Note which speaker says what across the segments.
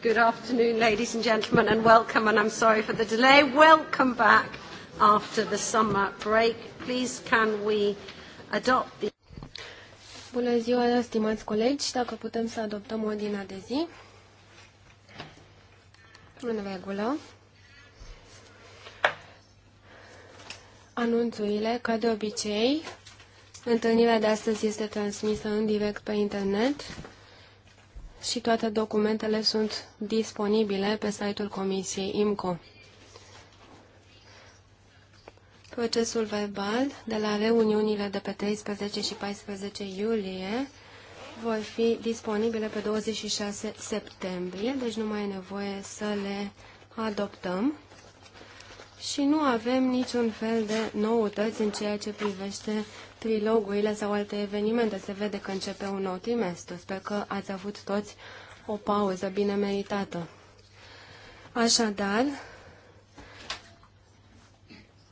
Speaker 1: Good afternoon, ladies and gentlemen, and welcome. And I'm sorry for the delay. Welcome back after the summer break. Please, can we adopt the...
Speaker 2: Bună ziua, stimați colegi. Dacă putem să adoptăm ordinea de zi. În regulă. Anunțurile, ca de obicei,
Speaker 3: întâlnirea de
Speaker 2: astăzi este transmisă în direct pe internet și toate documentele sunt disponibile pe site-ul Comisiei IMCO. Procesul verbal de la reuniunile de pe 13 și 14 iulie vor fi disponibile pe 26 septembrie, deci nu mai e nevoie să le adoptăm și nu avem niciun fel de noutăți în ceea ce privește trilogurile sau alte evenimente. Se vede că începe un nou trimestru. Sper că ați avut toți o pauză bine meritată. Așadar,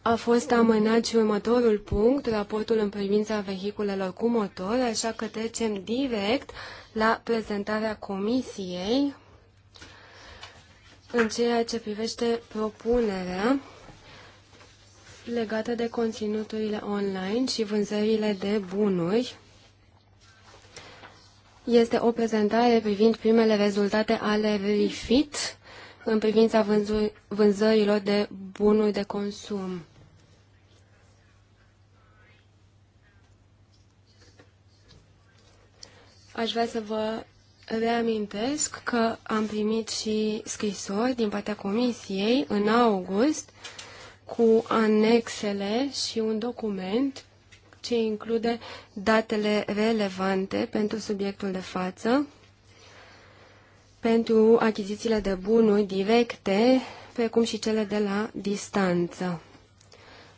Speaker 2: a fost amânat și următorul punct, raportul în privința vehiculelor cu motor, așa că trecem direct la prezentarea comisiei în ceea ce privește propunerea legate de conținuturile online și vânzările de bunuri este o prezentare privind primele rezultate ale RIFIT în privința vânzărilor de bunuri de consum. Aș vrea să vă reamintesc că am primit și scrisori din partea Comisiei în august cu anexele și un document ce include datele relevante pentru subiectul de față, pentru achizițiile de bunuri directe, precum și cele de la distanță.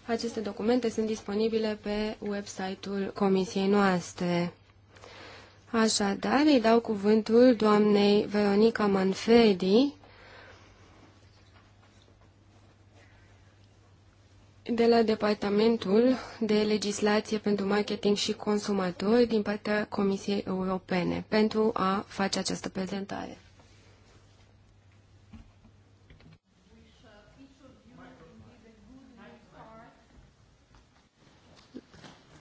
Speaker 2: Aceste documente sunt disponibile pe website-ul comisiei noastre. Așadar, îi dau cuvântul doamnei Veronica Manfredi, de la Departamentul de Legislație pentru Marketing și Consumatori din partea Comisiei Europene pentru a face această prezentare.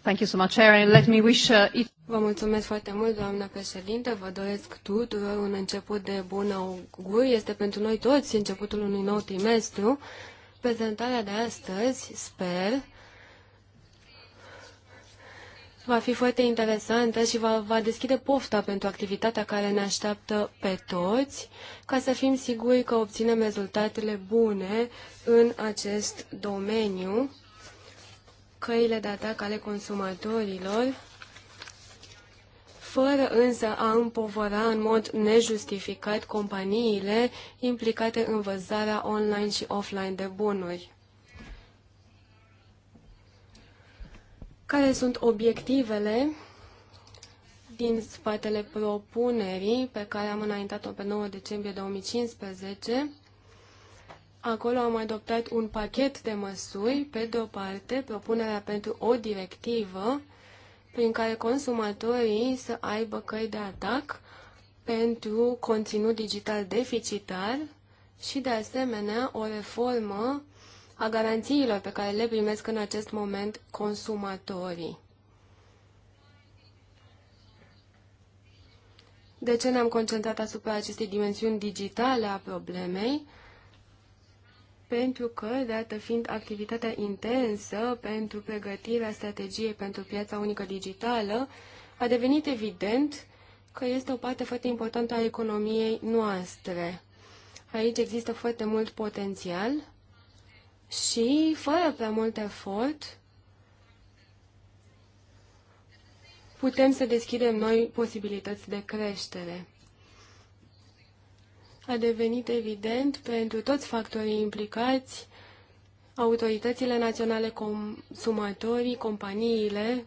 Speaker 2: Thank you so much, Erin. Let me wish uh, Vă mulțumesc foarte mult, doamna președinte. Vă doresc tuturor un început de bun augur. Este pentru noi toți începutul unui nou trimestru Prezentarea de astăzi, sper, va fi foarte interesantă și va, va deschide pofta pentru activitatea care ne așteaptă pe toți, ca să fim siguri că obținem rezultatele bune în acest domeniu, căile de atac ale consumatorilor fără însă a împovăra în mod nejustificat companiile implicate în vânzarea online și offline de bunuri. Care sunt obiectivele din spatele propunerii pe care am înaintat-o pe 9 decembrie 2015? Acolo am adoptat un pachet de măsuri, pe de o parte, propunerea pentru o directivă prin care consumatorii să aibă căi de atac pentru conținut digital deficitar și, de asemenea, o reformă a garanțiilor pe care le primesc în acest moment consumatorii. De ce ne-am concentrat asupra acestei dimensiuni digitale a problemei? pentru că, dată fiind activitatea intensă pentru pregătirea strategiei pentru piața unică digitală, a devenit evident că este o parte foarte importantă a economiei noastre. Aici există foarte mult potențial și, fără prea mult efort, putem să deschidem noi posibilități de creștere a devenit evident pentru toți factorii implicați, autoritățile naționale, consumatorii, companiile,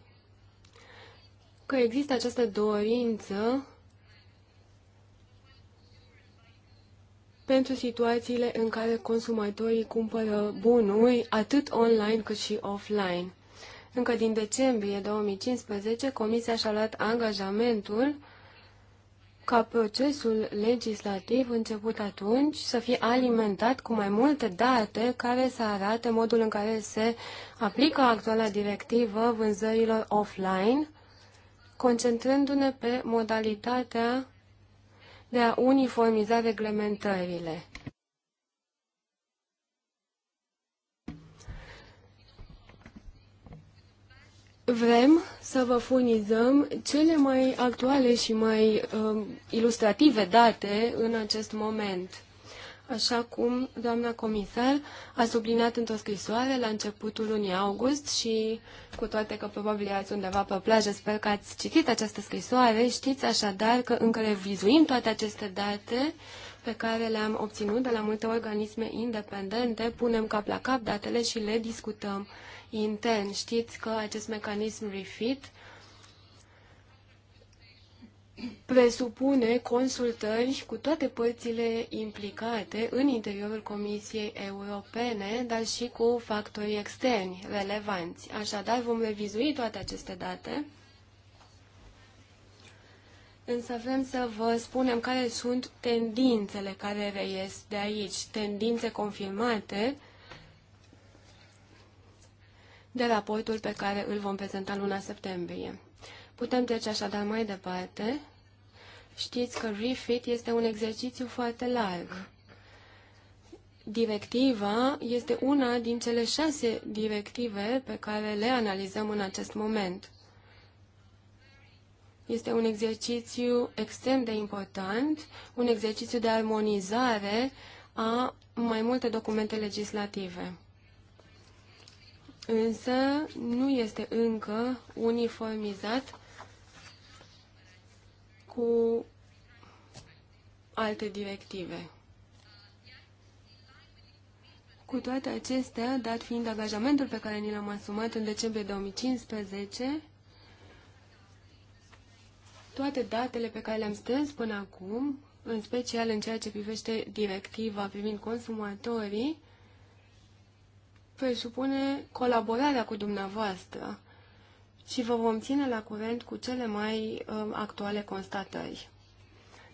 Speaker 2: că există această dorință pentru situațiile în care consumatorii cumpără bunuri atât online cât și offline. Încă din decembrie 2015, Comisia și-a luat angajamentul ca procesul legislativ început atunci să fie alimentat cu mai multe date care să arate modul în care se aplică actuala directivă vânzărilor offline, concentrându-ne pe modalitatea de a uniformiza reglementările. Vrem să vă furnizăm cele mai actuale și mai uh, ilustrative date în acest moment. Așa cum doamna comisar a subliniat într-o scrisoare la începutul lunii august și cu toate că probabil ați undeva pe plajă, sper că ați citit această scrisoare, știți așadar că încă revizuim toate aceste date pe care le-am obținut de la multe organisme independente, punem cap la cap datele și le discutăm intern. Știți că acest mecanism refit presupune consultări cu toate părțile implicate în interiorul Comisiei Europene, dar și cu factorii externi relevanți. Așadar, vom revizui toate aceste date. Însă vrem să vă spunem care sunt tendințele care reies de aici, tendințe confirmate de raportul pe care îl vom prezenta luna septembrie. Putem trece așadar mai departe. Știți că refit este un exercițiu foarte larg. Directiva este una din cele șase directive pe care le analizăm în acest moment. Este un exercițiu extrem de important, un exercițiu de armonizare a mai multe documente legislative însă nu este încă uniformizat cu alte directive. Cu toate acestea, dat fiind angajamentul pe care ni l-am asumat în decembrie 2015, toate datele pe care le-am strâns până acum, în special în ceea ce privește directiva privind consumatorii, presupune colaborarea cu dumneavoastră și vă vom ține la curent cu cele mai uh, actuale constatări.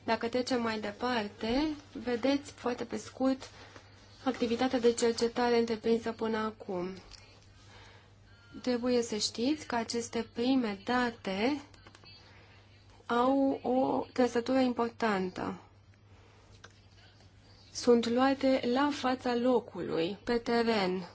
Speaker 2: Dacă trecem mai departe, vedeți foarte pe scurt activitatea de cercetare întreprinsă până acum. Trebuie să știți că aceste prime date au o trăsătură importantă. Sunt luate la fața locului, pe teren,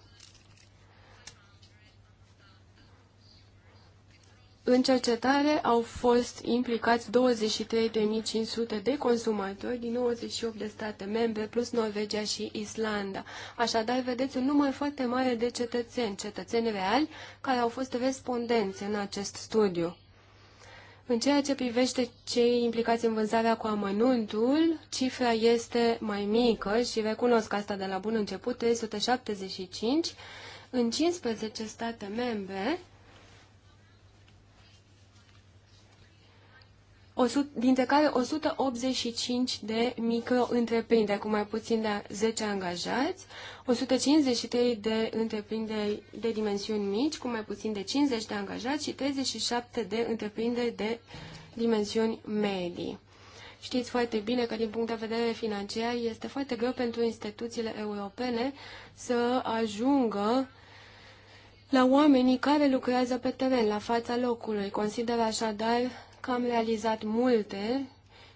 Speaker 2: În cercetare au fost implicați 23.500 de consumatori din 98 de state membre, plus Norvegia și Islanda. Așadar, vedeți un număr foarte mare de cetățeni, cetățeni reali, care au fost respondenți în acest studiu. În ceea ce privește cei implicați în vânzarea cu amănuntul, cifra este mai mică și recunosc asta de la bun început, 375, în 15 state membre, dintre care 185 de micro-întreprinderi cu mai puțin de 10 angajați, 153 de întreprinderi de dimensiuni mici cu mai puțin de 50 de angajați și 37 de întreprinderi de dimensiuni medii. Știți foarte bine că din punct de vedere financiar este foarte greu pentru instituțiile europene să ajungă la oamenii care lucrează pe teren, la fața locului. Consider așadar că am realizat multe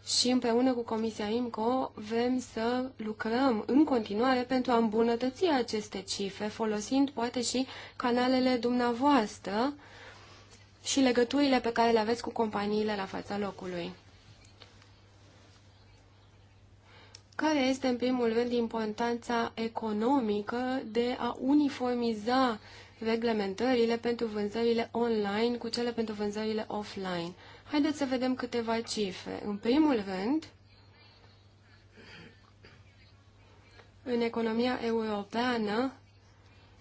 Speaker 2: și împreună cu Comisia IMCO vrem să lucrăm în continuare pentru a îmbunătăți aceste cifre, folosind poate și canalele dumneavoastră și legăturile pe care le aveți cu companiile la fața locului. Care este, în primul rând, importanța economică de a uniformiza reglementările pentru vânzările online cu cele pentru vânzările offline? Haideți să vedem câteva cifre. În primul rând, în economia europeană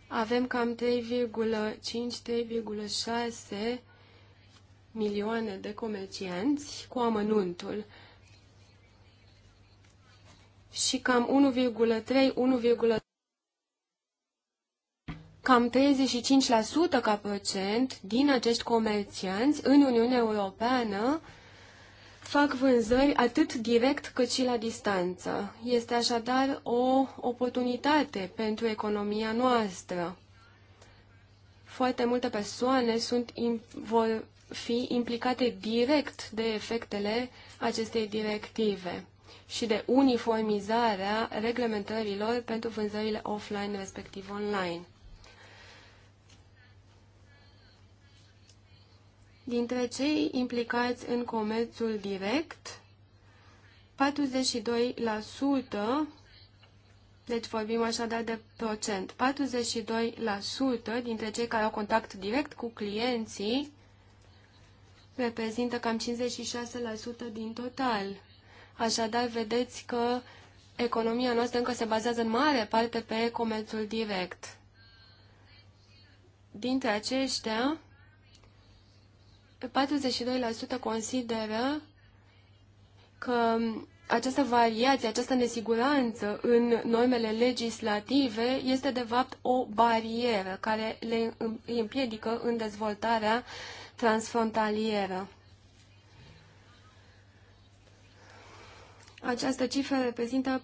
Speaker 2: avem cam 3,5-3,6 milioane de comercianți cu amănuntul și cam 1,3-1,4 cam 35% ca procent din acești comercianți în Uniunea Europeană fac vânzări atât direct cât și la distanță. Este așadar o oportunitate pentru economia noastră. Foarte multe persoane sunt, vor fi implicate direct de efectele acestei directive și de uniformizarea reglementărilor pentru vânzările offline respectiv online. Dintre cei implicați în comerțul direct, 42%, deci vorbim așadar de procent, 42% dintre cei care au contact direct cu clienții reprezintă cam 56% din total. Așadar, vedeți că economia noastră încă se bazează în mare parte pe comerțul direct. Dintre aceștia, 42% consideră că această variație, această nesiguranță în normele legislative este de fapt o barieră care le împiedică în dezvoltarea transfrontalieră. Această cifră reprezintă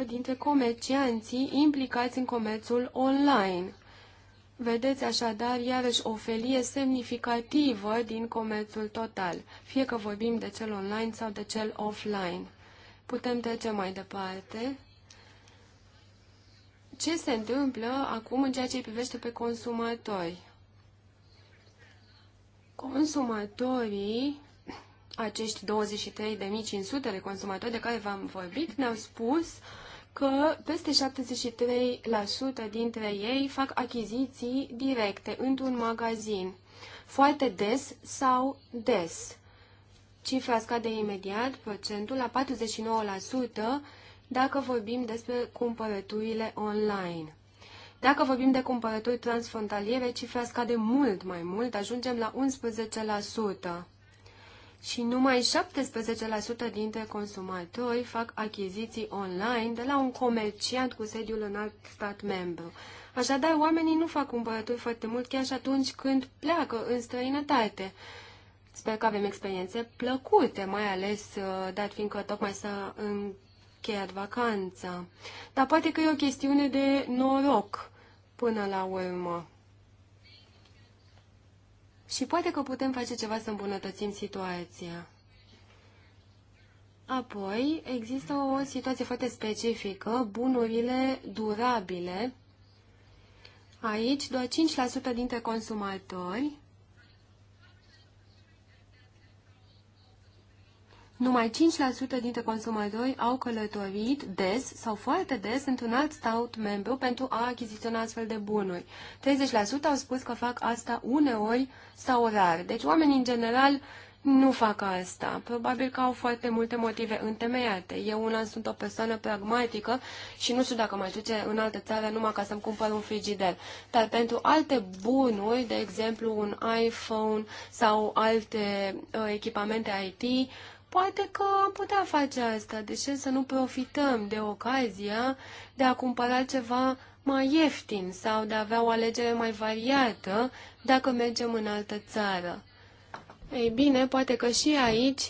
Speaker 2: 46% dintre comercianții implicați în comerțul online. Vedeți așadar iarăși o felie semnificativă din comerțul total, fie că vorbim de cel online sau de cel offline. Putem trece mai departe. Ce se întâmplă acum în ceea ce îi privește pe consumatori? Consumatorii, acești 23.500 de consumatori de care v-am vorbit, ne-au spus uh, că peste 73% dintre ei fac achiziții directe într-un magazin, foarte des sau des. Cifra scade imediat, procentul, la 49% dacă vorbim despre cumpărăturile online. Dacă vorbim de cumpărături transfrontaliere, cifra scade mult mai mult, ajungem la 11% și numai 17% dintre consumatori fac achiziții online de la un comerciant cu sediul în alt stat membru. Așadar, oamenii nu fac cumpărături foarte mult chiar și atunci când pleacă în străinătate. Sper că avem experiențe plăcute, mai ales uh, dat fiindcă tocmai s-a încheiat vacanța. Dar poate că e o chestiune de noroc până la urmă și poate că putem face ceva să îmbunătățim situația. Apoi, există o situație foarte specifică, bunurile durabile. Aici, doar 5% dintre consumatori Numai 5% dintre consumatori au călătorit des sau foarte des într-un alt stat membru pentru a achiziționa astfel de bunuri. 30% au spus că fac asta uneori sau rar. Deci oamenii în general nu fac asta. Probabil că au foarte multe motive întemeiate. Eu una sunt o persoană pragmatică și nu știu dacă mă duce în altă țară numai ca să-mi cumpăr un frigider. Dar pentru alte bunuri, de exemplu un iPhone sau alte uh, echipamente IT, Poate că am putea face asta, de ce să nu profităm de ocazia de a cumpăra ceva mai ieftin sau de a avea o alegere mai variată dacă mergem în altă țară. Ei bine, poate că și aici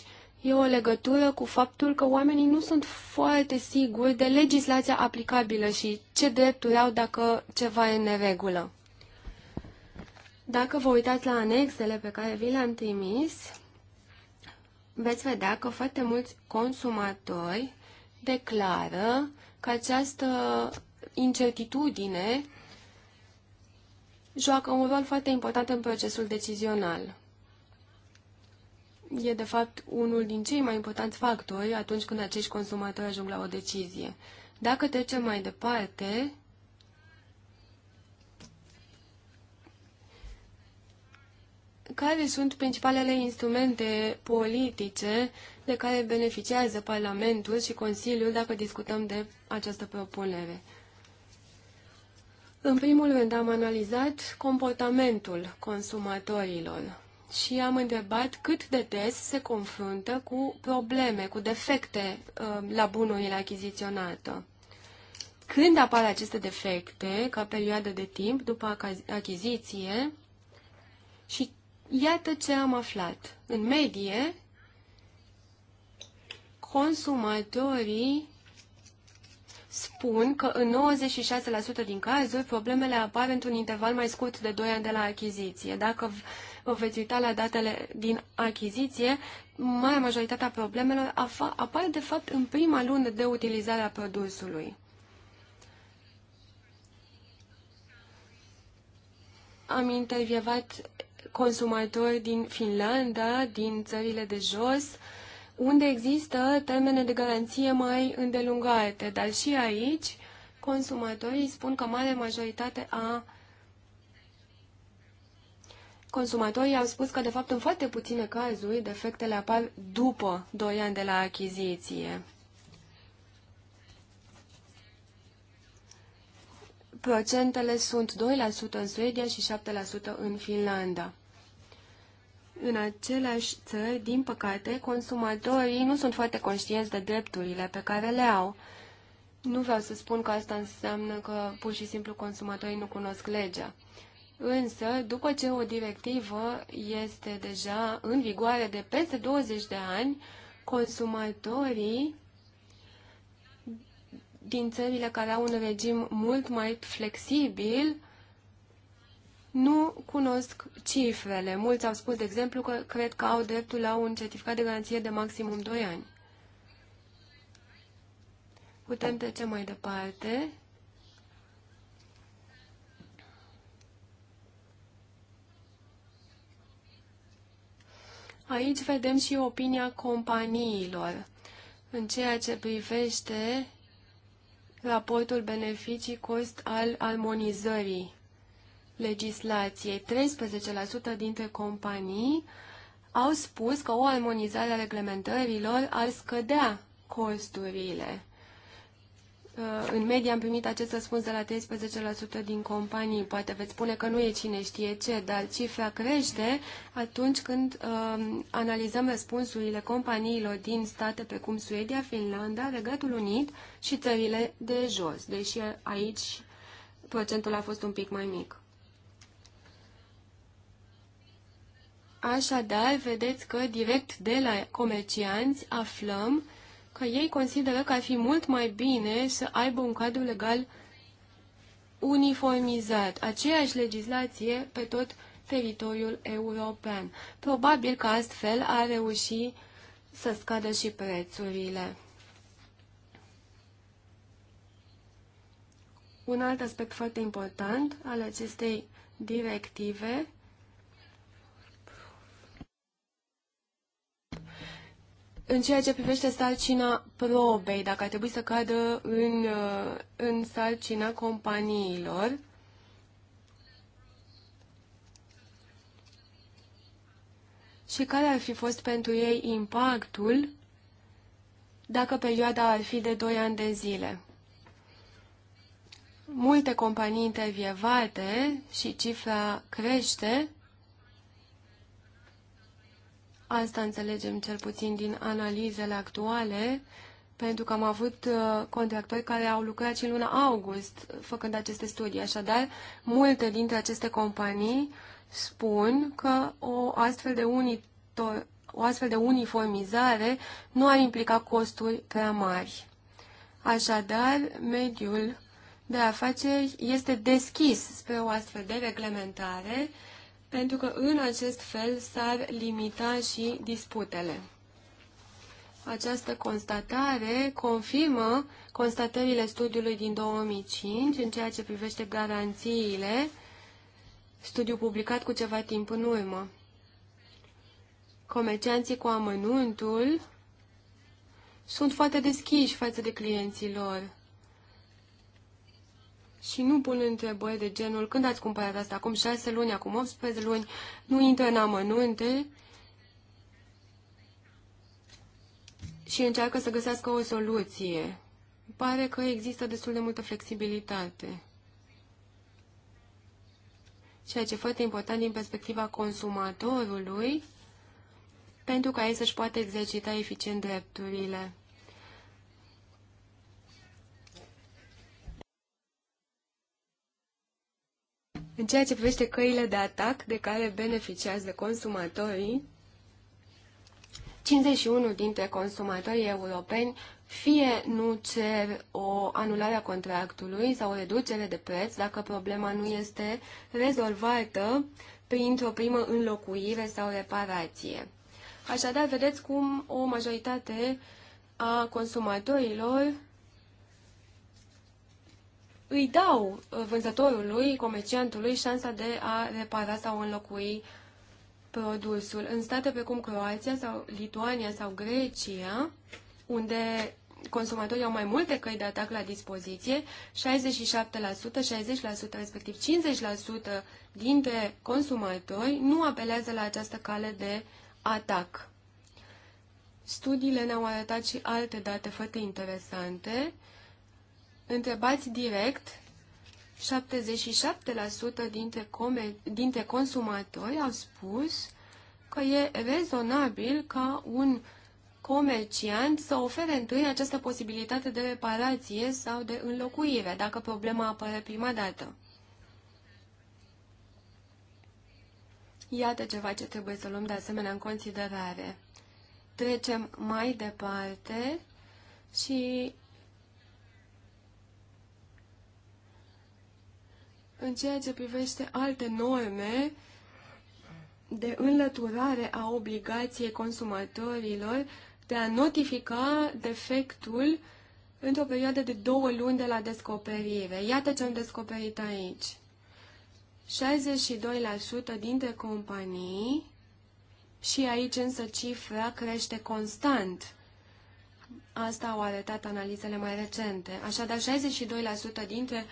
Speaker 2: e o legătură cu faptul că oamenii nu sunt foarte siguri de legislația aplicabilă și ce drepturi au dacă ceva e în neregulă. Dacă vă uitați la anexele pe care vi le-am trimis, veți vedea că foarte mulți consumatori declară că această incertitudine joacă un rol foarte important în procesul decizional. E, de fapt, unul din cei mai importanti factori atunci când acești consumatori ajung la o decizie. Dacă trecem mai departe, care sunt principalele instrumente politice de care beneficiază Parlamentul și Consiliul dacă discutăm de această propunere. În primul rând am analizat comportamentul consumatorilor și am întrebat cât de des se confruntă cu probleme, cu defecte uh, la bunurile achiziționate. Când apar aceste defecte, ca perioadă de timp după achiziție, și Iată ce am aflat. În medie, consumatorii spun că în 96% din cazuri problemele apar într-un interval mai scurt de 2 ani de la achiziție. Dacă vă veți uita la datele din achiziție, marea majoritatea problemelor apar de fapt în prima lună de utilizare a produsului. Am intervievat consumatori din Finlanda, din țările de jos, unde există termene de garanție mai îndelungate. Dar și aici, consumatorii spun că mare majoritate a consumatorii au spus că, de fapt, în foarte puține cazuri, defectele apar după 2 ani de la achiziție. Procentele sunt 2% în Suedia și 7% în Finlanda în aceleași țări, din păcate, consumatorii nu sunt foarte conștienți de drepturile pe care le au. Nu vreau să spun că asta înseamnă că pur și simplu consumatorii nu cunosc legea. Însă, după ce o directivă este deja în vigoare de peste 20 de ani, consumatorii din țările care au un regim mult mai flexibil nu cunosc cifrele. Mulți au spus, de exemplu, că cred că au dreptul la un certificat de garanție de maximum 2 ani. Putem trece mai departe. Aici vedem și opinia companiilor în ceea ce privește raportul beneficii-cost al armonizării legislației. 13% dintre companii au spus că o armonizare a reglementărilor ar scădea costurile. Uh, în medie am primit acest răspuns de la 13% din companii. Poate veți spune că nu e cine știe ce, dar cifra crește atunci când uh, analizăm răspunsurile companiilor din state precum Suedia, Finlanda, Regatul Unit și țările de jos, deși aici procentul a fost un pic mai mic. Așadar, vedeți că direct de la comercianți aflăm că ei consideră că ar fi mult mai bine să aibă un cadru legal uniformizat, aceeași legislație pe tot teritoriul european. Probabil că astfel a reușit să scadă și prețurile. Un alt aspect foarte important al acestei directive În ceea ce privește sarcina probei, dacă ar trebui să cadă în, uh, în sarcina companiilor, și care ar fi fost pentru ei impactul dacă perioada ar fi de 2 ani de zile. Multe companii intervievate și cifra crește, Asta înțelegem cel puțin din analizele actuale, pentru că am avut uh, contractori care au lucrat și în luna august uh, făcând aceste studii. Așadar, multe dintre aceste companii spun că o astfel de, unitor, o astfel de uniformizare nu ar implica costuri prea mari. Așadar, mediul de afaceri este deschis spre o astfel de reglementare pentru că în acest fel s-ar limita și disputele. Această constatare confirmă constatările studiului din 2005 în ceea ce privește garanțiile, studiu publicat cu ceva timp în urmă. Comercianții cu amănuntul sunt foarte deschiși față de clienții lor și nu pun întrebări de genul când ați cumpărat asta, acum 6 luni, acum 18 luni, nu intră în amănunte și încearcă să găsească o soluție. Pare că există destul de multă flexibilitate. Ceea ce e foarte important din perspectiva consumatorului, pentru ca ei să-și poată exercita eficient drepturile. În ceea ce privește căile de atac de care beneficiază consumatorii, 51 dintre consumatorii europeni fie nu cer o anulare a contractului sau o reducere de preț dacă problema nu este rezolvată printr-o primă înlocuire sau reparație. Așadar, vedeți cum o majoritate a consumatorilor îi dau uh, vânzătorului, comerciantului, șansa de a repara sau înlocui produsul. În state precum Croația sau Lituania sau Grecia, unde consumatorii au mai multe căi de atac la dispoziție, 67%, 60%, respectiv 50% dintre consumatori nu apelează la această cale de atac. Studiile ne-au arătat și alte date foarte interesante întrebați direct, 77% dintre, come, dintre consumatori au spus că e rezonabil ca un comerciant să ofere întâi această posibilitate de reparație sau de înlocuire, dacă problema apare prima dată. Iată ceva ce trebuie să luăm de asemenea în considerare. Trecem mai departe și în ceea ce privește alte norme de înlăturare a obligației consumatorilor de a notifica defectul într-o perioadă de două luni de la descoperire. Iată ce am descoperit aici. 62% dintre companii și aici însă cifra crește constant. Asta au arătat analizele mai recente. Așadar, 62% dintre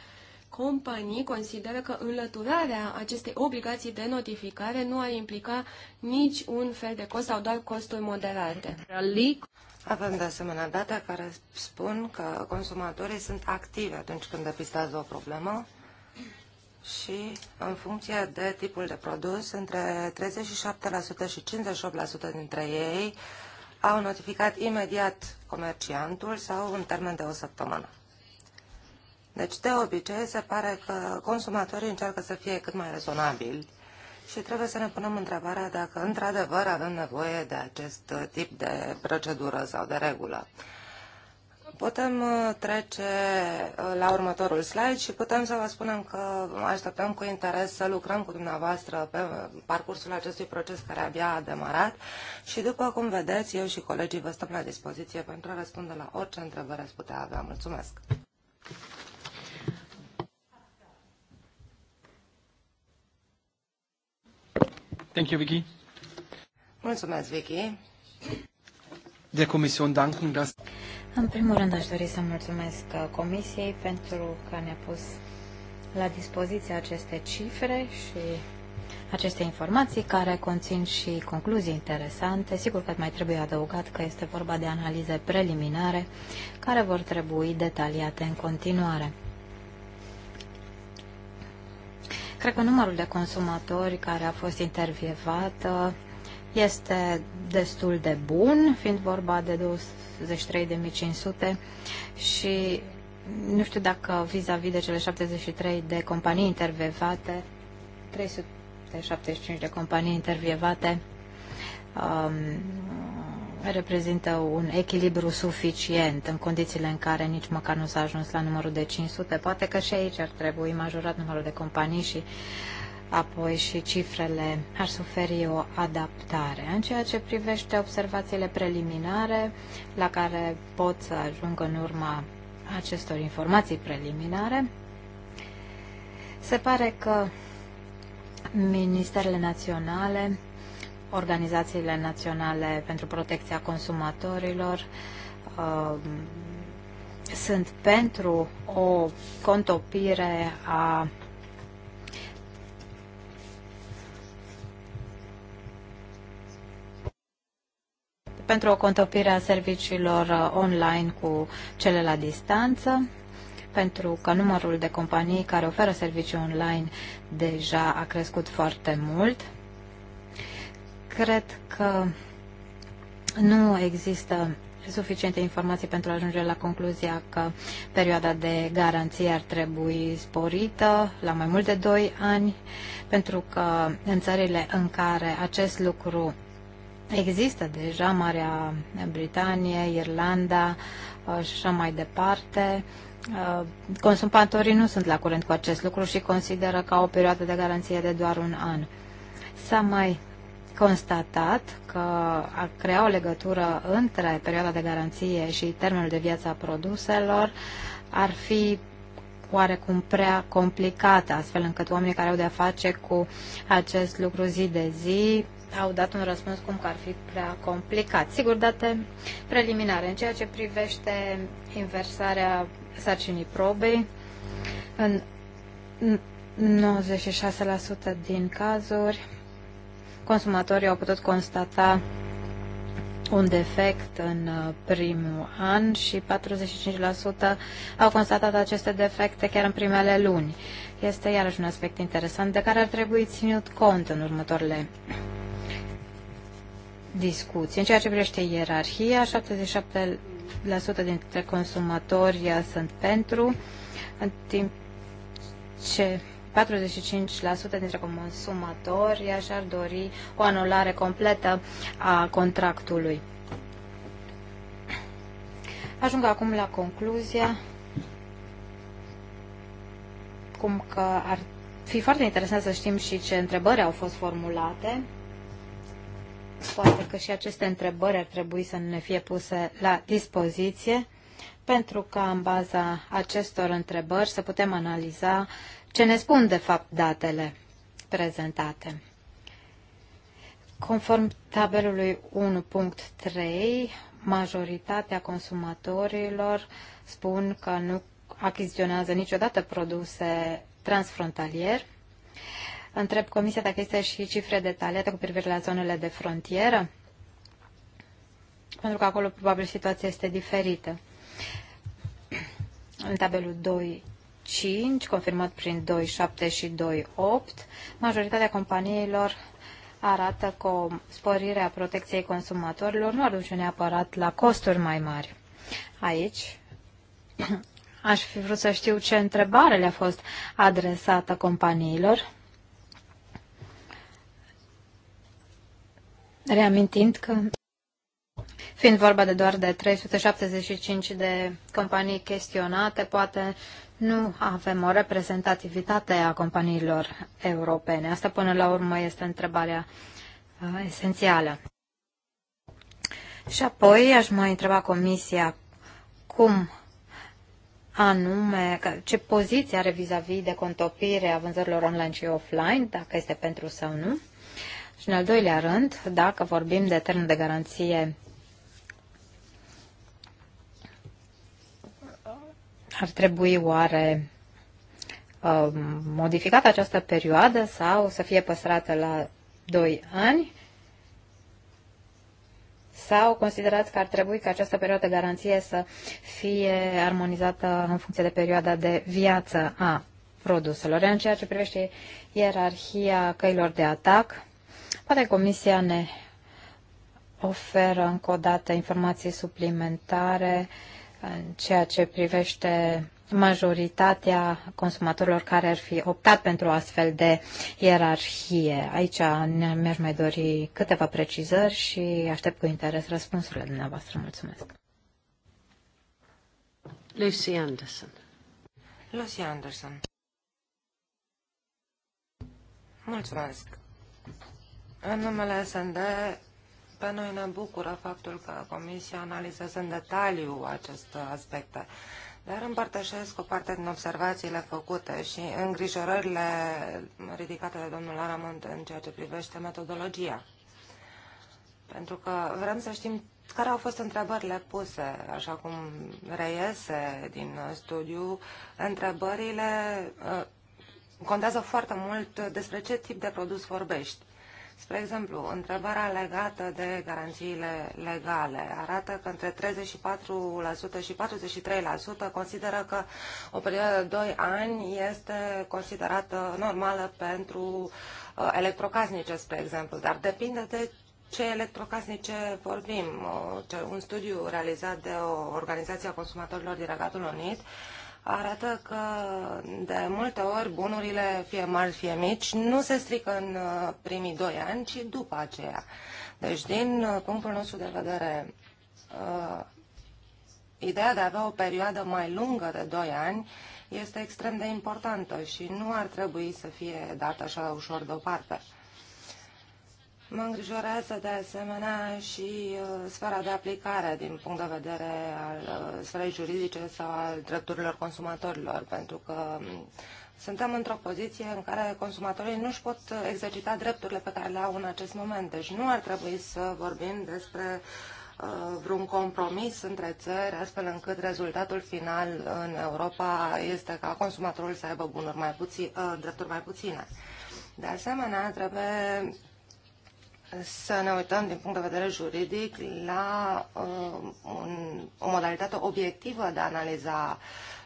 Speaker 2: companii consideră că înlăturarea acestei obligații de notificare nu ar implica nici un fel de cost sau doar costuri moderate.
Speaker 1: Avem de asemenea date care spun că consumatorii sunt activi atunci când depistează o problemă și în funcție de tipul de produs, între 37% și 58% dintre ei au notificat imediat comerciantul sau în termen de o săptămână. Deci, de obicei, se pare că consumatorii încearcă să fie cât mai rezonabili și trebuie să ne punem întrebarea dacă, într-adevăr, avem nevoie de acest tip de procedură sau de regulă. Putem uh, trece uh, la următorul slide și putem să vă spunem că așteptăm cu interes să lucrăm cu dumneavoastră pe uh, parcursul acestui proces care abia a demarat și după cum vedeți, eu și colegii vă stăm la dispoziție pentru a răspunde la orice întrebări ați putea avea. Mulțumesc!
Speaker 2: Thank you, Vicky.
Speaker 3: Mulțumesc, Vicky.
Speaker 2: De comision danken, dass...
Speaker 3: În primul rând aș dori să mulțumesc Comisiei pentru că ne-a pus la dispoziție aceste cifre și aceste informații care conțin și concluzii interesante. Sigur că mai trebuie adăugat că este vorba de analize preliminare care vor trebui detaliate în continuare. Cred că numărul de consumatori care a fost intervievat uh, este destul de bun, fiind vorba de 23.500 și nu știu dacă vis-a-vis -vis de cele 73 de companii intervievate, 375 de companii intervievate, um, reprezintă un echilibru suficient în condițiile în care nici măcar nu s-a ajuns la numărul de 500. Poate că și aici ar trebui majorat numărul de companii și apoi și cifrele ar suferi o adaptare. În ceea ce privește observațiile preliminare la care pot să ajung în urma acestor informații preliminare, se pare că ministerele naționale organizațiile naționale pentru protecția consumatorilor uh, sunt pentru o contopire a pentru o contopire a serviciilor uh, online cu cele la distanță, pentru că numărul de companii care oferă servicii online deja a crescut foarte mult. Cred că nu există suficiente informații pentru a ajunge la concluzia că perioada de garanție ar trebui sporită la mai mult de 2 ani, pentru că în țările în care acest lucru există deja, Marea Britanie, Irlanda uh, și așa mai departe, uh, consumatorii nu sunt la curent cu acest lucru și consideră ca o perioadă de garanție de doar un an. S-a mai constatat că a crea o legătură între perioada de garanție și termenul de viață a produselor ar fi oarecum prea complicată, astfel încât oamenii care au de-a face cu acest lucru zi de zi au dat un răspuns cum că ar fi prea complicat. Sigur, date preliminare. În ceea ce privește inversarea sarcinii probei, în 96% din cazuri consumatorii au putut constata un defect în uh, primul an și 45% au constatat aceste defecte chiar în primele luni. Este iarăși un aspect interesant de care ar trebui ținut cont în următoarele discuții. În ceea ce privește ierarhia, 77% dintre consumatori sunt pentru, în timp ce 45% dintre consumatori și-ar dori o anulare completă a contractului. Ajung acum la concluzia cum că ar fi foarte interesant să știm și ce întrebări au fost formulate. Poate că și aceste întrebări ar trebui să ne fie puse la dispoziție pentru ca în baza acestor întrebări să putem analiza ce ne spun de fapt datele prezentate. Conform tabelului 1.3, majoritatea consumatorilor spun că nu achiziționează niciodată produse transfrontalier. Întreb Comisia dacă există și cifre detaliate cu privire la zonele de frontieră, pentru că acolo probabil situația este diferită. În tabelul 2 5, confirmat prin 2.7 și 2.8, majoritatea companiilor arată că sporirea protecției consumatorilor nu aduce neapărat la costuri mai mari. Aici aș fi vrut să știu ce întrebare le-a fost adresată companiilor, reamintind că fiind vorba de doar de 375 de companii chestionate, poate nu avem o reprezentativitate a companiilor europene. Asta până la urmă este întrebarea uh, esențială. Și apoi aș mai întreba Comisia cum anume, ce poziție are vis-a-vis -vis de contopire a vânzărilor online și offline, dacă este pentru sau nu. Și în al doilea rând, dacă vorbim de termen de garanție Ar trebui oare uh, modificată această perioadă sau să fie păstrată la 2 ani? Sau considerați că ar trebui ca această perioadă de garanție să fie armonizată în funcție de perioada de viață a produselor? În ceea ce privește ierarhia căilor de atac, poate Comisia ne oferă încă o dată informații suplimentare uh, în ceea ce privește majoritatea consumatorilor care ar fi optat pentru o astfel de ierarhie. Aici mi-aș mai dori câteva precizări și aștept cu interes răspunsurile dumneavoastră. Mulțumesc.
Speaker 1: Lucy Anderson. Lucy Anderson. Mulțumesc. În numele SND pe noi ne bucură faptul că Comisia analizează în detaliu aceste aspecte, dar împărtășesc o parte din observațiile făcute și îngrijorările ridicate de domnul Aramont în ceea ce privește metodologia. Pentru că vrem să știm care au fost întrebările puse, așa cum reiese din studiu, întrebările uh, contează foarte mult despre ce tip de produs vorbești. Spre exemplu, întrebarea legată de garanțiile legale arată că între 34% și 43% consideră că o perioadă de 2 ani este considerată normală pentru uh, electrocasnice, spre exemplu, dar depinde de ce electrocasnice vorbim. Uh, un studiu realizat de o organizație a consumatorilor din Regatul Unit arată că de multe ori bunurile, fie mari, fie mici, nu se strică în uh, primii doi ani, ci după aceea. Deci, din uh, punctul nostru de vedere, uh, ideea de a avea o perioadă mai lungă de doi ani este extrem de importantă și nu ar trebui să fie dată așa ușor deoparte. Mă îngrijorează de asemenea și uh, sfera de aplicare din punct de vedere al uh, sferei juridice sau al drepturilor consumatorilor, pentru că um, suntem într-o poziție în care consumatorii nu își pot exercita drepturile pe care le au în acest moment. Deci nu ar trebui să vorbim despre uh, vreun compromis între țări, astfel încât rezultatul final în Europa este ca consumatorul să aibă bunuri mai puțin, drepturi mai puține. De asemenea, trebuie să ne uităm din punct de vedere juridic la uh, un, o modalitate obiectivă de a analiza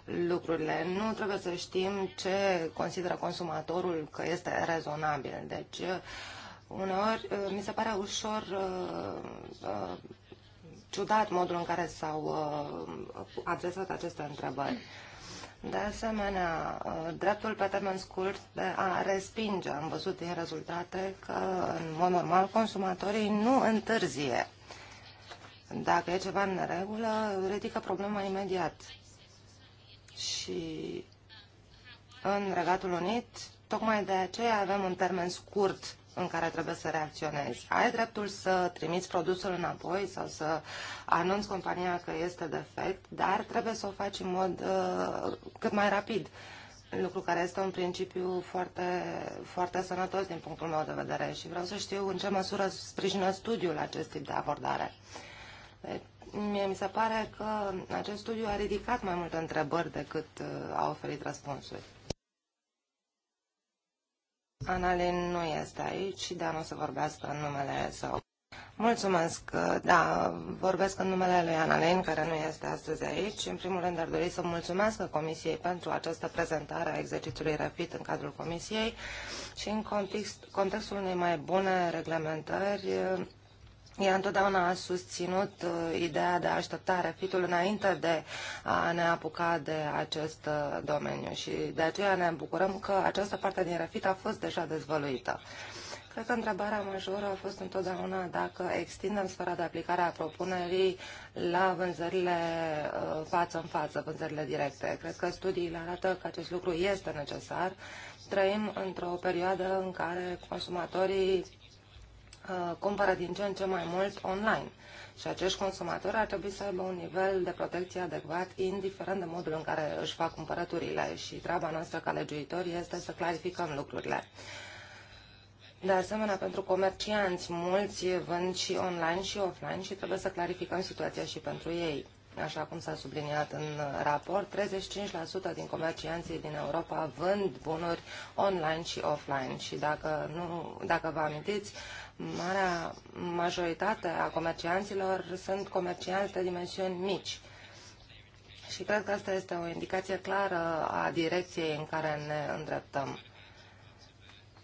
Speaker 1: lucrurile. Nu trebuie să știm ce consideră consumatorul că este rezonabil. Deci, uneori, uh, mi se pare ușor uh, uh, ciudat modul în care s-au uh, adresat aceste întrebări. Uh, de asemenea, uh, dreptul pe termen scurt de a respinge, am văzut din rezultate că, în mod normal, consumatorii nu întârzie. Dacă e ceva în regulă, ridică problema imediat. Și în Regatul Unit, tocmai de aceea avem un termen scurt în care trebuie să reacționezi. Ai dreptul să trimiți produsul înapoi sau să anunți compania că este defect, dar trebuie să o faci în mod uh, cât mai rapid. Lucru care este un principiu foarte, foarte sănătos din punctul meu de vedere și vreau să știu în ce măsură sprijină studiul acest tip de abordare. Deci, mie mi se pare că acest studiu a ridicat mai multe întrebări decât uh, a oferit răspunsuri. Analin nu este aici, dar nu o să vorbească în numele său. Mulțumesc, da, vorbesc în numele lui Analin, care nu este astăzi aici. În primul rând ar dori să mulțumesc Comisiei pentru această prezentare a exercițiului rapid în cadrul Comisiei și în context, contextul unei mai bune reglementări ea întotdeauna a susținut uh, ideea de a aștepta refitul înainte de a ne apuca de acest uh, domeniu și de aceea ne bucurăm că această parte din refit a fost deja dezvăluită. Cred că întrebarea majoră a fost întotdeauna dacă extindem sfera de aplicare a propunerii la vânzările uh, față în față, vânzările directe. Cred că studiile arată că acest lucru este necesar. Trăim într-o perioadă în care consumatorii Uh, cumpără din ce în ce mai mult online. Și acești consumatori ar trebui să aibă un nivel de protecție adecvat, indiferent de modul în care își fac cumpărăturile. Și treaba noastră ca legiuitori este să clarificăm lucrurile. De asemenea, pentru comercianți, mulți vând și online și offline și trebuie să clarificăm situația și pentru ei așa cum s-a subliniat în raport, 35% din comercianții din Europa vând bunuri online și offline. Și dacă, nu, dacă vă amintiți, marea majoritate a comercianților sunt comercianți de dimensiuni mici. Și cred că asta este o indicație clară a direcției în care ne îndreptăm.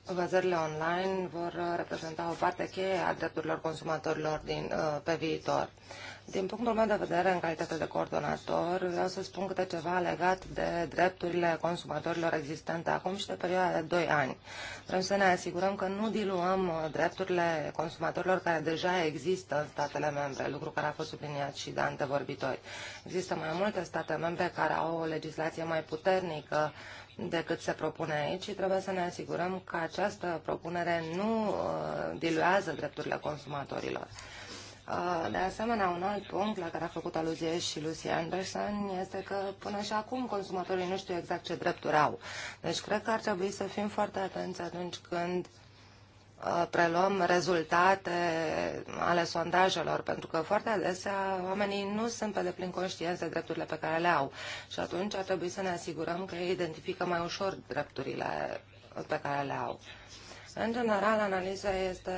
Speaker 1: Vânzările online vor reprezenta o parte cheie a drepturilor consumatorilor din, uh, pe viitor. Din punctul meu de vedere, în calitate de coordonator, vreau să spun câte ceva legat de drepturile consumatorilor existente acum și de perioada de 2 ani. Vrem să ne asigurăm că nu diluăm drepturile consumatorilor care deja există în statele membre, lucru care a fost subliniat și de antevorbitori. Există mai multe state membre care au o legislație mai puternică decât se propune aici și trebuie să ne asigurăm că această propunere nu uh, diluează drepturile consumatorilor. Uh, de asemenea, un alt punct la care a făcut aluzie și Lucy Anderson este că până și acum consumatorii nu știu exact ce drepturi au. Deci cred că ar trebui să fim foarte atenți atunci când uh, preluăm rezultate ale sondajelor, pentru că foarte adesea oamenii nu sunt pe deplin conștienți de drepturile pe care le au. Și atunci ar trebui să ne asigurăm că ei identifică mai ușor drepturile pe care le au. În general, analiza este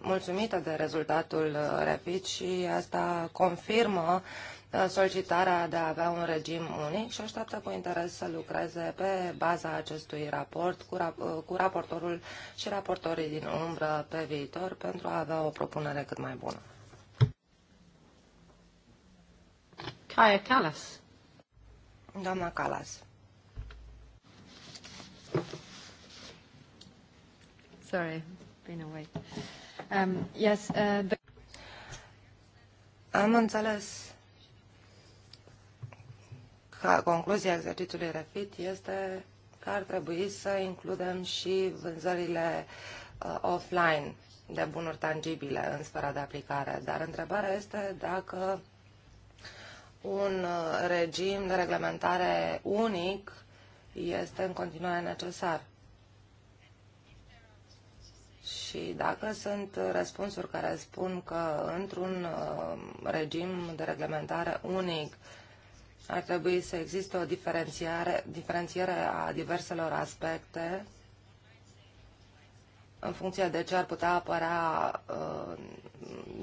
Speaker 1: mulțumită de rezultatul uh, rapid și asta confirmă uh, solicitarea de a avea un regim unic și așteaptă cu interes să lucreze pe baza acestui raport cu, rap- uh, cu raportorul și raportorii din umbră pe viitor pentru a avea o propunere cât mai bună.
Speaker 3: Kaya Callas.
Speaker 1: Doamna Callas. Sorry, been away. Um, yes, uh, Am înțeles că concluzia exercițiului REFIT este că ar trebui să includem și vânzările uh, offline de bunuri tangibile în sfera de aplicare. Dar întrebarea este dacă un uh, regim de reglementare unic este în continuare necesar. Și dacă sunt răspunsuri care spun că într-un uh, regim de reglementare unic ar trebui să existe o diferențiere diferențiere a diverselor aspecte în funcție de ce ar putea apărea uh,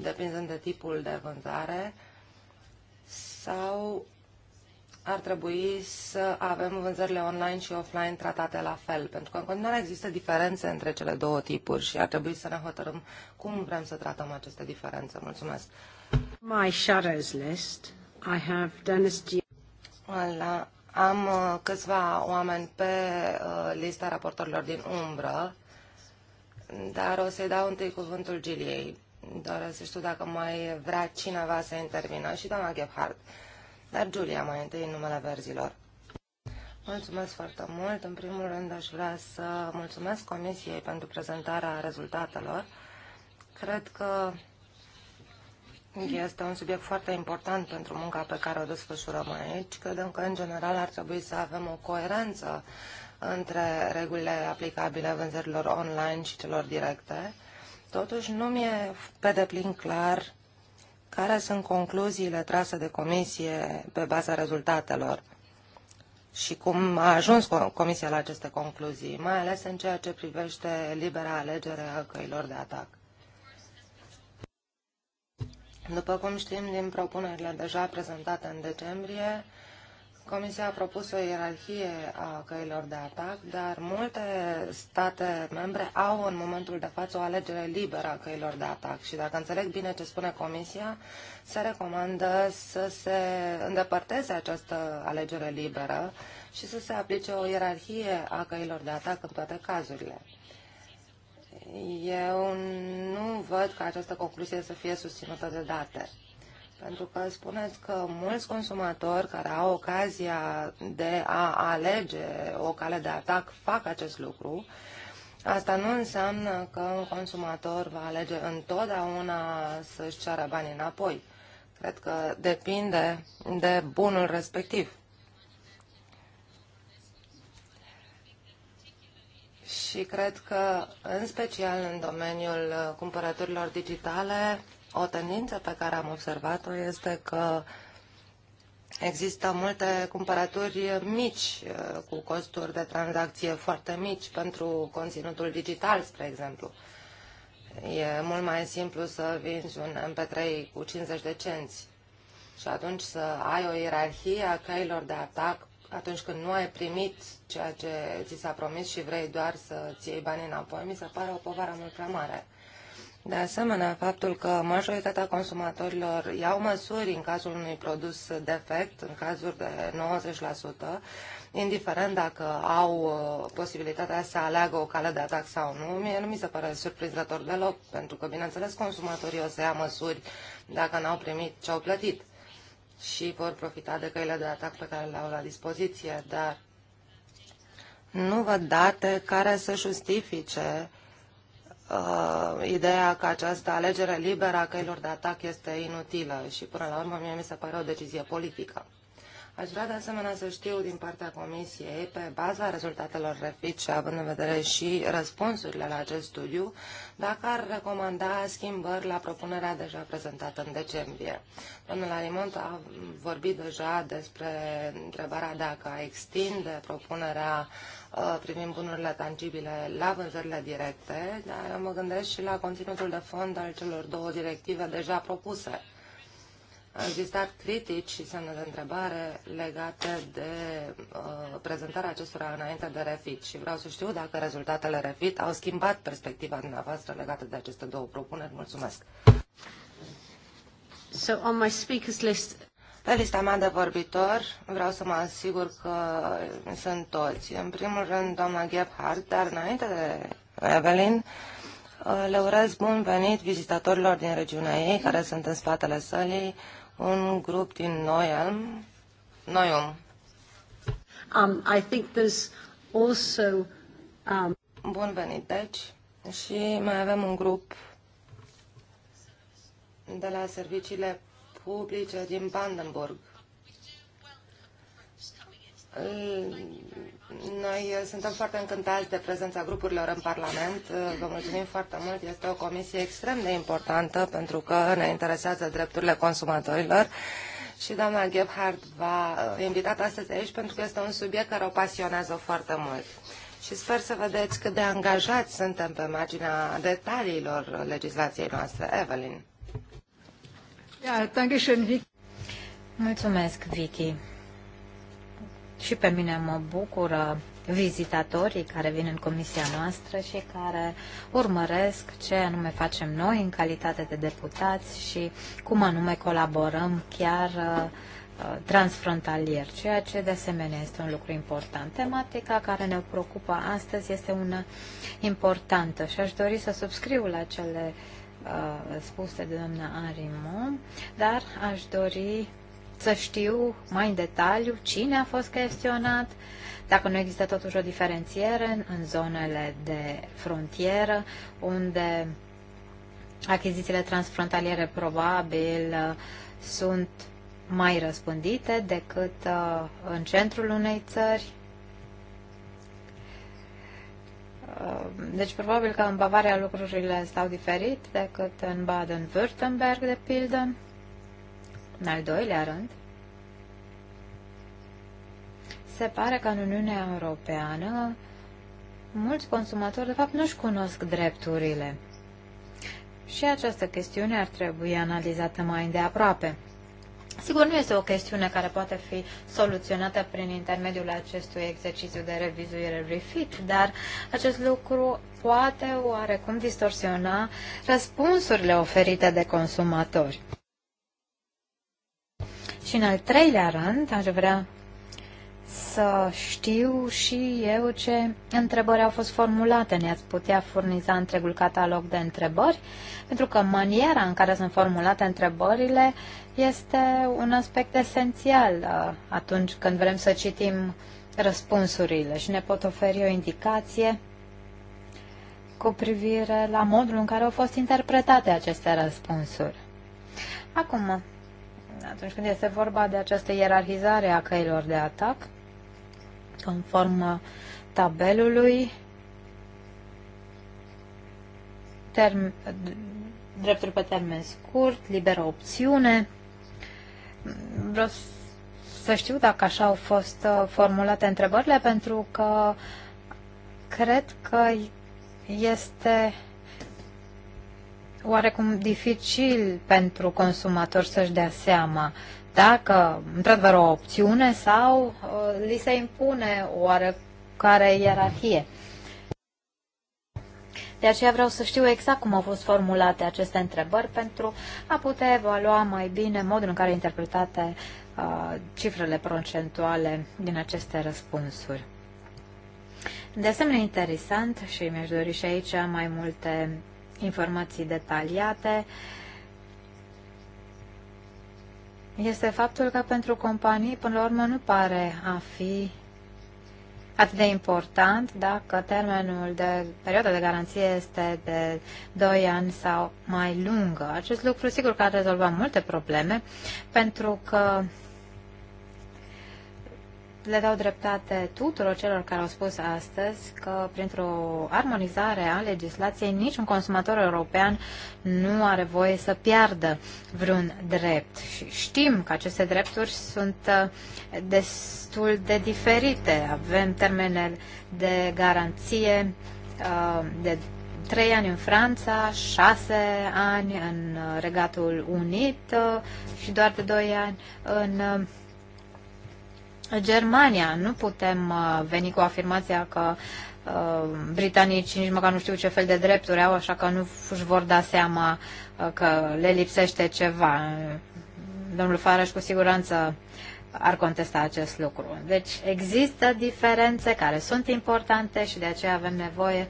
Speaker 1: depinzând de tipul de vânzare sau ar trebui să avem vânzările online și offline tratate la fel, pentru că în continuare există diferențe între cele două tipuri și ar trebui să ne hotărâm cum vrem să tratăm aceste diferențe. Mulțumesc. My shadows list, I have Dennis G. La, am uh, câțiva oameni pe uh, lista raportorilor din umbră, dar o să-i dau întâi cuvântul Giliei. doar să știu dacă mai vrea cineva să intervină și doamna Gebhardt. Dar Giulia, mai întâi, în numele verzilor. Mulțumesc foarte mult. În primul rând aș vrea să mulțumesc Comisiei pentru prezentarea rezultatelor. Cred că este un subiect foarte important pentru munca pe care o desfășurăm aici. Credem că, în general, ar trebui să avem o coerență între regulile aplicabile vânzărilor online și celor directe. Totuși, nu mi-e pe deplin clar care sunt concluziile trase de comisie pe baza rezultatelor? Și cum a ajuns comisia la aceste concluzii, mai ales în ceea ce privește libera alegere a căilor de atac? După cum știm din propunerile deja prezentate în decembrie, Comisia a propus o ierarhie a căilor de atac, dar multe state membre au în momentul de față o alegere liberă a căilor de atac și dacă înțeleg bine ce spune Comisia, se recomandă să se îndepărteze această alegere liberă și să se aplice o ierarhie a căilor de atac în toate cazurile. Eu nu văd ca această concluzie să fie susținută de date. Pentru că spuneți că mulți consumatori care au ocazia de a alege o cale de atac fac acest lucru. Asta nu înseamnă că un consumator va alege întotdeauna să-și ceară banii înapoi. Cred că depinde de bunul respectiv. Și cred că, în special în domeniul cumpărăturilor digitale, o tendință pe care am observat-o este că există multe cumpărături mici, eh, cu costuri de tranzacție foarte mici pentru conținutul digital, spre exemplu. E mult mai simplu să vinzi un MP3 cu 50 de cenți și atunci să ai o ierarhie a căilor de atac atunci când nu ai primit ceea ce ți s-a promis și vrei doar să-ți iei banii înapoi, mi se pare o povară mult prea mare. De asemenea, faptul că majoritatea consumatorilor iau măsuri în cazul unui produs defect, în cazuri de 90%, indiferent dacă au uh, posibilitatea să aleagă o cale de atac sau nu, mie nu mi se pare surprinzător deloc, pentru că, bineînțeles, consumatorii o să ia măsuri dacă n-au primit ce au plătit și vor profita de căile de atac pe care le au la dispoziție, dar nu văd date care să justifice uh, ideea că această alegere liberă a căilor de atac este inutilă și până la urmă mie mi se pare o decizie politică. Aș vrea de asemenea să știu din partea Comisiei, pe baza rezultatelor refit și având în vedere și răspunsurile la acest studiu, dacă ar recomanda schimbări la propunerea deja prezentată în decembrie. Domnul Arimont a vorbit deja despre întrebarea dacă extinde propunerea uh, privind bunurile tangibile la vânzările directe, dar eu mă gândesc și la conținutul de fond al celor două directive deja propuse am existat critici și semne de întrebare legate de uh, prezentarea acestora înainte de refit și vreau să știu dacă rezultatele refit au schimbat perspectiva dumneavoastră legată de aceste două propuneri. Mulțumesc! So on my speakers list... Pe lista mea de vorbitor, vreau să mă asigur că sunt toți. În primul rând, doamna Gebhardt, dar înainte de Evelyn, uh, le urez bun venit vizitatorilor din regiunea ei care sunt în spatele sălii un grup din Noyelm, Noyum. Um, I think there's also... Um... Bun venit, deci. Și mai avem un grup de la serviciile publice din Brandenburg. Noi suntem foarte încântați de prezența grupurilor în Parlament. Vă mulțumim foarte mult. Este o comisie extrem de importantă pentru că ne interesează drepturile consumatorilor. Și doamna Gebhardt va invitat astăzi aici pentru că este un subiect care o pasionează foarte mult. Și sper să vedeți cât de angajați suntem pe marginea detaliilor legislației noastre. Evelyn.
Speaker 3: Mulțumesc, Vicky și pe mine mă bucură vizitatorii care vin în comisia noastră și care urmăresc ce anume facem noi în calitate de deputați și cum anume colaborăm chiar uh, transfrontalier, ceea ce de asemenea este un lucru important. Tematica care ne preocupă astăzi este una importantă și aș dori să subscriu la cele uh, spuse de doamna Arimon, dar aș dori să știu mai în detaliu cine a fost chestionat, dacă nu există totuși o diferențiere în zonele de frontieră, unde achizițiile transfrontaliere probabil uh, sunt mai răspândite decât uh, în centrul unei țări. Uh, deci probabil că în Bavaria lucrurile stau diferit decât în Baden-Württemberg, de pildă. În al doilea rând, se pare că în Uniunea Europeană mulți consumatori, de fapt, nu-și cunosc drepturile. Și această chestiune ar trebui analizată mai îndeaproape. Sigur, nu este o chestiune care poate fi soluționată prin intermediul acestui exercițiu de revizuire refit, dar acest lucru poate oarecum distorsiona răspunsurile oferite de consumatori. Și în al treilea rând, aș vrea să știu și eu ce întrebări au fost formulate. Ne-ați putea furniza întregul catalog de întrebări? Pentru că maniera în care sunt formulate întrebările este un aspect esențial uh, atunci când vrem să citim răspunsurile și ne pot oferi o indicație cu privire la modul în care au fost interpretate aceste răspunsuri. Acum, atunci când este vorba de această ierarhizare a căilor de atac, conform uh, tabelului, term, dreptul pe termen scurt, liberă opțiune. Vreau să știu dacă așa au fost uh, formulate întrebările, pentru că cred că este oarecum dificil pentru consumator să-și dea seama dacă, într-adevăr, o opțiune sau uh, li se impune oarecare ierarhie. De aceea vreau să știu exact cum au fost formulate aceste întrebări pentru a putea evalua mai bine modul în care interpretate uh, cifrele procentuale din aceste răspunsuri. De asemenea, interesant și mi-aș dori și aici mai multe informații detaliate este faptul că pentru companii, până la urmă, nu pare a fi atât de important dacă termenul de perioada de garanție este de 2 ani sau mai lungă. Acest lucru sigur că a rezolvat multe probleme pentru că le dau dreptate tuturor celor care au spus astăzi că printr-o armonizare a legislației niciun consumator european nu are voie să piardă vreun drept. Și știm că aceste drepturi sunt uh, destul de diferite. Avem termene de garanție uh, de 3 ani în Franța, 6 ani în Regatul Unit uh, și doar de 2 ani în Germania. Nu putem uh, veni cu afirmația că uh, britanicii nici măcar nu știu ce fel de drepturi au, așa că nu își vor da seama uh, că le lipsește ceva. Domnul Farăș cu siguranță ar contesta acest lucru. Deci există diferențe care sunt importante și de aceea avem nevoie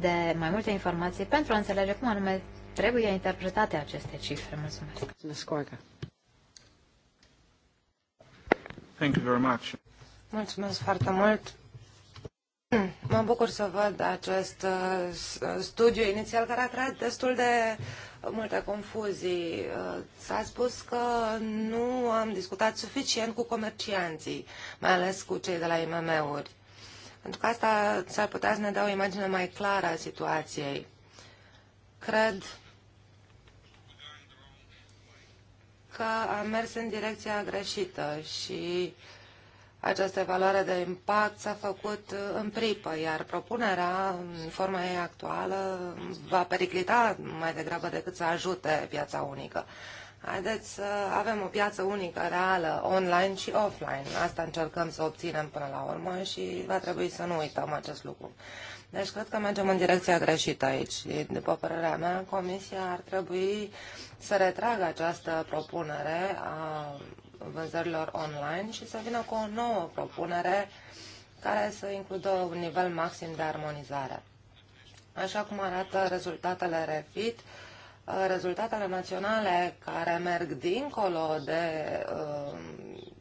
Speaker 3: de mai multe informații pentru a înțelege cum anume trebuie interpretate aceste cifre. Mulțumesc. Mulțumesc, Thank you very much.
Speaker 1: Mulțumesc foarte mult. Mă bucur să văd acest uh, studiu inițial care a creat destul de multe confuzii. Uh, s-a spus că nu am discutat suficient cu comercianții, mai ales cu cei de la IMM-uri. Pentru că asta s-ar putea să ne dea o imagine mai clară a situației. Cred că a mers în direcția greșită și această evaluare de impact s-a făcut în pripă, iar propunerea, în forma ei actuală, va periclita mai degrabă decât să ajute piața unică. Haideți să avem o piață unică reală, online și offline. Asta încercăm să obținem până la urmă și va trebui să nu uităm acest lucru. Deci cred că mergem în direcția greșită aici. După părerea mea, Comisia ar trebui să retragă această propunere a vânzărilor online și să vină cu o nouă propunere care să includă un nivel maxim de armonizare. Așa cum arată rezultatele REFIT, rezultatele naționale care merg dincolo de um,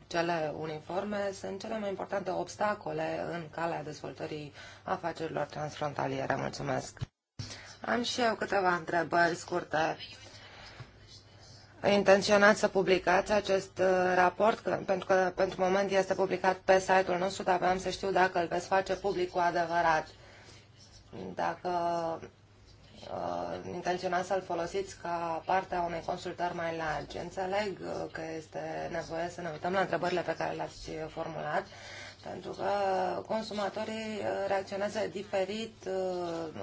Speaker 1: cele uniforme sunt cele mai importante obstacole în calea dezvoltării afacerilor transfrontaliere. Mulțumesc! Am și eu câteva întrebări scurte intenționat să publicați acest uh, raport, că, pentru că pentru moment este publicat pe site-ul nostru, dar vreau să știu dacă îl veți face public cu adevărat. Dacă uh, intenționați să-l folosiți ca parte a unei consultări mai largi. Înțeleg uh, că este nevoie să ne uităm la întrebările pe care le-ați uh, formulat, pentru că consumatorii reacționează diferit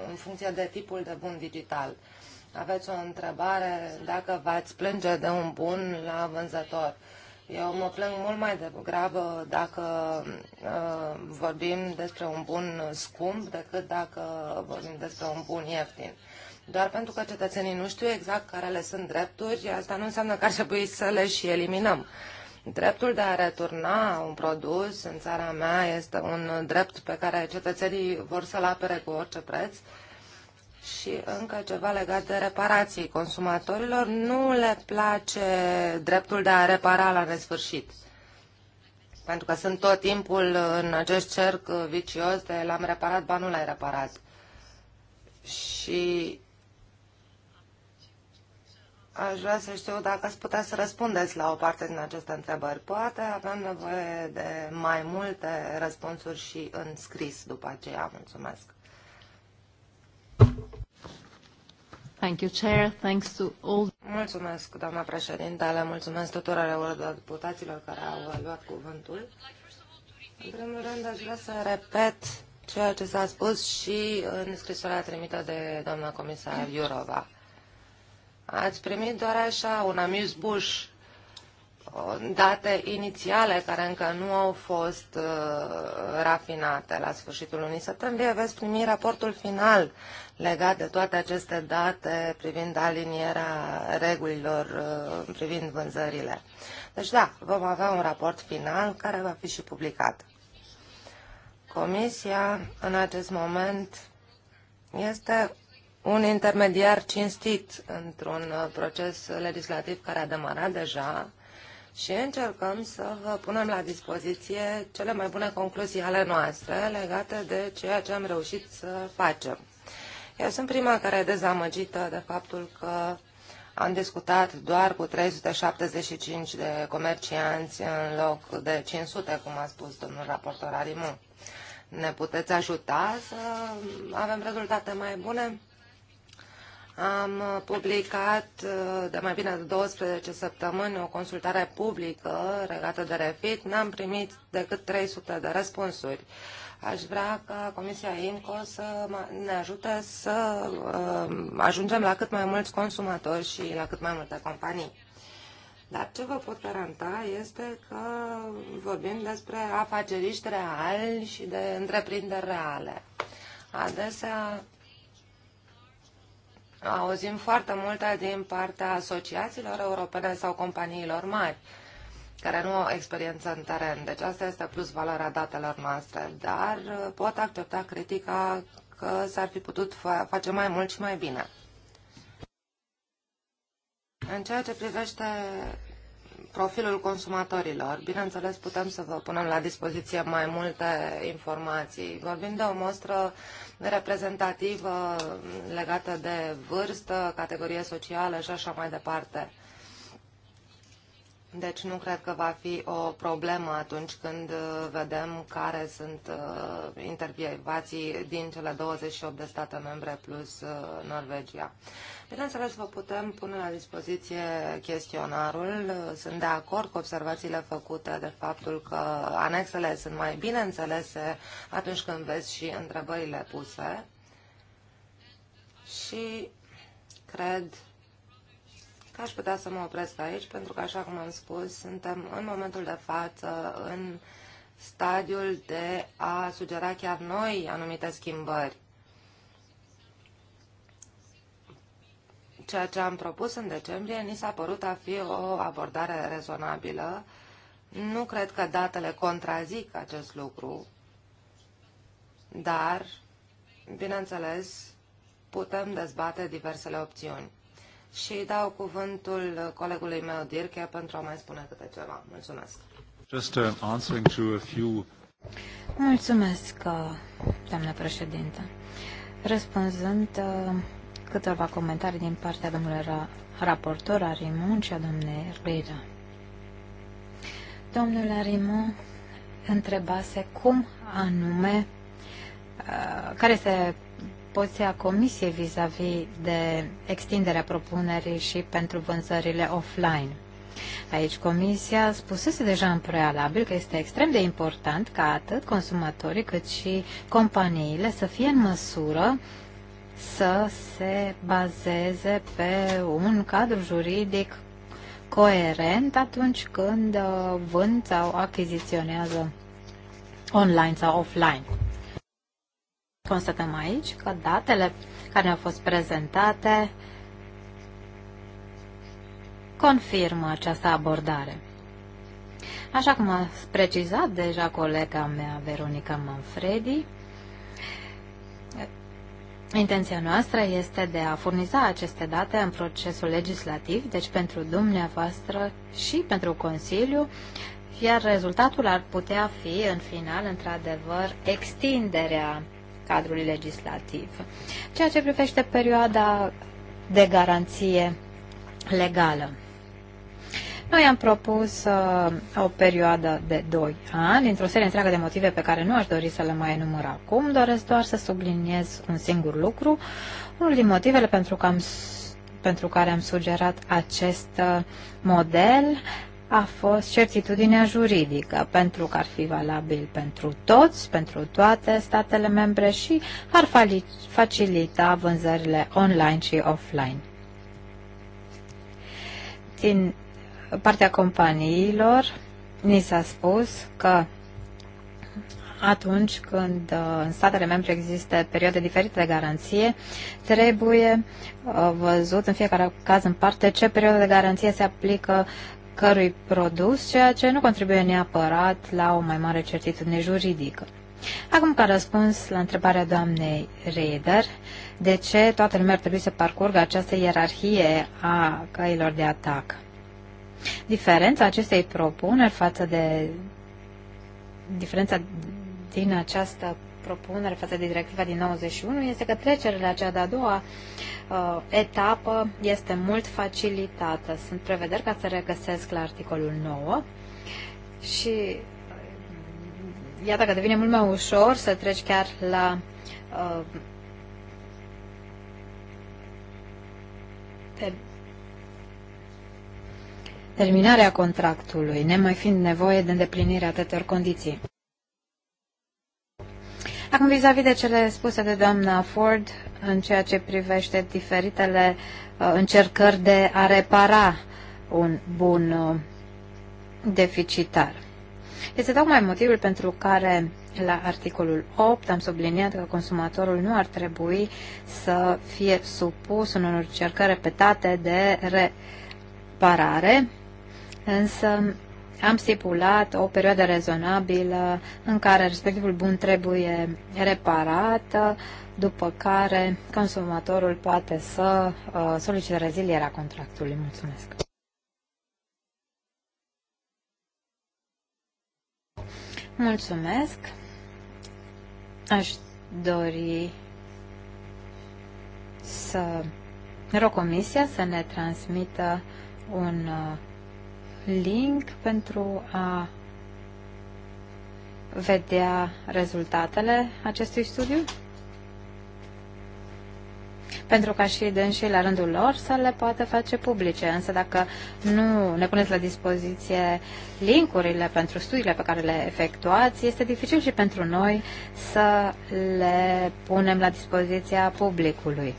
Speaker 1: în funcție de tipul de bun digital aveți o întrebare dacă v-ați plânge de un bun la vânzător. Eu mă plâng mult mai degrabă dacă uh, vorbim despre un bun scump decât dacă vorbim despre un bun ieftin. Doar pentru că cetățenii nu știu exact care le sunt drepturi, asta nu înseamnă că ar trebui să le și eliminăm. Dreptul de a returna un produs în țara mea este un drept pe care cetățenii vor să-l apere cu orice preț. Uh, și încă ceva legat de reparații consumatorilor. Nu le place dreptul de a repara la nesfârșit. Pentru că sunt tot timpul în acest cerc vicios de l-am reparat, ba nu l-ai reparat. Și aș vrea să știu dacă ați putea să răspundeți la o parte din aceste întrebări. Poate avem nevoie de mai multe răspunsuri și în scris după aceea. Mulțumesc. Thank you, Chair. Thanks to all... Mulțumesc, doamna președinte, le mulțumesc tuturor deputaților care au luat cuvântul. În primul rând, aș vrea să repet ceea ce s-a spus și în scrisoarea trimită de doamna comisar Iurova. Ați primit doar așa un amuz Bush date inițiale care încă nu au fost uh, rafinate la sfârșitul lunii septembrie, veți primi raportul final legat de toate aceste date privind alinierea regulilor uh, privind vânzările. Deci da, vom avea un raport final care va fi și publicat. Comisia, în acest moment, este un intermediar cinstit într-un uh, proces legislativ care a demarat deja și încercăm să vă punem la dispoziție cele mai bune concluzii ale noastre legate de ceea ce am reușit să facem. Eu sunt prima care e dezamăgită de faptul că am discutat doar cu 375 de comercianți în loc de 500, cum a spus domnul raportor Arimu. Ne puteți ajuta să avem rezultate mai bune? Am uh, publicat uh, de mai bine de 12 săptămâni o consultare publică regată de refit. N-am primit decât 300 de răspunsuri. Aș vrea ca Comisia INCO să ne ajute să uh, ajungem la cât mai mulți consumatori și la cât mai multe companii. Dar ce vă pot garanta este că vorbim despre afaceriști reali și de întreprinderi reale. Adesea auzim foarte multe din partea asociațiilor europene sau companiilor mari care nu au experiență în teren. Deci asta este plus valoarea datelor noastre. Dar uh, pot accepta critica că s-ar fi putut face mai mult și mai bine. În ceea ce privește profilul consumatorilor. Bineînțeles, putem să vă punem la dispoziție mai multe informații. Vorbim de o mostră reprezentativă legată de vârstă, categorie socială și așa mai departe. Deci nu cred că va fi o problemă atunci când uh, vedem care sunt uh, intervievații din cele 28 de state membre plus uh, Norvegia. Bineînțeles, vă putem pune la dispoziție chestionarul. Sunt de acord cu observațiile făcute de faptul că anexele sunt mai bine înțelese atunci când vezi și întrebările puse. Și cred Aș putea să mă opresc aici, pentru că, așa cum am spus, suntem în momentul de față, în stadiul de a sugera chiar noi anumite schimbări. Ceea ce am propus în decembrie ni s-a părut a fi o abordare rezonabilă. Nu cred că datele contrazic acest lucru, dar, bineînțeles, putem dezbate diversele opțiuni și dau cuvântul colegului meu, Dirche, pentru a mai spune câte ceva. Mulțumesc.
Speaker 3: Just uh, answering to a few... Mulțumesc, uh, doamnă președintă. Răspunzând uh, câteva comentarii din partea domnului ra raportor Arimon și a domnului Rida. Domnul Arimon întrebase cum anume, uh, care este poziția Comisiei vis-a-vis -vis de extinderea propunerii și pentru vânzările offline. Aici Comisia spusese deja în prealabil că este extrem de important ca atât consumatorii cât și companiile să fie în măsură să se bazeze pe un cadru juridic coerent atunci când uh, vând sau achiziționează online sau offline. Constatăm aici că datele care ne-au fost prezentate confirmă această abordare. Așa cum a precizat deja colega mea, Veronica Manfredi, intenția noastră este de a furniza aceste date în procesul legislativ, deci pentru dumneavoastră și pentru Consiliu, iar rezultatul ar putea fi, în final, într-adevăr, extinderea cadrul legislativ. Ceea ce privește perioada de garanție legală. Noi am propus uh, o perioadă de 2 ani, într-o serie întreagă de motive pe care nu aș dori să le mai enumăr acum, doresc doar să subliniez un singur lucru. Unul din motivele pentru, că am, pentru care am sugerat acest uh, model a fost certitudinea juridică, pentru că ar fi valabil pentru toți, pentru toate statele membre și ar facilita vânzările online și offline. Din partea companiilor, ni s-a spus că atunci când uh, în statele membre există perioade diferite de garanție, trebuie uh, văzut în fiecare caz în parte ce perioadă de garanție se aplică cărui produs, ceea ce nu contribuie neapărat la o mai mare certitudine juridică. Acum, a răspuns la întrebarea doamnei Reder, de ce toată lumea ar trebui să parcurgă această ierarhie a căilor de atac? Diferența acestei propuneri față de diferența din această propunere față de directiva din 91 este că trecerea la cea de-a doua uh, etapă este mult facilitată. Sunt prevederi ca se regăsesc la articolul 9 și uh, iată că devine mult mai ușor să treci chiar la uh, pe terminarea contractului, nemai fiind nevoie de îndeplinirea atâtor condiții. Acum, vis-a-vis de cele spuse de doamna Ford în ceea ce privește diferitele uh, încercări de a repara un bun uh, deficitar. Este tocmai motivul pentru care la articolul 8 am subliniat că consumatorul nu ar trebui să fie supus unor cercări repetate de reparare, însă am stipulat o perioadă rezonabilă în care respectivul bun trebuie reparat, după care consumatorul poate să uh, solicite rezilierea contractului. Mulțumesc! Mulțumesc! Aș dori să rog comisia să ne transmită un uh, link pentru a vedea rezultatele acestui studiu? Pentru ca și dânsii la rândul lor să le poată face publice. Însă dacă nu ne puneți la dispoziție linkurile pentru studiile pe care le efectuați, este dificil și pentru noi să le punem la dispoziția publicului.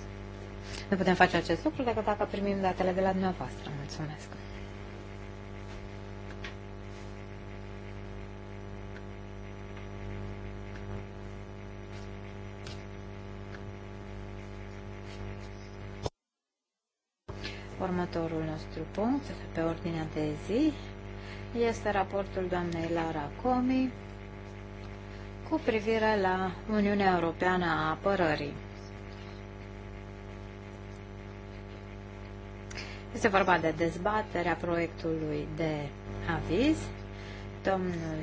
Speaker 3: Nu putem face acest lucru decât dacă primim datele de la dumneavoastră. Mulțumesc! Următorul nostru punct pe ordinea de zi este raportul doamnei Lara Comi cu privire la Uniunea Europeană a Apărării. Este vorba de dezbaterea proiectului de aviz. Domnul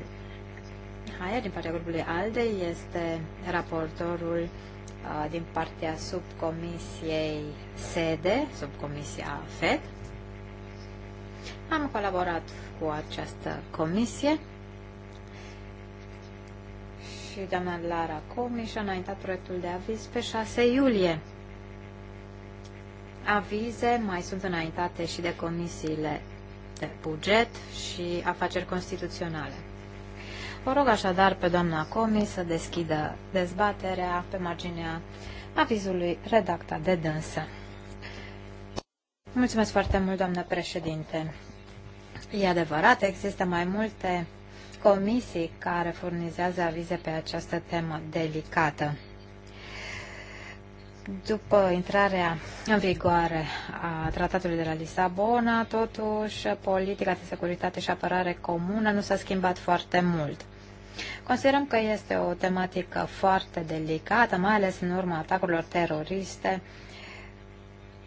Speaker 3: Haia, din partea grupului ALDE este raportorul uh, din partea subcomisiei SEDE, subcomisia FED. Am colaborat cu această comisie și doamna Lara Comi și-a înaintat proiectul de aviz pe 6 iulie. Avize mai sunt înaintate și de comisiile de buget și afaceri constituționale. Vă rog așadar pe doamna Comi să deschidă dezbaterea pe marginea avizului redactat de dânsă. Mulțumesc foarte mult, doamnă președinte. E adevărat, există mai multe comisii care furnizează avize pe această temă delicată. După intrarea în vigoare a tratatului de la Lisabona, totuși, politica de securitate și apărare comună nu s-a schimbat foarte mult. Considerăm că este o tematică foarte delicată, mai ales în urma atacurilor teroriste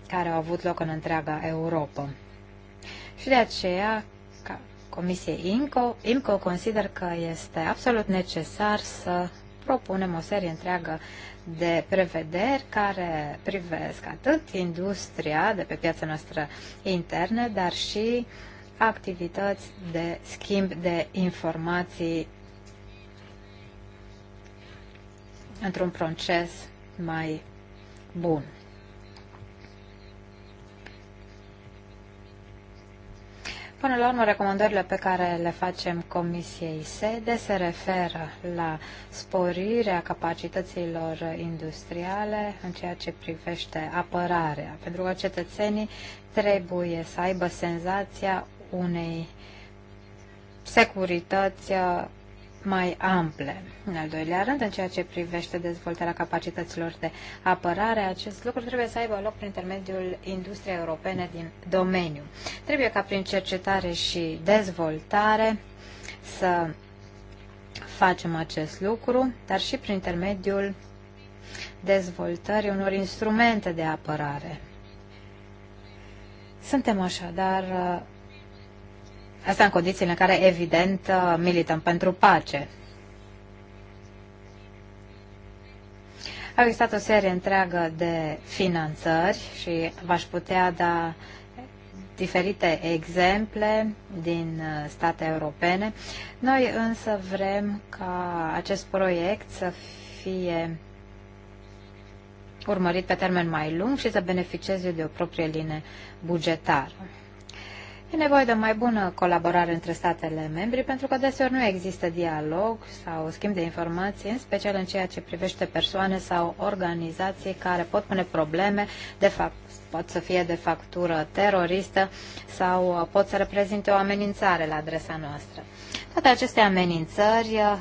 Speaker 3: care au avut loc în întreaga Europa. Și de aceea, ca Comisie IMCO, IMCO consider că este absolut necesar să propunem o serie întreagă de prevederi care privesc atât industria de pe piața noastră internă, dar și activități de schimb de informații într-un proces mai bun. Până la urmă, recomandările pe care le facem Comisiei SEDE se referă la sporirea capacităților industriale în ceea ce privește apărarea, pentru că cetățenii trebuie să aibă senzația unei securități mai ample. În al doilea rând, în ceea ce privește dezvoltarea capacităților de apărare, acest lucru trebuie să aibă loc prin intermediul industriei europene din domeniu. Trebuie ca prin cercetare și dezvoltare să facem acest lucru, dar și prin intermediul dezvoltării unor instrumente de apărare. Suntem așadar Asta în condițiile în care, evident, uh, milităm pentru pace. A existat o serie întreagă de finanțări și v-aș putea da diferite exemple din uh, state europene. Noi însă vrem ca acest proiect să fie urmărit pe termen mai lung și să beneficieze de o proprie linie bugetară. E nevoie de o mai bună colaborare între statele membri, pentru că deseori nu există dialog sau schimb de informații, în special în ceea ce privește persoane sau organizații care pot pune probleme, de fapt, pot să fie de factură teroristă sau pot să reprezinte o amenințare la adresa noastră. Toate aceste amenințări uh,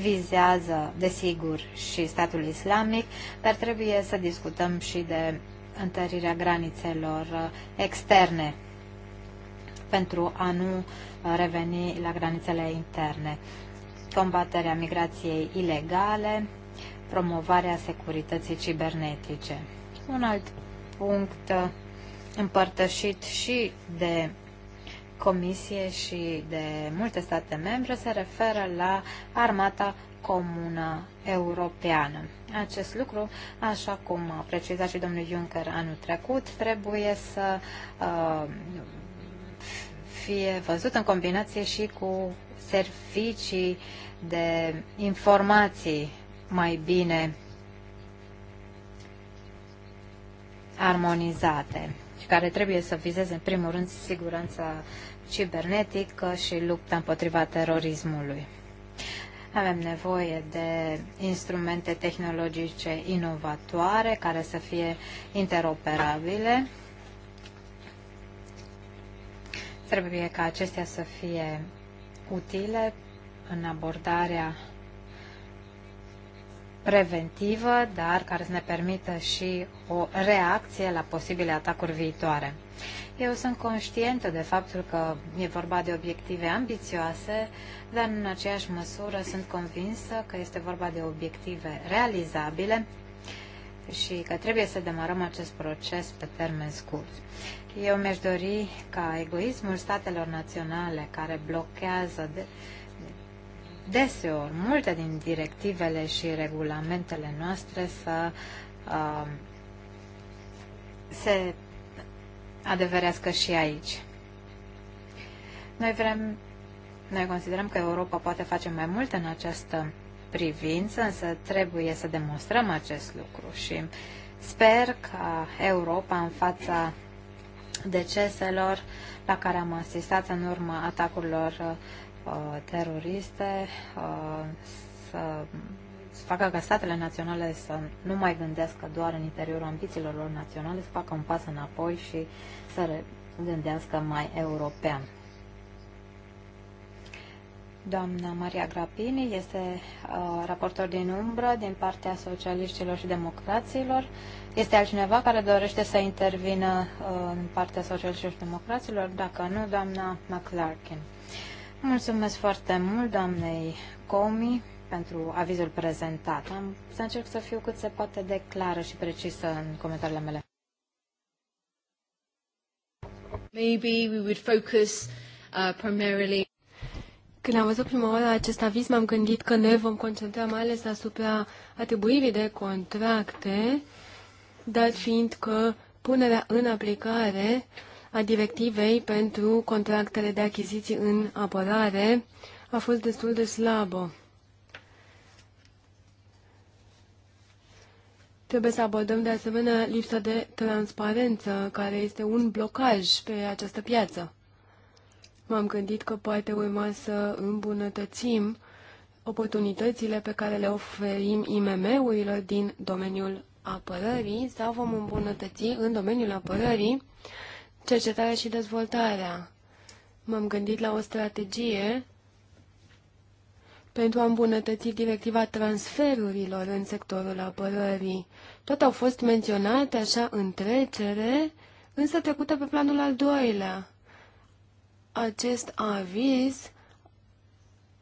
Speaker 3: vizează, desigur, și statul islamic, dar trebuie să discutăm și de întărirea granițelor uh, externe pentru a nu uh, reveni la granițele interne. Combaterea migrației ilegale, promovarea securității cibernetice. Un alt punct uh, împărtășit și de Comisie și de multe state membre se referă la armata comună europeană. Acest lucru, așa cum a precizat și domnul Juncker anul trecut, trebuie să uh, fie văzut în combinație și cu servicii de informații mai bine armonizate și care trebuie să vizeze în primul rând siguranța cibernetică și lupta împotriva terorismului. Avem nevoie de instrumente tehnologice inovatoare care să fie interoperabile Trebuie ca acestea să fie utile în abordarea preventivă, dar care să ne permită și o reacție la posibile atacuri viitoare. Eu sunt conștientă de faptul că e vorba de obiective ambițioase, dar în aceeași măsură sunt convinsă că este vorba de obiective realizabile și că trebuie să demarăm acest proces pe termen scurt. Eu mi-aș dori ca egoismul statelor naționale care blochează de, deseori multe din directivele și regulamentele noastre să uh, se adeverească și aici. Noi vrem, noi considerăm că Europa poate face mai mult în această privință, însă trebuie să demonstrăm acest lucru și sper că Europa în fața deceselor la care am asistat în urma atacurilor uh, teroriste uh, să facă ca statele naționale să nu mai gândească doar în interiorul ambițiilor lor naționale, să facă un pas înapoi și să gândească mai european. Doamna Maria Grapini este uh, raportor din umbră din partea socialiștilor și democraților. Este altcineva care dorește să intervină uh, în partea socialiștilor și democraților? Dacă nu, doamna McClarkin. Mulțumesc foarte mult doamnei Comi pentru avizul prezentat. Am să încerc să fiu cât se poate de clară și precisă în comentariile mele.
Speaker 2: Maybe we would focus uh, primarily când am văzut prima oară acest aviz, m-am gândit că noi vom concentra mai ales asupra atribuirii de contracte, dat fiind că punerea în aplicare a directivei pentru contractele de achiziții în apărare a fost destul de slabă. Trebuie să abordăm de asemenea lipsa de transparență, care este un blocaj pe această piață m-am gândit că poate urma să îmbunătățim oportunitățile pe care le oferim IMM-urilor din domeniul apărării sau vom îmbunătăți în domeniul apărării cercetarea și dezvoltarea. M-am gândit la o strategie pentru a îmbunătăți directiva transferurilor în sectorul apărării. Toate au fost menționate așa în trecere, însă trecute pe planul al doilea acest aviz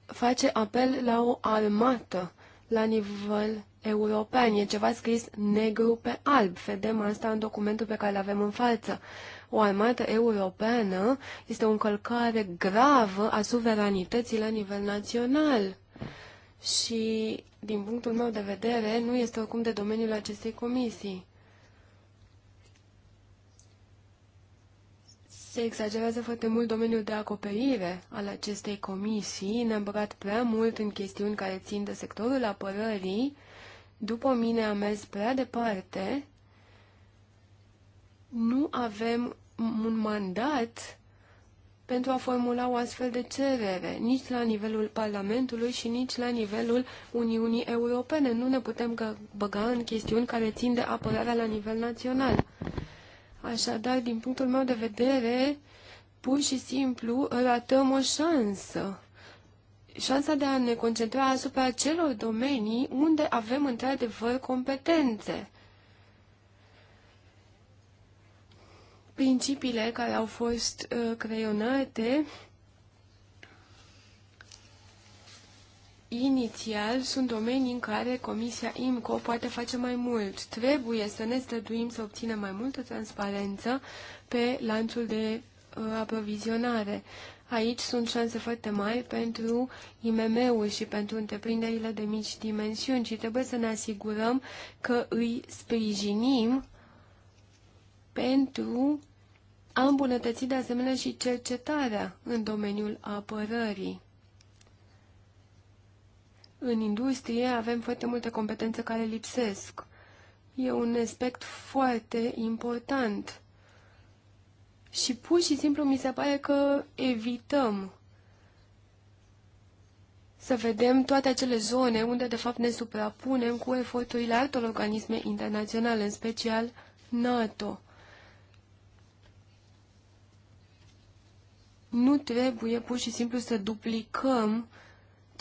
Speaker 2: face apel la o armată la nivel european. E ceva scris negru pe alb. Vedem asta în documentul pe care îl avem în față. O armată europeană este o încălcare gravă a suveranității la nivel național. Și, din punctul meu de vedere, nu este oricum de domeniul acestei comisii. Se exagerează foarte mult domeniul de acoperire al acestei comisii, ne-am băgat prea mult în chestiuni care țin de sectorul apărării, după mine am mers prea departe, nu avem un mandat pentru a formula o astfel de cerere, nici la nivelul Parlamentului și nici la nivelul Uniunii Europene. Nu ne putem băga în chestiuni care țin de apărarea la nivel național. Așadar, din punctul meu de vedere, pur și simplu ratăm o șansă. Șansa de a ne concentra asupra celor domenii unde avem într-adevăr competențe. Principiile care au fost uh, creionate inițial sunt domenii în care Comisia IMCO poate face mai mult. Trebuie să ne străduim să obținem mai multă transparență pe lanțul de uh, aprovizionare. Aici sunt șanse foarte mari pentru IMM-uri și pentru întreprinderile de mici dimensiuni și trebuie să ne asigurăm că îi sprijinim pentru a îmbunătăți de asemenea și cercetarea în domeniul apărării. În industrie avem foarte multe competențe care lipsesc. E un aspect foarte important. Și pur și simplu mi se pare că evităm să vedem toate acele zone unde de fapt ne suprapunem cu eforturile altor organisme internaționale, în special NATO. Nu trebuie pur și simplu să duplicăm uh,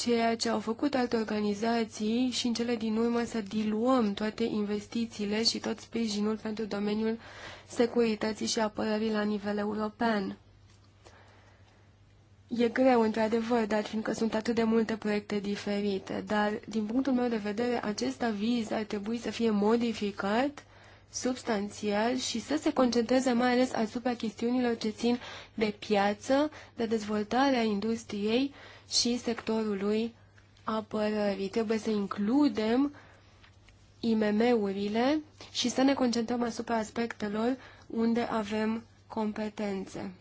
Speaker 2: ceea ce au făcut alte organizații și în cele din urmă să diluăm toate investițiile și tot sprijinul pentru domeniul securității și apărării la nivel european. E greu, într-adevăr, dar fiindcă sunt atât de multe proiecte diferite, dar, din punctul meu de vedere, acest aviz ar trebui să fie modificat substanțial și să se concentreze mai ales asupra chestiunilor ce țin de piață, de dezvoltarea industriei și sectorului apărării. Trebuie să includem IMM-urile și să ne concentrăm asupra aspectelor unde avem competențe.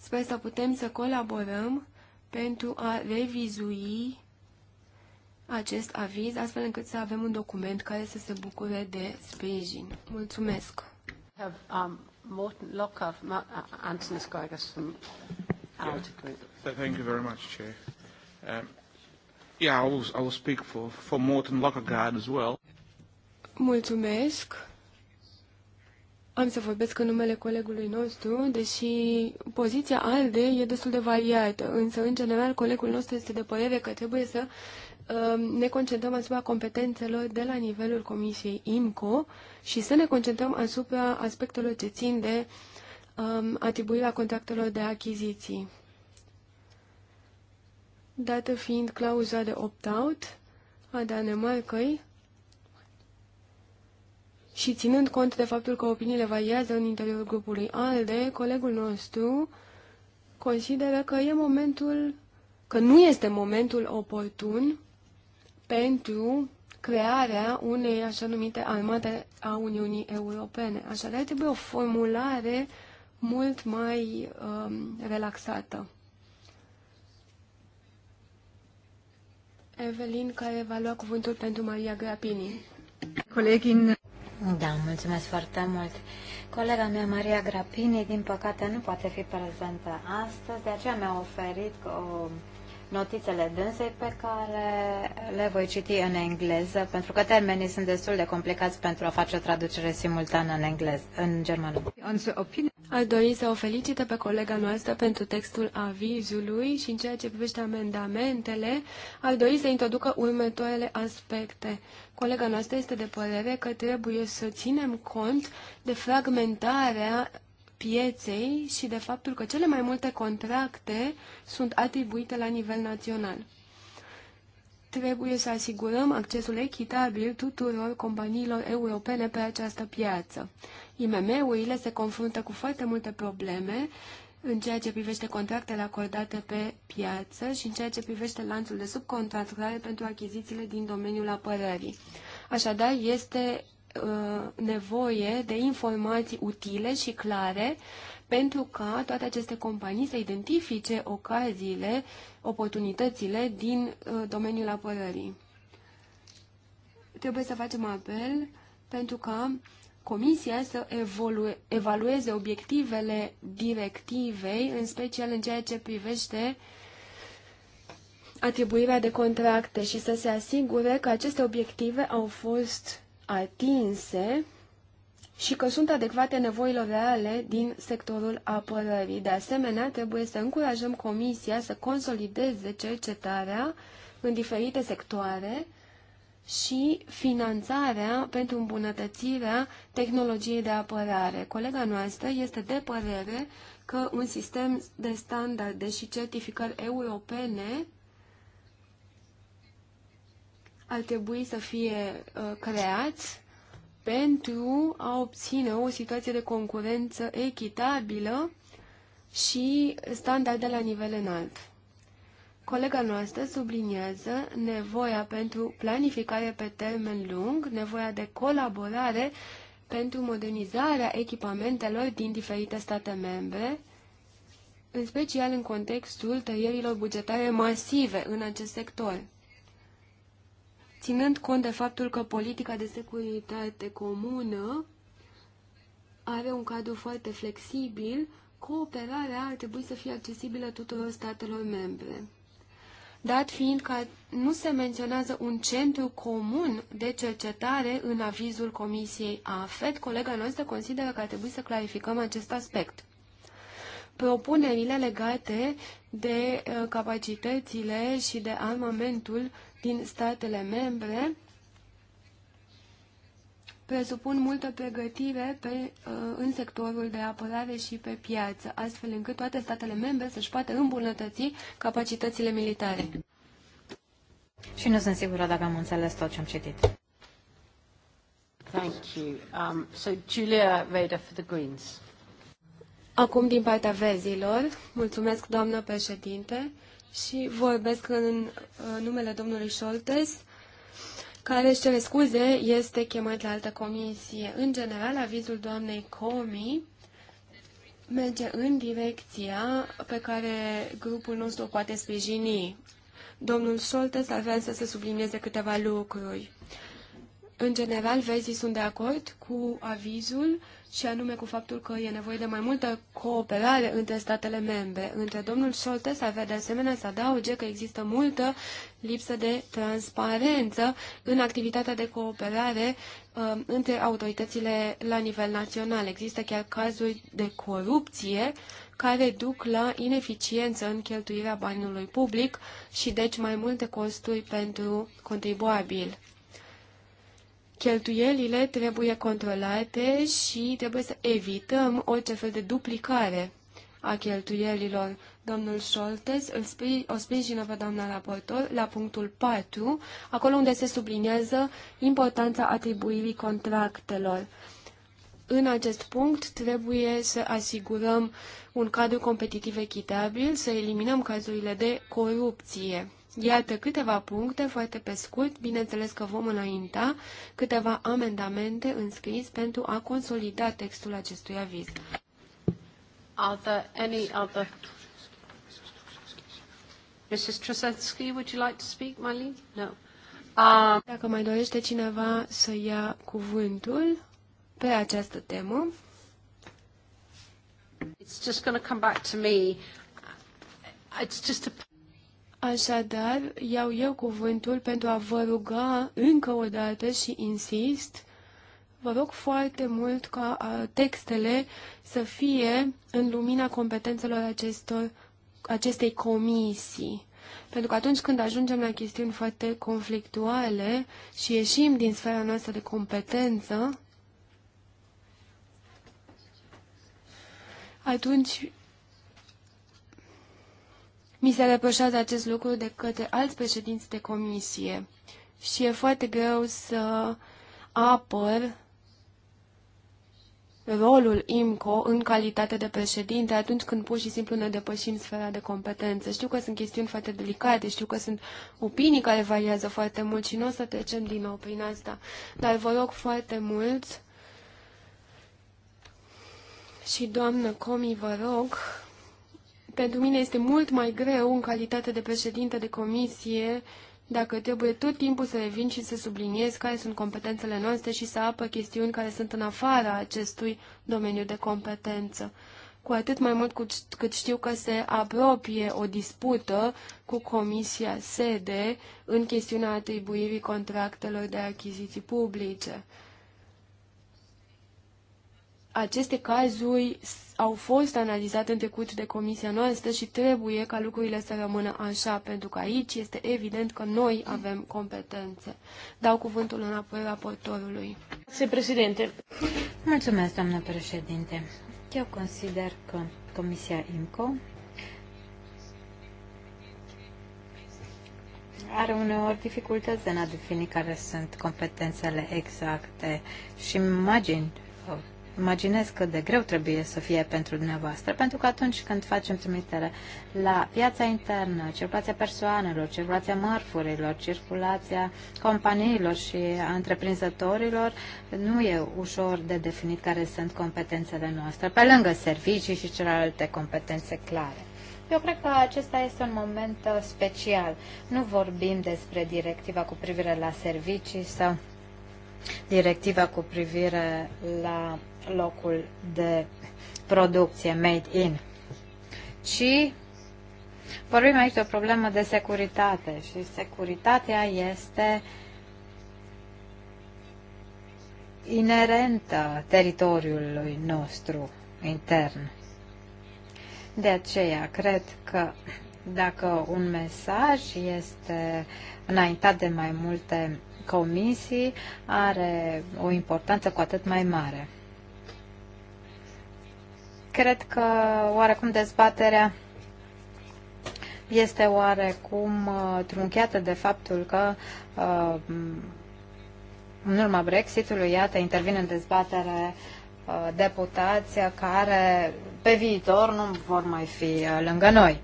Speaker 2: Sper să putem să colaborăm pentru a revizui acest aviz, astfel încât să avem un document care să se bucure de sprijin. Mulțumesc! Have, um, Morten Lockhart, out.
Speaker 3: Thank you very much, Chair. Um, yeah, I will, I will speak for, for Morton Lockergard as well.
Speaker 2: Mulțumesc. Am să vorbesc în numele colegului nostru, deși poziția ALDE e destul de variată, însă, în general, colegul nostru este de părere că trebuie să um, ne concentrăm asupra competențelor de la nivelul Comisiei IMCO și să ne concentrăm asupra aspectelor ce țin de uh, um, atribuirea contractelor de achiziții. Dată fiind clauza de opt-out a Danemarcăi și ținând cont de faptul că opiniile variază în interiorul grupului ALDE, colegul nostru consideră că e momentul, că nu este momentul oportun pentru crearea unei așa numite armate a Uniunii Europene. Așadar, trebuie o formulare uh, mult mai um, relaxată. Evelin, care va lua cuvântul pentru Maria Grapini.
Speaker 3: Colegin. Da, mulțumesc foarte mult. Colega mea, Maria Grapini, din păcate nu poate fi prezentă astăzi, de aceea mi-a oferit o notițele dânsei pe care le voi citi în engleză, pentru că termenii sunt destul de complicați pentru a face o traducere simultană în engleză, în germană.
Speaker 2: Aș dori să o felicită pe colega noastră pentru textul avizului și în ceea ce privește amendamentele, aș dori să introducă următoarele aspecte. Colega noastră este de părere că trebuie să ținem cont de fragmentarea pieței și de faptul că cele mai multe contracte sunt atribuite la nivel național. Trebuie să asigurăm accesul echitabil tuturor companiilor europene pe această piață. IMM-urile se confruntă cu foarte multe probleme în ceea ce privește contractele acordate pe piață și în ceea ce privește lanțul de subcontractare pentru achizițiile din domeniul apărării. Așadar, este Uh, nevoie de informații utile și clare pentru ca toate aceste companii să identifice ocaziile, oportunitățile din uh, domeniul apărării. Trebuie să facem apel pentru ca Comisia să evalueze obiectivele directivei, în special în ceea ce privește atribuirea de contracte și să se asigure că aceste obiective au fost atinse și că sunt adecvate nevoilor reale din sectorul apărării. De asemenea, trebuie să încurajăm Comisia să consolideze cercetarea în diferite sectoare și finanțarea pentru îmbunătățirea tehnologiei de apărare. Colega noastră este de părere că un sistem de standarde și certificări europene ar trebui să fie uh, creați pentru a obține o situație de concurență echitabilă și standarde la nivel înalt. Colega noastră subliniază nevoia pentru planificare pe termen lung, nevoia de colaborare pentru modernizarea echipamentelor din diferite state membre, în special în contextul tăierilor bugetare masive în acest sector ținând cont de faptul că politica de securitate comună are un cadru foarte flexibil, cooperarea ar trebui să fie accesibilă tuturor statelor membre. Dat fiind că nu se menționează un centru comun de cercetare în avizul Comisiei AFET, colega noastră consideră că ar trebui să clarificăm acest aspect. Propunerile legate de eh, capacitățile și de armamentul din statele membre presupun multă pregătire pe, uh, în sectorul de apărare și pe piață, astfel încât toate statele membre să-și poată îmbunătăți capacitățile militare.
Speaker 3: Și nu sunt sigură dacă am înțeles tot ce am citit. Thank you. Um, so Julia Reda for the Greens. Acum
Speaker 2: din partea verzilor, Mulțumesc, doamnă președinte și vorbesc în numele domnului Scholtes, care își cere scuze, este chemat la altă comisie. În general, avizul doamnei Comi merge în direcția pe care grupul nostru o poate sprijini. Domnul Scholtes vrea să se sublinieze câteva lucruri. În general, vezi, sunt de acord cu avizul și anume cu faptul că e nevoie de mai multă cooperare între statele membre. Între domnul Scholtes avea de asemenea să adauge că există multă lipsă de transparență în activitatea de cooperare uh, între autoritățile la nivel național. Există chiar cazuri de corupție care duc la ineficiență în cheltuirea banilor public și deci mai multe costuri pentru contribuabil cheltuielile trebuie controlate și trebuie să evităm orice fel de duplicare a cheltuielilor. Domnul Scholtes îl spri, o sprijină pe doamna raportor la punctul 4, acolo unde se subliniază importanța atribuirii contractelor. În acest punct trebuie să asigurăm un cadru competitiv echitabil, să eliminăm cazurile de corupție. Iată câteva puncte, foarte pe scurt, bineînțeles că vom înainta câteva amendamente înscris pentru a consolida textul acestui aviz. Are any other? Mrs. Trusetsky, would you like to speak, Marlene? No. Um, Dacă mai dorește cineva să ia cuvântul pe această temă, It's just going to come back to me. It's just a Așadar, iau eu cuvântul pentru a vă ruga încă o dată și insist, vă rog foarte mult ca textele să fie în lumina competențelor acestor, acestei comisii. Pentru că atunci când ajungem la chestiuni foarte conflictuale și ieșim din sfera noastră de competență, atunci mi s-a reproșat acest lucru de către alți președinți de comisie și e foarte greu să apăr rolul IMCO în calitate de președinte atunci când pur și simplu ne depășim sfera de competență. Știu că sunt chestiuni foarte delicate, știu că sunt opinii care variază foarte mult și nu o să trecem din nou prin asta, dar vă rog foarte mult și doamnă Comi, vă rog pentru mine este mult mai greu, în calitate de președinte de comisie, dacă trebuie tot timpul să revin și să subliniez care sunt competențele noastre și să apă chestiuni care sunt în afara acestui domeniu de competență. Cu atât mai mult cât știu că se apropie o dispută cu Comisia Sede în chestiunea atribuirii contractelor de achiziții publice aceste cazuri au fost analizate în trecut de comisia noastră și trebuie ca lucrurile să rămână așa, pentru că aici este evident că noi avem competențe. Dau cuvântul înapoi raportorului.
Speaker 3: Se președinte. Mulțumesc, doamnă președinte. Eu consider că Comisia IMCO are uneori dificultăți în a defini care sunt competențele exacte și imagini uh, imaginez cât de greu trebuie să fie pentru dumneavoastră, pentru că atunci când facem trimitere la piața internă, circulația persoanelor, circulația mărfurilor, circulația companiilor și a întreprinzătorilor, nu e ușor de definit care sunt competențele noastre, pe lângă servicii și celelalte competențe clare. Eu cred că acesta este un moment uh, special. Nu vorbim despre directiva cu privire la servicii sau directiva cu privire la locul de producție made in, Și vorbim aici de o problemă de securitate și securitatea este inerentă teritoriului nostru intern. De aceea, cred că dacă un mesaj este înaintat de mai multe comisii, are o importanță cu atât mai mare. Cred că oarecum dezbaterea este oarecum uh, trunchiată de faptul că uh, în urma Brexitului, iată, intervin în dezbatere uh, deputați care pe viitor nu vor mai fi lângă noi.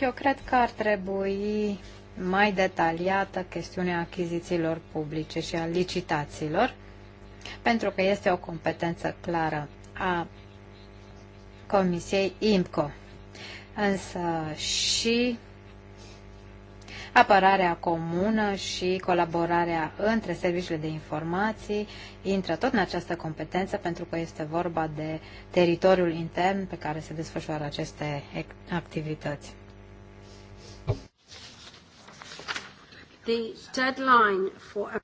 Speaker 3: Eu cred că ar trebui mai detaliată chestiunea achizițiilor publice și a licitațiilor pentru că este o competență clară a Comisiei IMCO. Însă și apărarea comună și colaborarea între serviciile de informații intră tot în această competență pentru că este vorba de teritoriul intern pe care se desfășoară aceste activități.
Speaker 2: The deadline for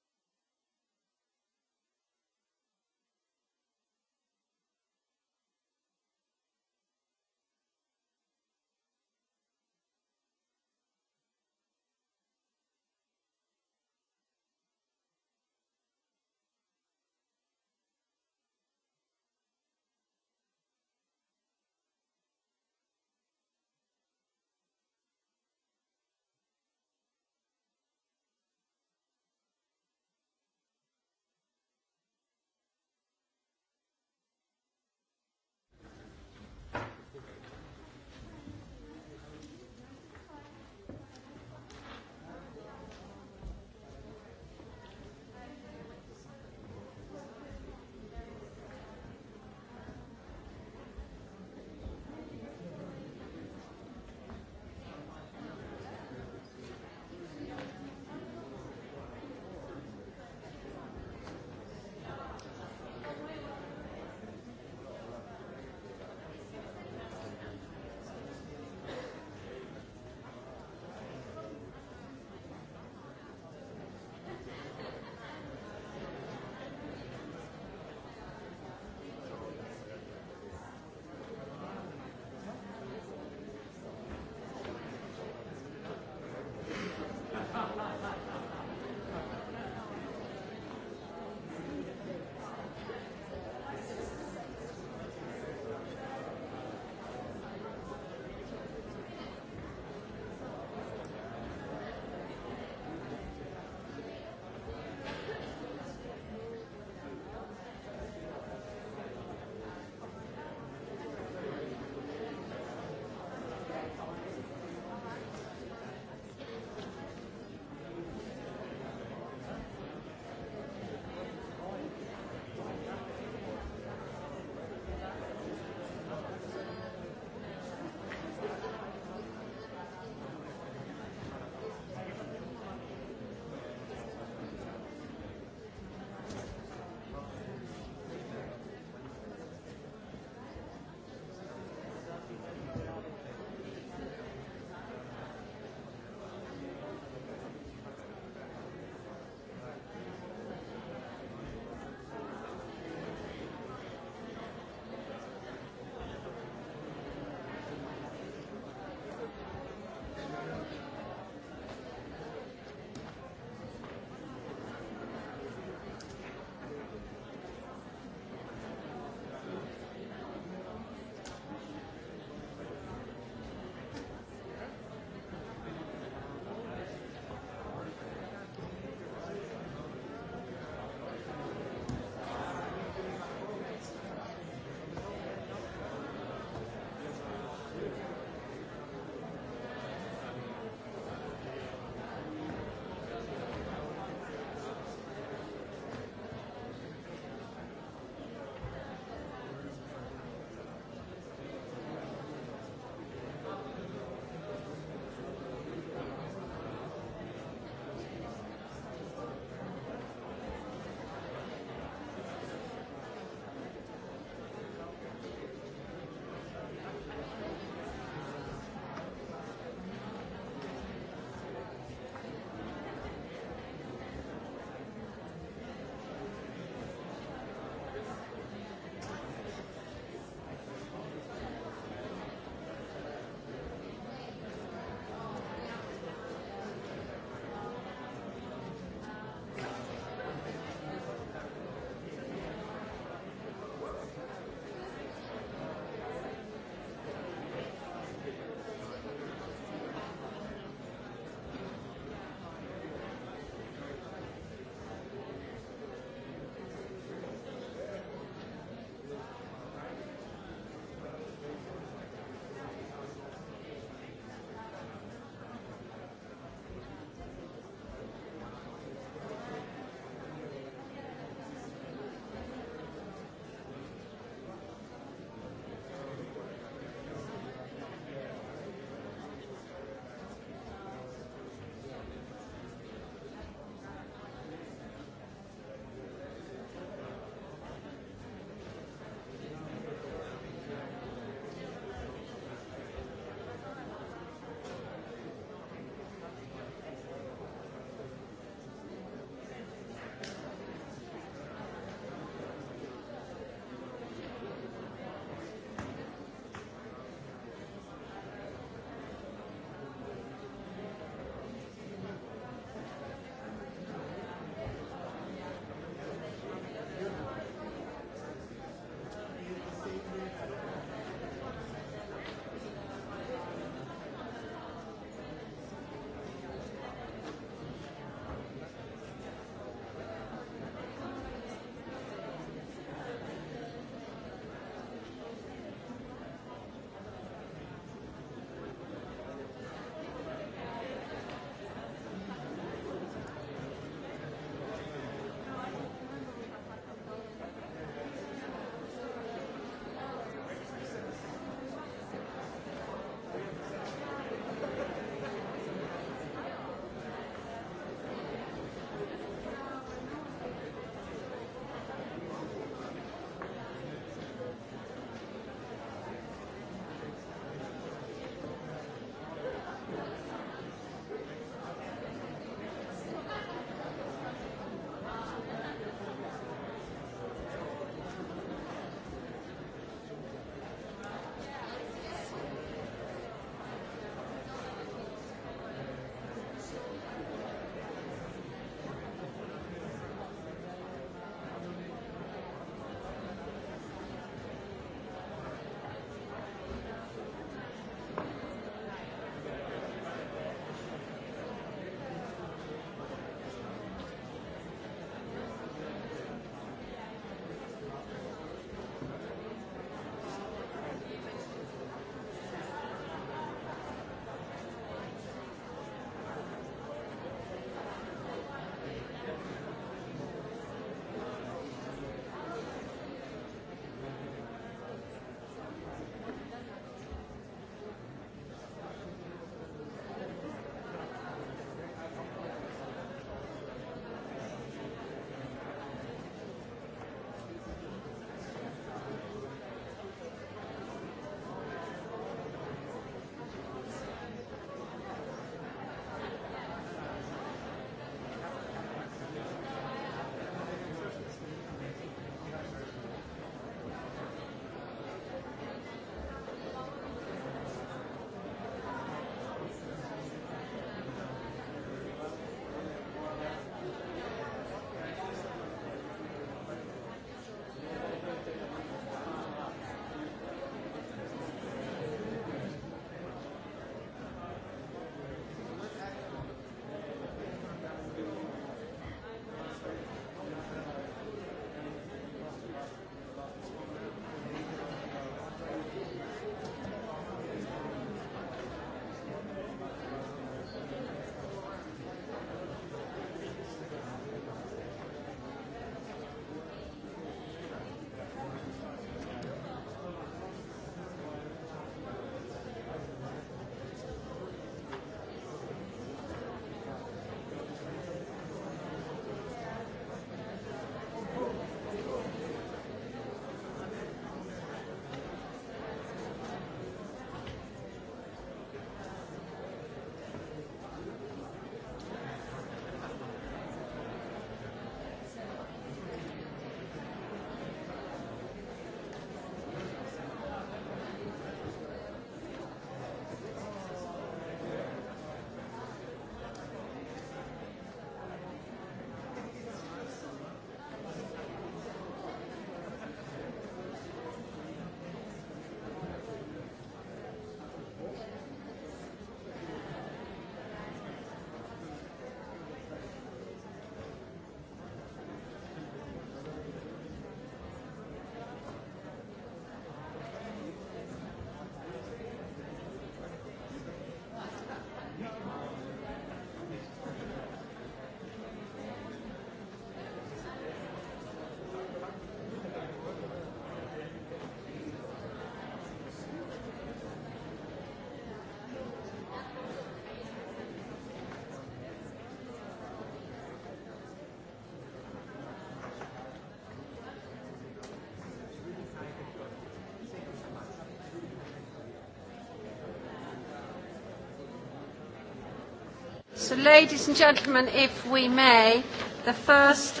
Speaker 2: So, ladies and gentlemen, if we may, the first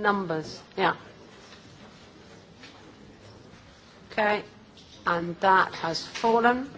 Speaker 2: numbers. Yeah. Okay. And that has fallen.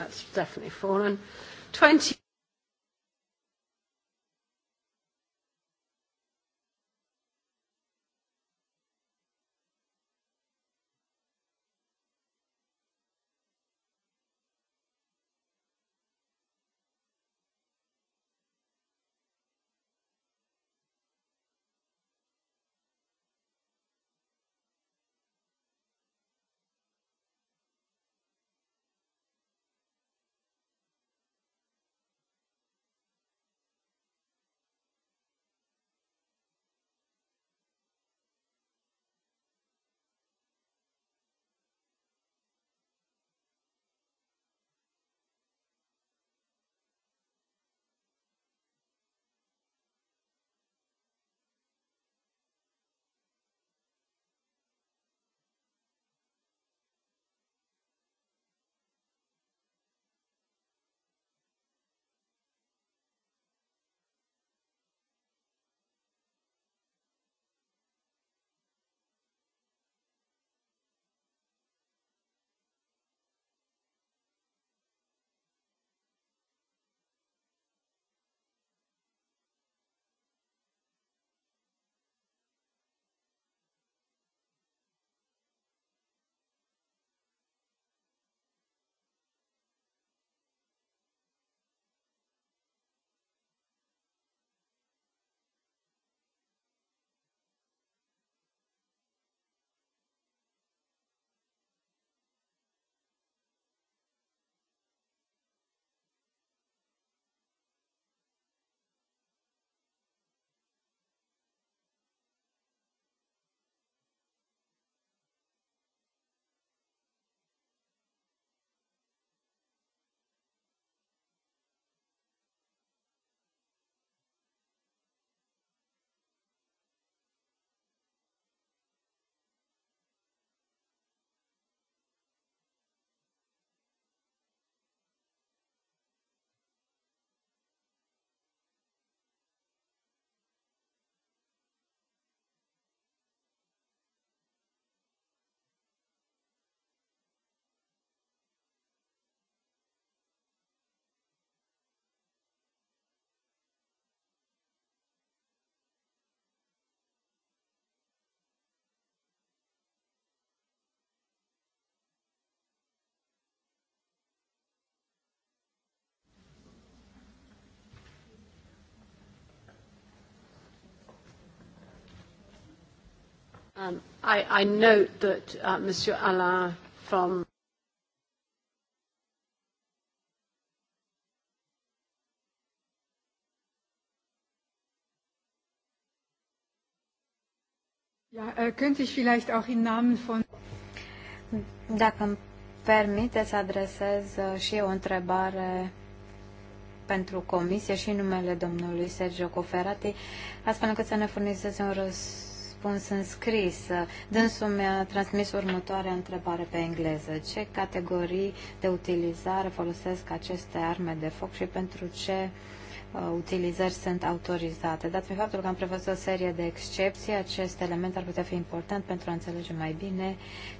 Speaker 1: That's definitely fallen. 20.
Speaker 2: Um, I, I note that uh, Monsieur Alain
Speaker 1: from
Speaker 3: Ja, äh, könnte ich vielleicht auch im Namen von Dacă îmi permite să adresez uh, și eu o întrebare pentru comisie și numele domnului Sergio Coferati, astfel încât să ne furnizeze un răspuns răspuns în scris. Dânsul mi-a transmis următoarea întrebare pe engleză. Ce categorii de utilizare folosesc aceste arme de foc și pentru ce uh, utilizări sunt autorizate? Dat fiind faptul că am prevăzut o serie de excepții, acest element ar putea fi important pentru a înțelege mai bine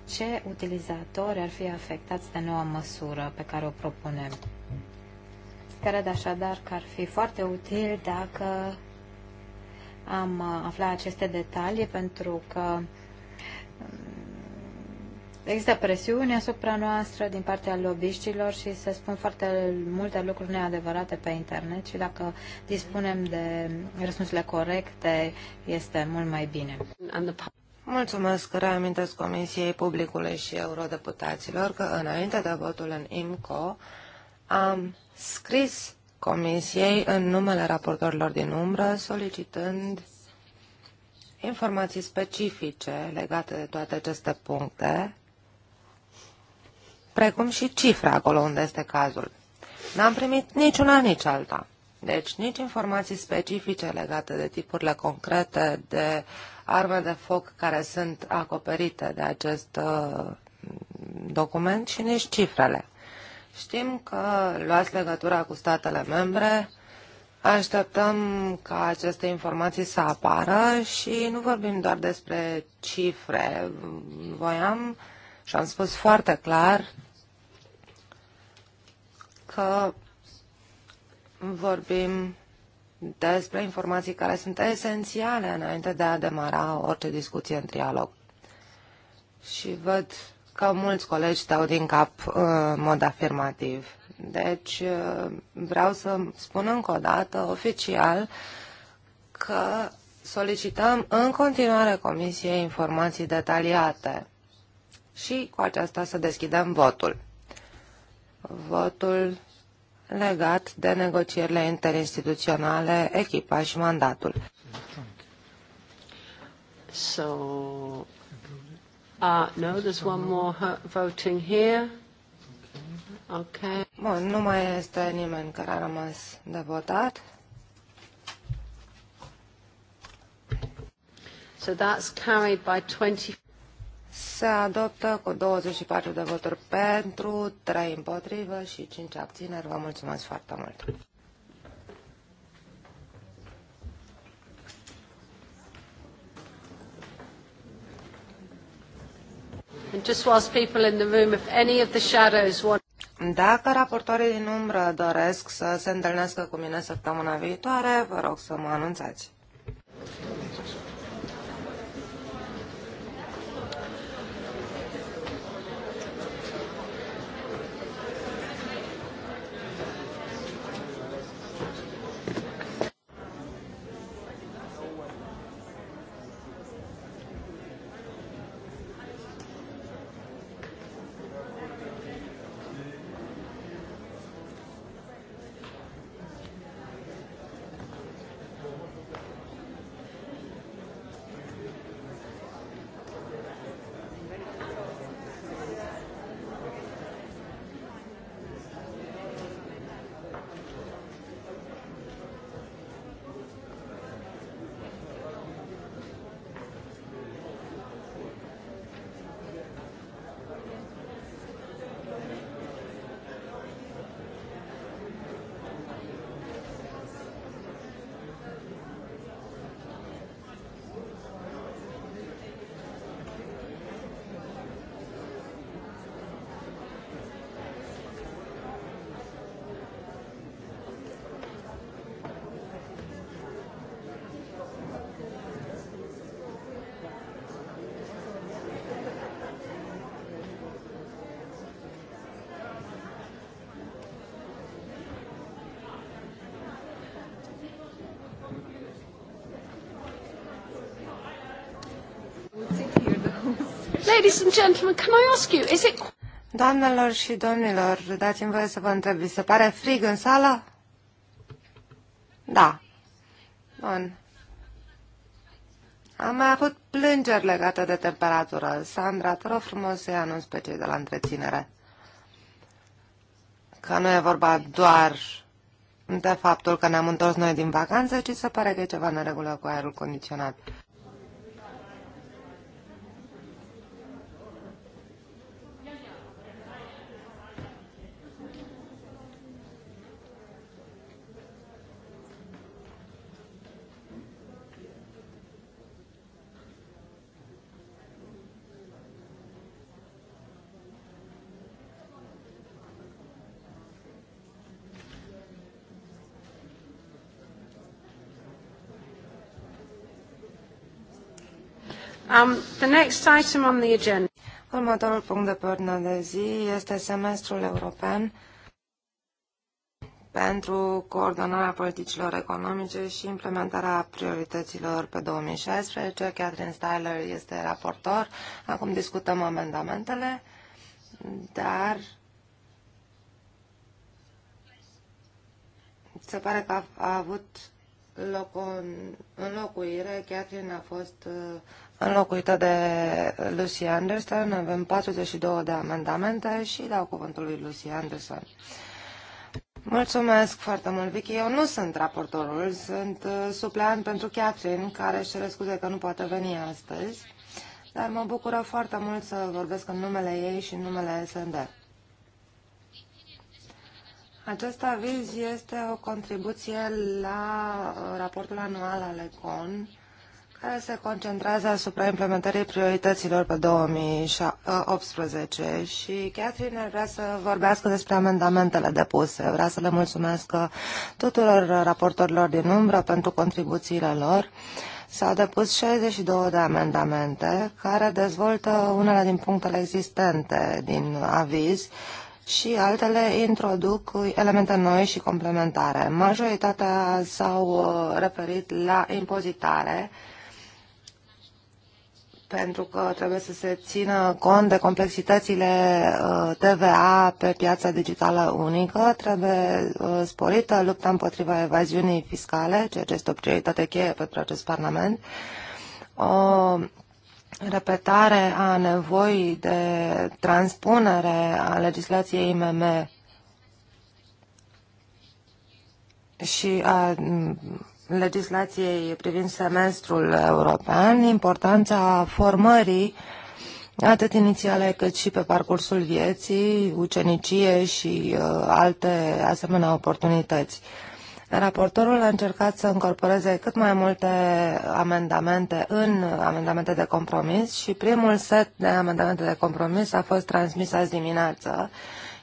Speaker 3: ce utilizatori ar fi afectați de noua măsură pe care o propunem. Cred așadar că ar fi foarte util dacă am uh, aflat aceste detalii pentru că um, există presiune asupra noastră din partea lobiștilor și se spun foarte multe lucruri neadevărate pe internet și dacă dispunem de răspunsurile corecte, este mult mai bine.
Speaker 1: Mulțumesc, reamintesc Comisiei Publicului și eurodeputaților că înainte de votul în IMCO am scris Comisiei în numele raportorilor din umbră, solicitând informații specifice legate de toate aceste puncte, precum și cifre acolo unde este cazul. N-am primit niciuna, nici alta. Deci nici informații specifice legate de tipurile concrete de arme de foc care sunt acoperite de acest uh, document și nici cifrele. Știm că luați legătura cu statele membre, așteptăm ca aceste informații să apară și nu vorbim doar despre cifre. Voiam și am spus foarte clar că vorbim despre informații care sunt esențiale înainte de a demara orice discuție în trialog. Și văd că mulți colegi dau din cap uh, în mod afirmativ. Deci uh, vreau să spun încă o dată oficial că solicităm în continuare Comisiei informații detaliate și cu aceasta să deschidem votul. Votul legat de negocierile interinstituționale, echipa și mandatul. So, Uh, no, there's one more voting here. Okay. Bun, nu mai este nimeni care a rămas de votat. So that's carried by 20... Se adoptă cu 24 de voturi pentru, 3 împotrivă și 5 abțineri. Vă mulțumesc foarte mult! Dacă raportorii din umbră doresc să se întâlnească cu mine săptămâna viitoare, vă rog să mă anunțați.
Speaker 2: ladies and gentlemen, can I ask you, is it...
Speaker 1: Doamnelor și domnilor, dați-mi voie să vă întreb, vi se pare frig în sală? Da. Bun. Am mai avut plângeri legate de temperatură. Sandra, te rog frumos să-i anunț pe cei de la întreținere. Că nu e vorba doar de faptul că ne-am întors noi din vacanță, ci se pare că e ceva în regulă cu aerul condiționat. Um, the next item on the agenda. Următorul punct de pe ordine de zi este semestrul european pentru coordonarea politicilor economice și implementarea priorităților pe 2016. Catherine Styler este raportor. Acum discutăm amendamentele, dar se pare că a, a avut loc o înlocuire. Catherine a fost uh, înlocuită de Lucy Anderson. Avem 42 de amendamente și dau cuvântul lui Lucy Anderson. Mulțumesc foarte mult, Vicky. Eu nu sunt raportorul, sunt uh, supleant pentru Catherine, care își scuze că nu poate veni astăzi, dar mă bucură foarte mult să vorbesc în numele ei și în numele SND. Acest aviz este o contribuție la uh, raportul anual al ECON, care se concentrează asupra implementării priorităților pe 2018 ă, și Catherine vrea să vorbească despre amendamentele depuse. Vrea să le mulțumesc tuturor raportorilor din umbră pentru contribuțiile lor. S-au depus 62 de amendamente care dezvoltă unele din punctele existente din aviz și altele introduc elemente noi și complementare. Majoritatea s-au ă, referit la impozitare pentru că trebuie să se țină cont de complexitățile uh, TVA pe piața digitală unică, trebuie uh, sporită lupta împotriva evaziunii fiscale, ceea ce este o prioritate cheie pentru acest Parlament, o repetare a nevoii de transpunere a legislației IMM și a legislației privind semestrul european, importanța formării atât inițiale cât și pe parcursul vieții, ucenicie și uh, alte asemenea oportunități. Raportorul a încercat să incorporeze cât mai multe amendamente în amendamente de compromis și primul set de amendamente de compromis a fost transmis azi dimineață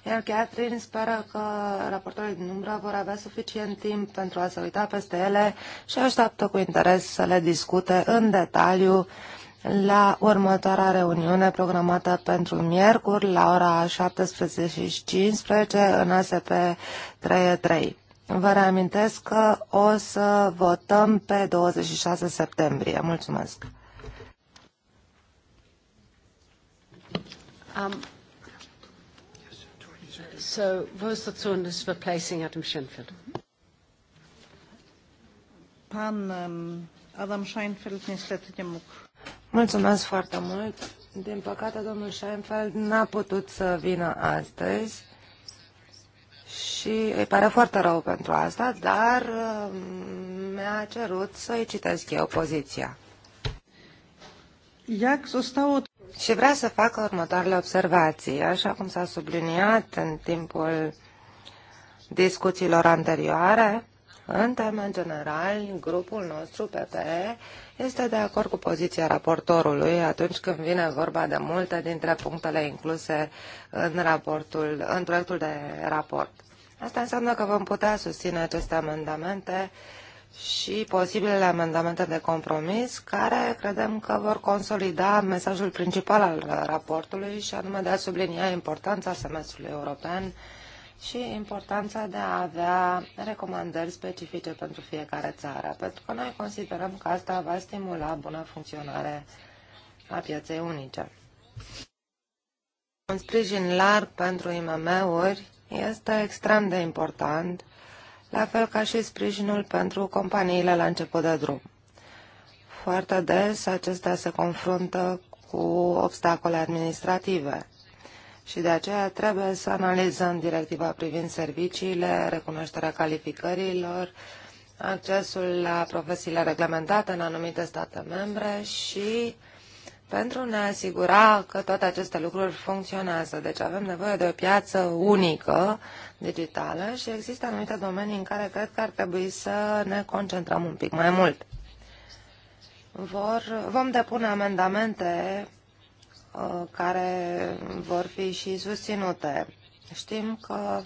Speaker 1: iar Catherine speră că raportorii din umbră vor avea suficient timp pentru a se uita peste ele și așteaptă cu interes să le discute în detaliu la următoarea reuniune programată pentru miercuri la ora 17.15 în ASP 33. Vă reamintesc că o să votăm pe 26 septembrie. Mulțumesc! Um. So, Vosa Tsourn is replacing Adam Schoenfeld. Pan um, Adam Schoenfeld niestety nie mógł. Mulțumesc foarte mult. Din păcate, domnul Schoenfeld n-a putut să vină astăzi și îi pare foarte rău pentru asta, dar mi-a cerut să-i citesc eu poziția. Jak zostało și vrea să facă următoarele observații, așa cum s-a subliniat în timpul discuțiilor anterioare. În termen general, grupul nostru, PPE, este de acord cu poziția raportorului atunci când vine vorba de multe dintre punctele incluse în, raportul, în proiectul de raport. Asta înseamnă că vom putea susține aceste amendamente uh, și posibilele amendamente de compromis care credem că vor consolida mesajul principal al raportului și anume de a sublinia importanța semestrului european și importanța de a avea recomandări specifice pentru fiecare țară, pentru că noi considerăm că asta va stimula buna funcționare a pieței unice. Un sprijin larg pentru IMM-uri este extrem de important la fel ca și sprijinul pentru companiile la început de drum. Foarte des acestea se confruntă cu obstacole administrative și de aceea trebuie să analizăm directiva privind serviciile, recunoașterea calificărilor, accesul la profesiile reglementate în anumite state membre și pentru a ne asigura că toate aceste lucruri funcționează. Deci avem nevoie de o piață unică digitală și există anumite domenii în care cred că ar trebui să ne concentrăm un pic mai mult. Vor, vom depune amendamente uh, care vor fi și susținute. Știm că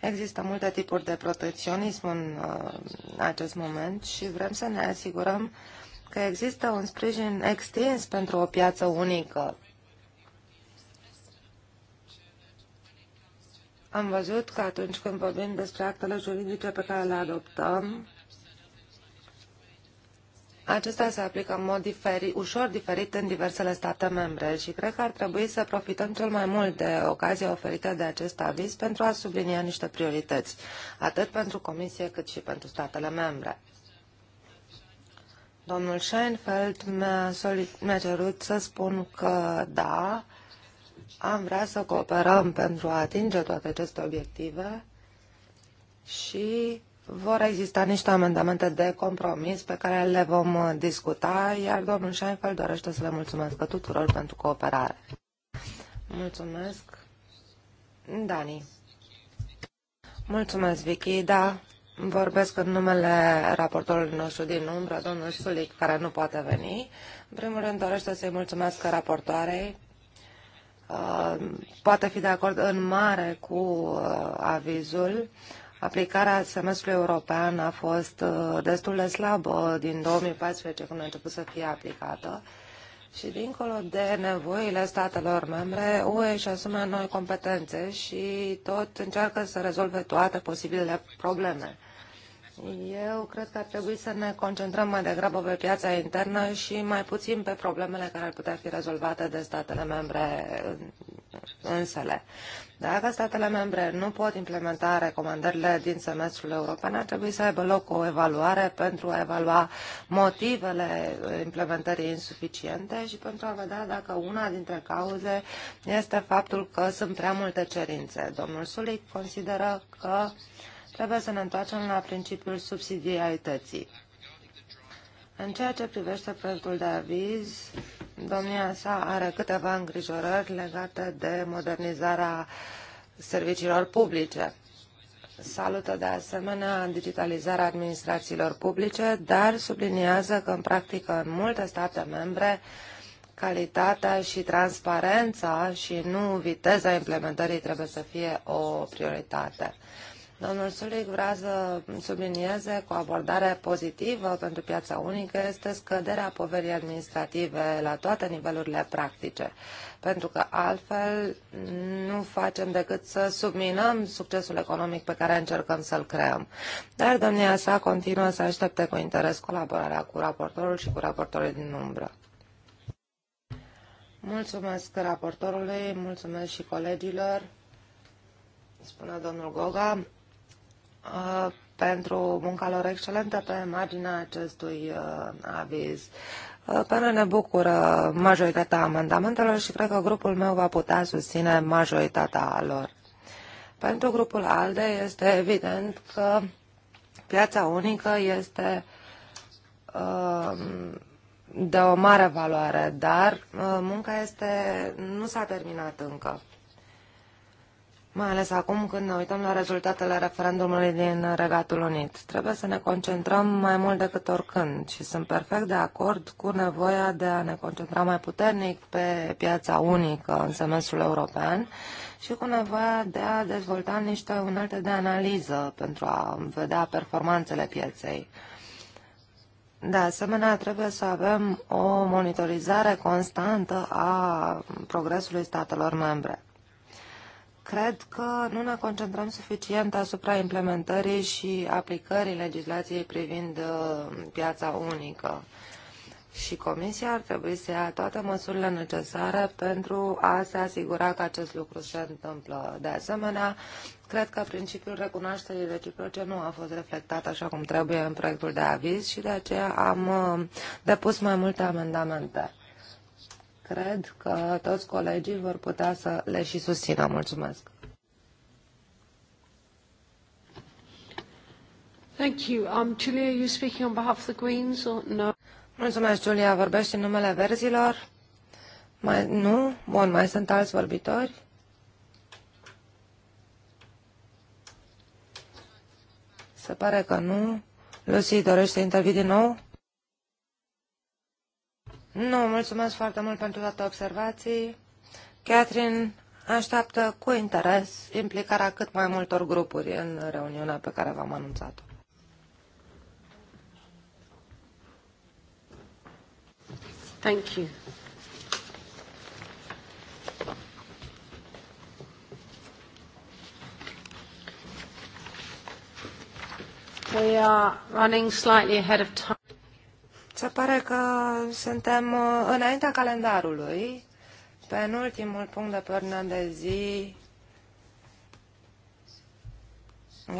Speaker 1: Există multe tipuri de protecționism în uh, acest moment și vrem să ne asigurăm că există un sprijin extins pentru o piață unică. Am văzut că atunci când vorbim despre actele juridice pe care le adoptăm, Acesta se aplică în mod diferit, ușor diferit în diversele state membre și cred că ar trebui să profităm cel mai mult de ocazia oferită de acest aviz pentru a sublinia niște priorități, atât pentru Comisie cât și pentru statele membre. Domnul Scheinfeld mi-a, mi cerut să spun că da, am vrea să cooperăm pentru a atinge toate aceste obiective și vor exista niște amendamente de compromis pe care le vom uh, discuta, iar domnul Scheinfeld dorește să le mulțumesc tuturor pentru cooperare. Mulțumesc, Dani. Mulțumesc, Vicky. Da, Vorbesc în numele raportorului nostru din umbră, domnul Sulic, care nu poate veni. În primul rând dorește să-i mulțumesc raportoarei. Uh, poate fi de acord în mare cu uh, avizul. Aplicarea semestrului european a fost uh, destul de slabă din 2014 când a început să fie aplicată. Și dincolo de nevoile statelor membre, UE își asumă noi competențe și tot încearcă să rezolve toate posibilele probleme. Eu cred că ar trebui să ne concentrăm mai degrabă pe piața internă și mai puțin pe problemele care ar putea fi rezolvate de statele membre însele. Dacă statele membre nu pot implementa recomandările din semestrul european, ar trebui să aibă loc o evaluare pentru a evalua motivele implementării insuficiente și pentru a vedea dacă una dintre cauze este faptul că sunt prea multe cerințe. Domnul Sulic consideră că uh, trebuie să ne întoarcem la principiul subsidiarității. În ceea ce privește proiectul de aviz, domnia sa are câteva îngrijorări legate de modernizarea serviciilor publice. Salută de asemenea digitalizarea administrațiilor publice, dar subliniază că în practică în multe state membre calitatea și transparența și nu viteza implementării trebuie să fie o prioritate. Domnul Sulic vrea să sublinieze cu o abordare pozitivă pentru piața unică este scăderea poverii administrative la toate nivelurile practice, pentru că altfel nu facem decât să subminăm succesul economic pe care încercăm să-l creăm. Dar domnia sa continuă să aștepte cu interes colaborarea cu raportorul și cu raportorii din umbră. Mulțumesc raportorului, mulțumesc și colegilor, spune domnul Goga. Uh, pentru munca lor excelentă pe marginea acestui uh, aviz. Uh, pe noi ne bucură majoritatea amendamentelor și cred că grupul meu va putea susține majoritatea lor. Pentru grupul ALDE este evident că piața unică este de o mare valoare, dar munca este, nu s-a terminat încă mai ales acum când ne uităm la rezultatele referendumului din Regatul Unit. Trebuie să ne concentrăm mai mult decât oricând și sunt perfect de acord cu nevoia de a ne concentra mai puternic pe piața unică în semestrul european și cu nevoia de a dezvolta niște unelte de analiză pentru a vedea performanțele pieței. De asemenea, trebuie să avem o monitorizare constantă a progresului statelor membre cred că nu ne concentrăm suficient asupra implementării și aplicării legislației privind uh, piața unică. Și Comisia ar trebui să ia toate măsurile necesare pentru a se asigura că acest lucru se întâmplă. De asemenea, cred că principiul recunoașterii reciproce nu a fost reflectat așa cum trebuie în proiectul de aviz și de aceea am uh, depus mai multe amendamente cred că toți colegii vor putea să le și susțină. Mulțumesc! Thank you. Um, Julia, are you speaking on behalf of the Greens or no? Mulțumesc, Julia. Vorbești în numele verzilor? Mai, nu? Bun, mai sunt alți vorbitori? Se pare că nu. Lucy, dorește să intervii din nou? Nu, mulțumesc foarte mult pentru toate observații. Catherine așteaptă cu interes implicarea cât mai multor grupuri în reuniunea pe care v-am anunțat-o. Thank you. We are running slightly ahead of time se pare că suntem uh, înaintea calendarului, penultimul punct de pe de zi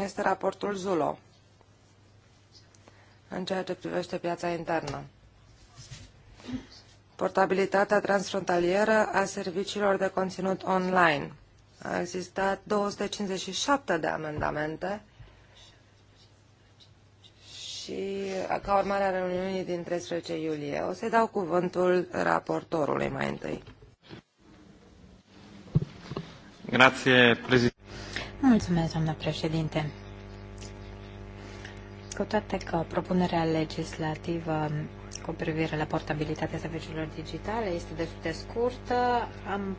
Speaker 1: este raportul ZULO în ceea ce privește piața internă. Portabilitatea transfrontalieră a serviciilor de conținut online. A existat 257 de amendamente și ca urmare a reuniunii din 13 iulie. O să-i dau cuvântul raportorului mai întâi.
Speaker 3: Grație, prezident. Mulțumesc, doamnă președinte. Cu toate că propunerea legislativă cu privire la portabilitatea serviciilor digitale este destul de scurtă, am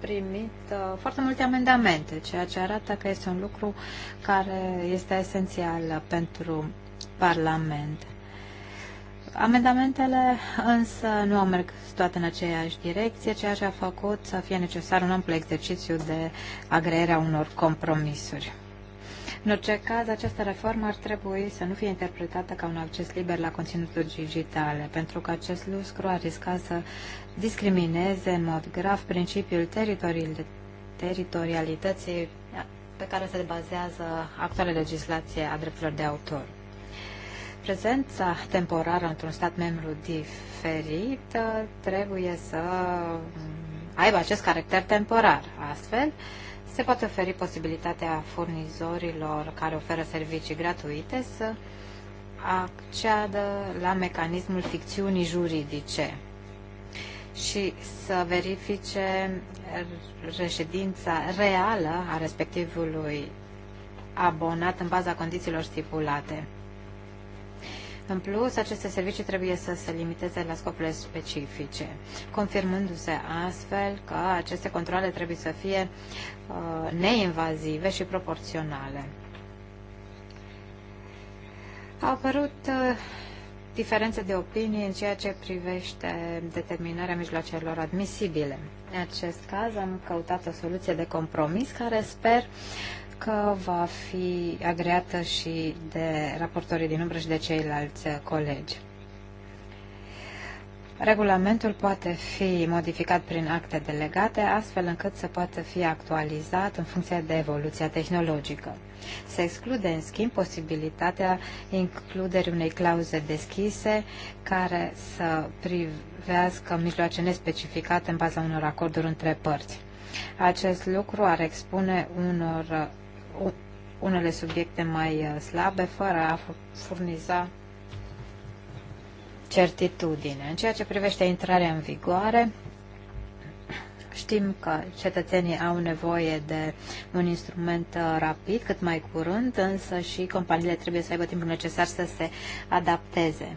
Speaker 3: primit uh, foarte multe amendamente, ceea ce arată că este un lucru care este esențial pentru Parlament. Amendamentele însă nu au mers toate în aceeași direcție, ceea ce a făcut să fie necesar un amplu exercițiu de agreerea unor compromisuri. În orice caz, această reformă ar trebui să nu fie interpretată ca un acces liber la conținuturi digitale, pentru că acest lucru ar risca să discrimineze în mod grav principiul teritorialității pe care se bazează actuala legislație a drepturilor de autor. Prezența temporară într-un stat membru diferit uh, trebuie să mm, aibă acest caracter temporar. Astfel, se poate oferi posibilitatea furnizorilor care oferă servicii gratuite să acceadă la mecanismul ficțiunii juridice și să verifice reședința reală a respectivului abonat în baza condițiilor stipulate. În plus, aceste servicii trebuie să se limiteze la scopurile specifice, confirmându-se astfel că aceste controle trebuie să fie uh, neinvazive și proporționale. Au apărut uh, diferențe de opinie în ceea ce privește determinarea mijloacelor admisibile. În acest caz am căutat o soluție de compromis care sper că va fi agreată și de raportorii din umbră și de ceilalți colegi. Regulamentul poate fi modificat prin acte delegate, astfel încât să poată fi actualizat în funcție de evoluția tehnologică. Se exclude, în schimb, posibilitatea includerii unei clauze deschise care să privească mijloace nespecificate în baza unor acorduri între părți. Acest lucru ar expune unor unele subiecte mai uh, slabe fără a furniza certitudine. În ceea ce privește intrarea în vigoare, Știm că cetățenii au nevoie de un instrument uh, rapid, cât mai curând, însă și companiile trebuie să aibă timpul necesar să se adapteze.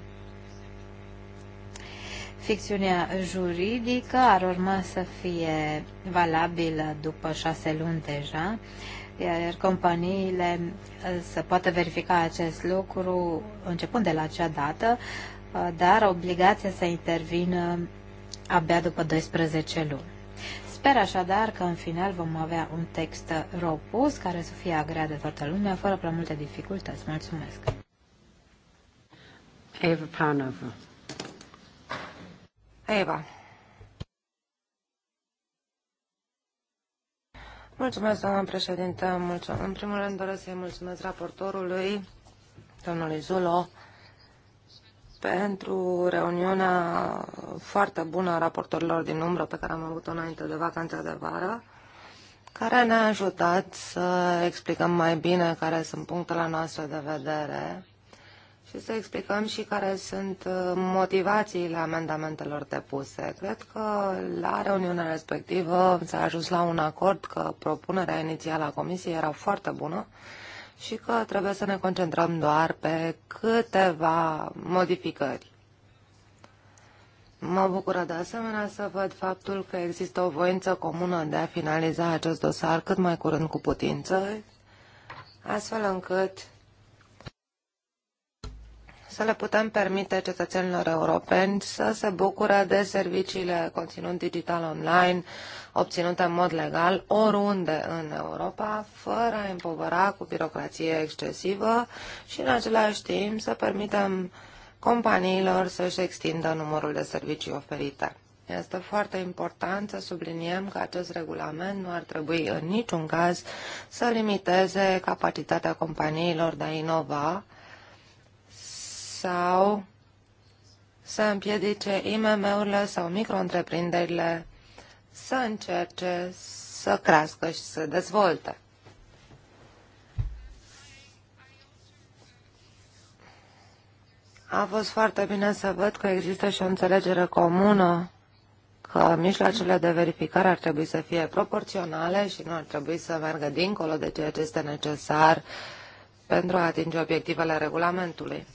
Speaker 3: Ficțiunea juridică ar urma să fie valabilă după șase luni deja iar companiile uh, să poată verifica acest lucru începând de la acea dată, uh, dar obligația să intervină abia după 12 luni. Sper așadar că în final vom avea un text robust care să fie agreat de toată lumea fără prea multe dificultăți. Mulțumesc!
Speaker 2: Eva Panova.
Speaker 1: Eva. Mulțumesc, doamna președintă. Mulțumesc. În primul rând doresc să-i mulțumesc raportorului, domnului Zulo, pentru reuniunea foarte bună a raportorilor din umbră pe care am avut-o înainte de vacanța de vară, care ne-a ajutat să explicăm mai bine care sunt punctele noastre de vedere și să explicăm și care sunt uh, motivațiile amendamentelor depuse. Cred că la reuniunea respectivă s-a ajuns la un acord că propunerea inițială a Comisiei era foarte bună și că trebuie să ne concentrăm doar pe câteva modificări. Mă bucură de asemenea să văd faptul că există o voință comună de a finaliza acest dosar cât mai curând cu putință, astfel încât să le putem permite cetățenilor europeni să se bucure de serviciile conținut digital online obținute în mod legal oriunde în Europa, fără a împovăra cu birocrație excesivă și în același timp să permitem companiilor să-și extindă numărul de servicii oferite. Este foarte important să subliniem că acest regulament nu ar trebui în niciun caz să limiteze capacitatea companiilor de a inova sau să împiedice IMM-urile sau micro-întreprinderile să încerce să crească și să dezvolte. A fost foarte bine să văd că există și o înțelegere comună că mijloacele de verificare ar trebui să fie proporționale și nu ar trebui să meargă dincolo de ceea ce este necesar pentru a atinge obiectivele regulamentului.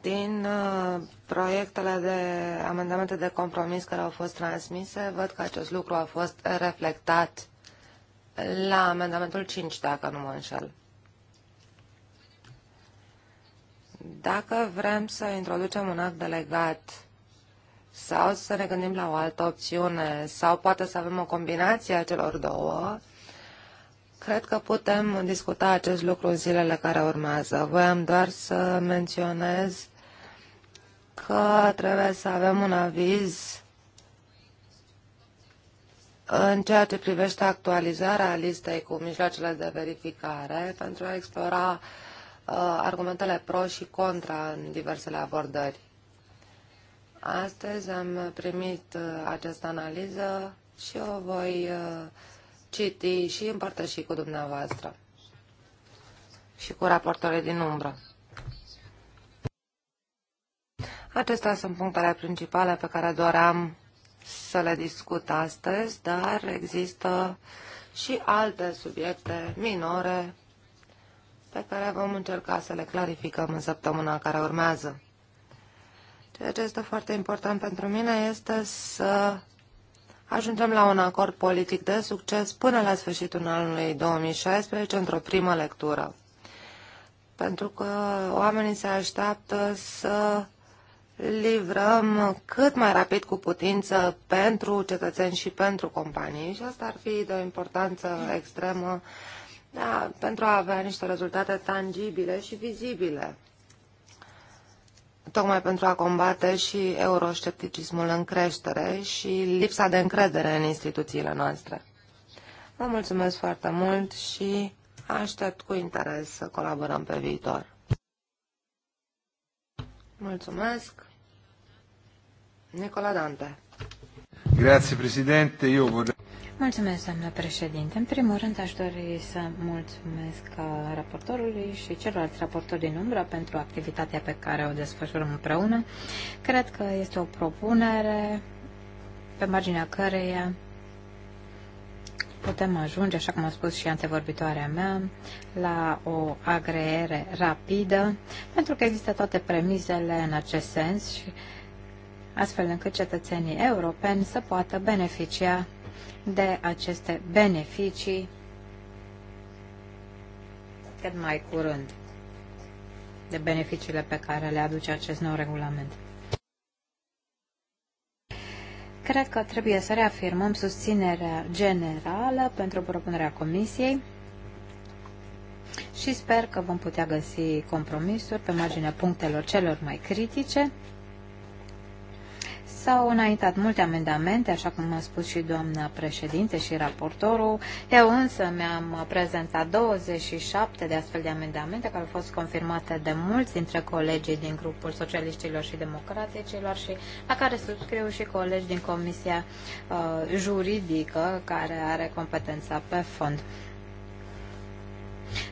Speaker 1: Din uh, proiectele de amendamente de compromis care au fost transmise, văd că acest lucru a fost reflectat la amendamentul 5, dacă nu mă înșel. Dacă vrem să introducem un act delegat sau să ne gândim la o altă opțiune sau poate să avem o combinație a celor două, Cred că putem discuta acest lucru în zilele care urmează. Voiam doar să menționez că trebuie să avem un aviz în ceea ce privește actualizarea listei cu mijloacele de verificare pentru a explora uh, argumentele pro și contra în diversele abordări. Astăzi am primit uh, această analiză și o voi uh, citi și împărtăși cu dumneavoastră și cu raportorii din umbră. Acestea sunt punctele principale pe care doream să le discut astăzi, dar există și alte subiecte minore pe care vom încerca să le clarificăm în săptămâna care urmează. Ceea ce este foarte important pentru mine este să ajungem la un acord politic de succes până la sfârșitul anului 2016, într-o primă lectură. Pentru că oamenii se așteaptă să livrăm cât mai rapid cu putință pentru cetățeni și pentru companii și asta ar fi de o importanță extremă da, pentru a avea niște rezultate tangibile și vizibile tocmai pentru a combate și euroscepticismul în creștere și lipsa de încredere în instituțiile noastre. Vă mulțumesc foarte mult și aștept cu interes să colaborăm pe viitor. Mulțumesc.
Speaker 3: Nicola Dante. Grazie Presidente, eu vorrei... Mulțumesc, doamnă președinte. În primul rând, aș dori să mulțumesc uh, raportorului și celorlalți raportori din umbră pentru activitatea pe care o desfășurăm împreună. Cred că este o propunere pe marginea căreia putem ajunge, așa cum a spus și antevorbitoarea mea, la o agreere rapidă, pentru că există toate premizele în acest sens și astfel încât cetățenii europeni să poată beneficia de aceste beneficii cât mai curând de beneficiile pe care le aduce acest nou regulament. Cred că trebuie să reafirmăm susținerea generală pentru propunerea Comisiei și sper că vom putea găsi compromisuri pe marginea punctelor celor mai critice S-au înaintat multe amendamente, așa cum a spus și doamna președinte și raportorul. Eu însă mi-am prezentat 27 de astfel de amendamente care au fost confirmate de mulți dintre colegii din grupul socialiștilor și democraticilor și la care subscriu și colegi din Comisia uh, Juridică care are competența pe fond.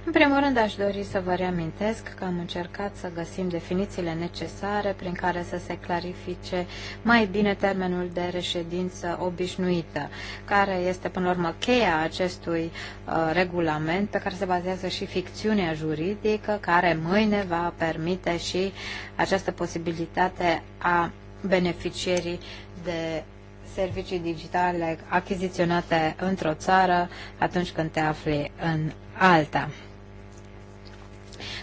Speaker 3: În primul rând, aș dori să vă reamintesc că am încercat să găsim definițiile necesare prin care să se clarifice mai bine termenul de reședință obișnuită, care este, până la urmă, cheia acestui uh, regulament pe care se bazează și ficțiunea juridică, care mâine va permite și această posibilitate a beneficierii de servicii digitale achiziționate într-o țară atunci când te afli în alta.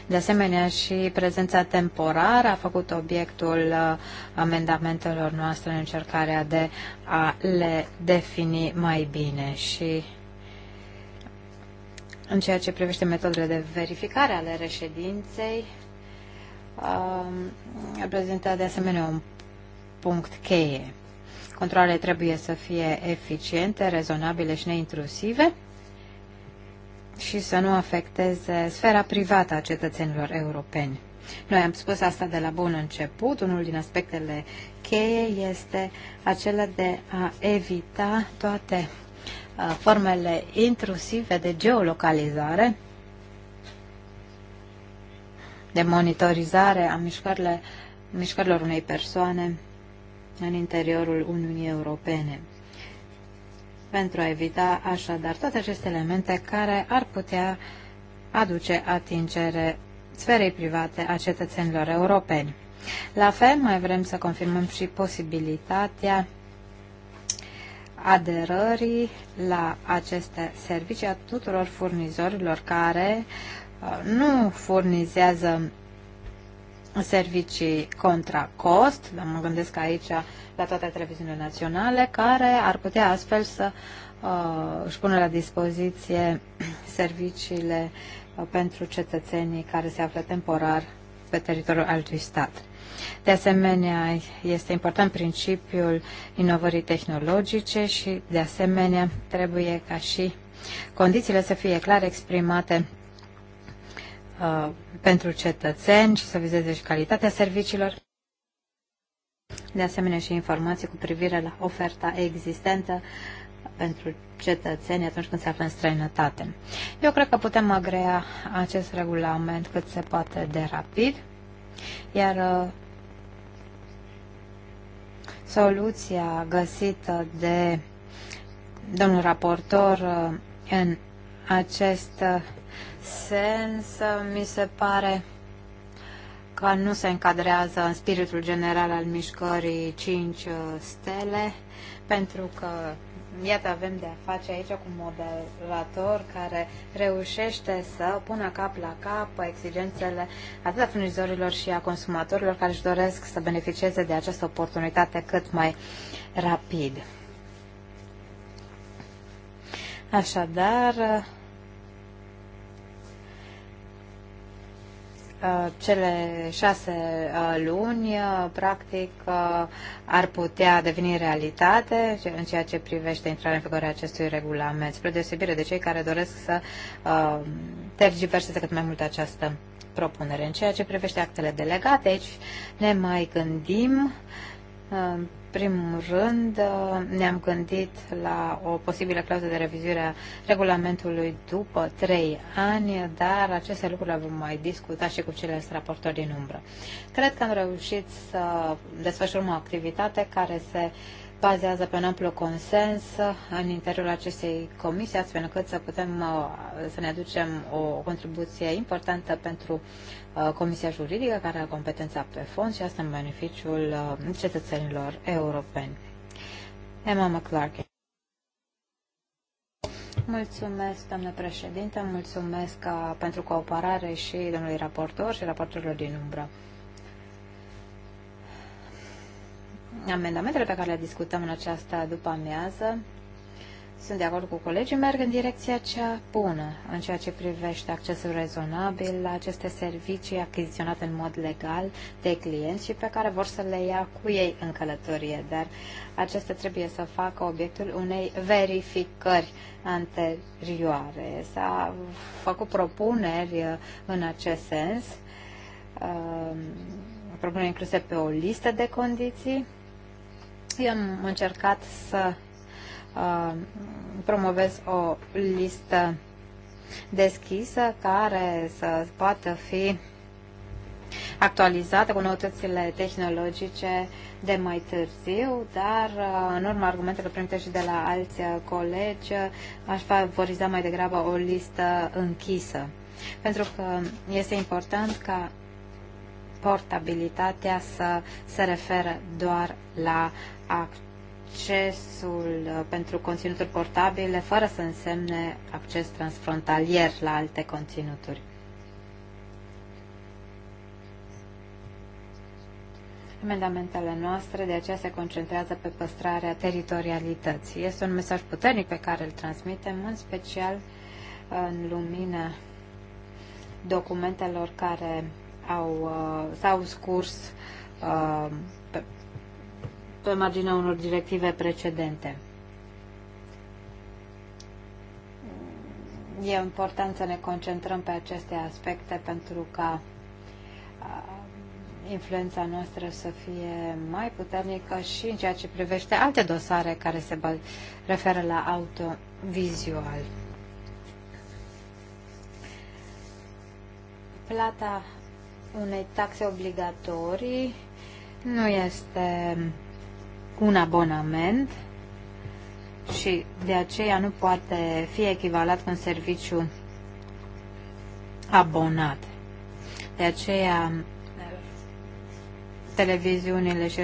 Speaker 3: De asemenea, și prezența temporară a făcut obiectul uh, amendamentelor noastre în încercarea de a le defini mai bine și în ceea ce privește metodele de verificare ale reședinței, a uh, prezentat de asemenea un punct cheie. Controlele trebuie să fie eficiente, rezonabile și neintrusive și să nu afecteze sfera privată a cetățenilor europeni. Noi am spus asta de la bun început. Unul din aspectele cheie este acela de a evita toate formele intrusive de geolocalizare, de monitorizare a mișcărilor unei persoane în interiorul Uniunii Europene pentru a evita așadar toate aceste elemente care ar putea aduce atingere sferei private a cetățenilor europeni. La fel, mai vrem să confirmăm și posibilitatea aderării la aceste servicii a tuturor furnizorilor care uh, nu furnizează servicii contra cost, mă gândesc aici la toate televiziunile naționale, care ar putea astfel să uh, își pună la dispoziție serviciile uh, pentru cetățenii care se află temporar pe teritoriul altui stat. De asemenea, este important principiul inovării tehnologice și, de asemenea, trebuie ca și condițiile să fie clar exprimate Uh, pentru cetățeni și să vizeze și calitatea serviciilor. De asemenea și informații cu privire la oferta existentă pentru cetățeni atunci când se află în străinătate. Eu cred că putem agrea acest regulament cât se poate de rapid, iar uh, soluția găsită de domnul raportor uh, în acest sens mi se pare că nu se încadrează în spiritul general al mișcării 5 uh, stele, pentru că iată avem de a face aici cu un moderator care reușește să pună cap la cap exigențele atât a furnizorilor și a consumatorilor care își doresc să beneficieze de această oportunitate cât mai rapid. Așadar, Uh, cele șase uh, luni, uh, practic, ar putea deveni realitate în ceea ce privește intrarea în vigoare a acestui regulament, spre deosebire de cei care doresc să tergiverseze cât mai mult această propunere. În ceea ce privește actele delegate, aici ne mai gândim primul rând, uh, ne-am gândit la o posibilă clauză de revizuire a regulamentului după trei ani, dar aceste lucruri le vom mai discuta și cu ceilalți raportori din umbră. Cred că am reușit să desfășurăm o activitate care se uh, bazează pe un amplu consens în interiorul acestei comisii, astfel încât să putem uh, să ne aducem o contribuție importantă pentru uh, Comisia Juridică, care are competența pe fond și asta în beneficiul uh, cetățenilor europeni. Emma McClarkin. Mulțumesc, doamnă președinte, mulțumesc pentru cooperare și domnului raportor și raportorilor din umbră. amendamentele pe care le discutăm în această după amiază, sunt de acord cu colegii, merg în direcția cea bună în ceea ce privește accesul rezonabil la aceste servicii achiziționate în mod legal de clienți și pe care vor să le ia cu ei în călătorie, dar acestea trebuie să facă obiectul unei verificări anterioare. S-a făcut propuneri uh, în acest sens, uh, propuneri incluse pe o listă de condiții discuții am încercat să uh, promovez o listă deschisă care să poată fi actualizată cu noutățile tehnologice de mai târziu, dar uh, în urma argumentelor primite și de la alți uh, colegi, uh, aș favoriza mai degrabă o listă închisă. Pentru că este important ca portabilitatea să se referă doar la accesul uh, pentru conținuturi portabile fără să însemne acces transfrontalier la alte conținuturi. Amendamentele noastre de aceea se concentrează pe păstrarea teritorialității. Este un mesaj puternic pe care îl transmitem, în special în lumina documentelor care au, uh, s-au scurs uh, pe marginea unor directive precedente. E important să ne concentrăm pe aceste aspecte pentru ca influența noastră să fie mai puternică și în ceea ce privește alte dosare care se referă la autovizual. Plata unei taxe obligatorii nu este un abonament și de aceea nu poate fi echivalat cu un serviciu abonat. De aceea televiziunile și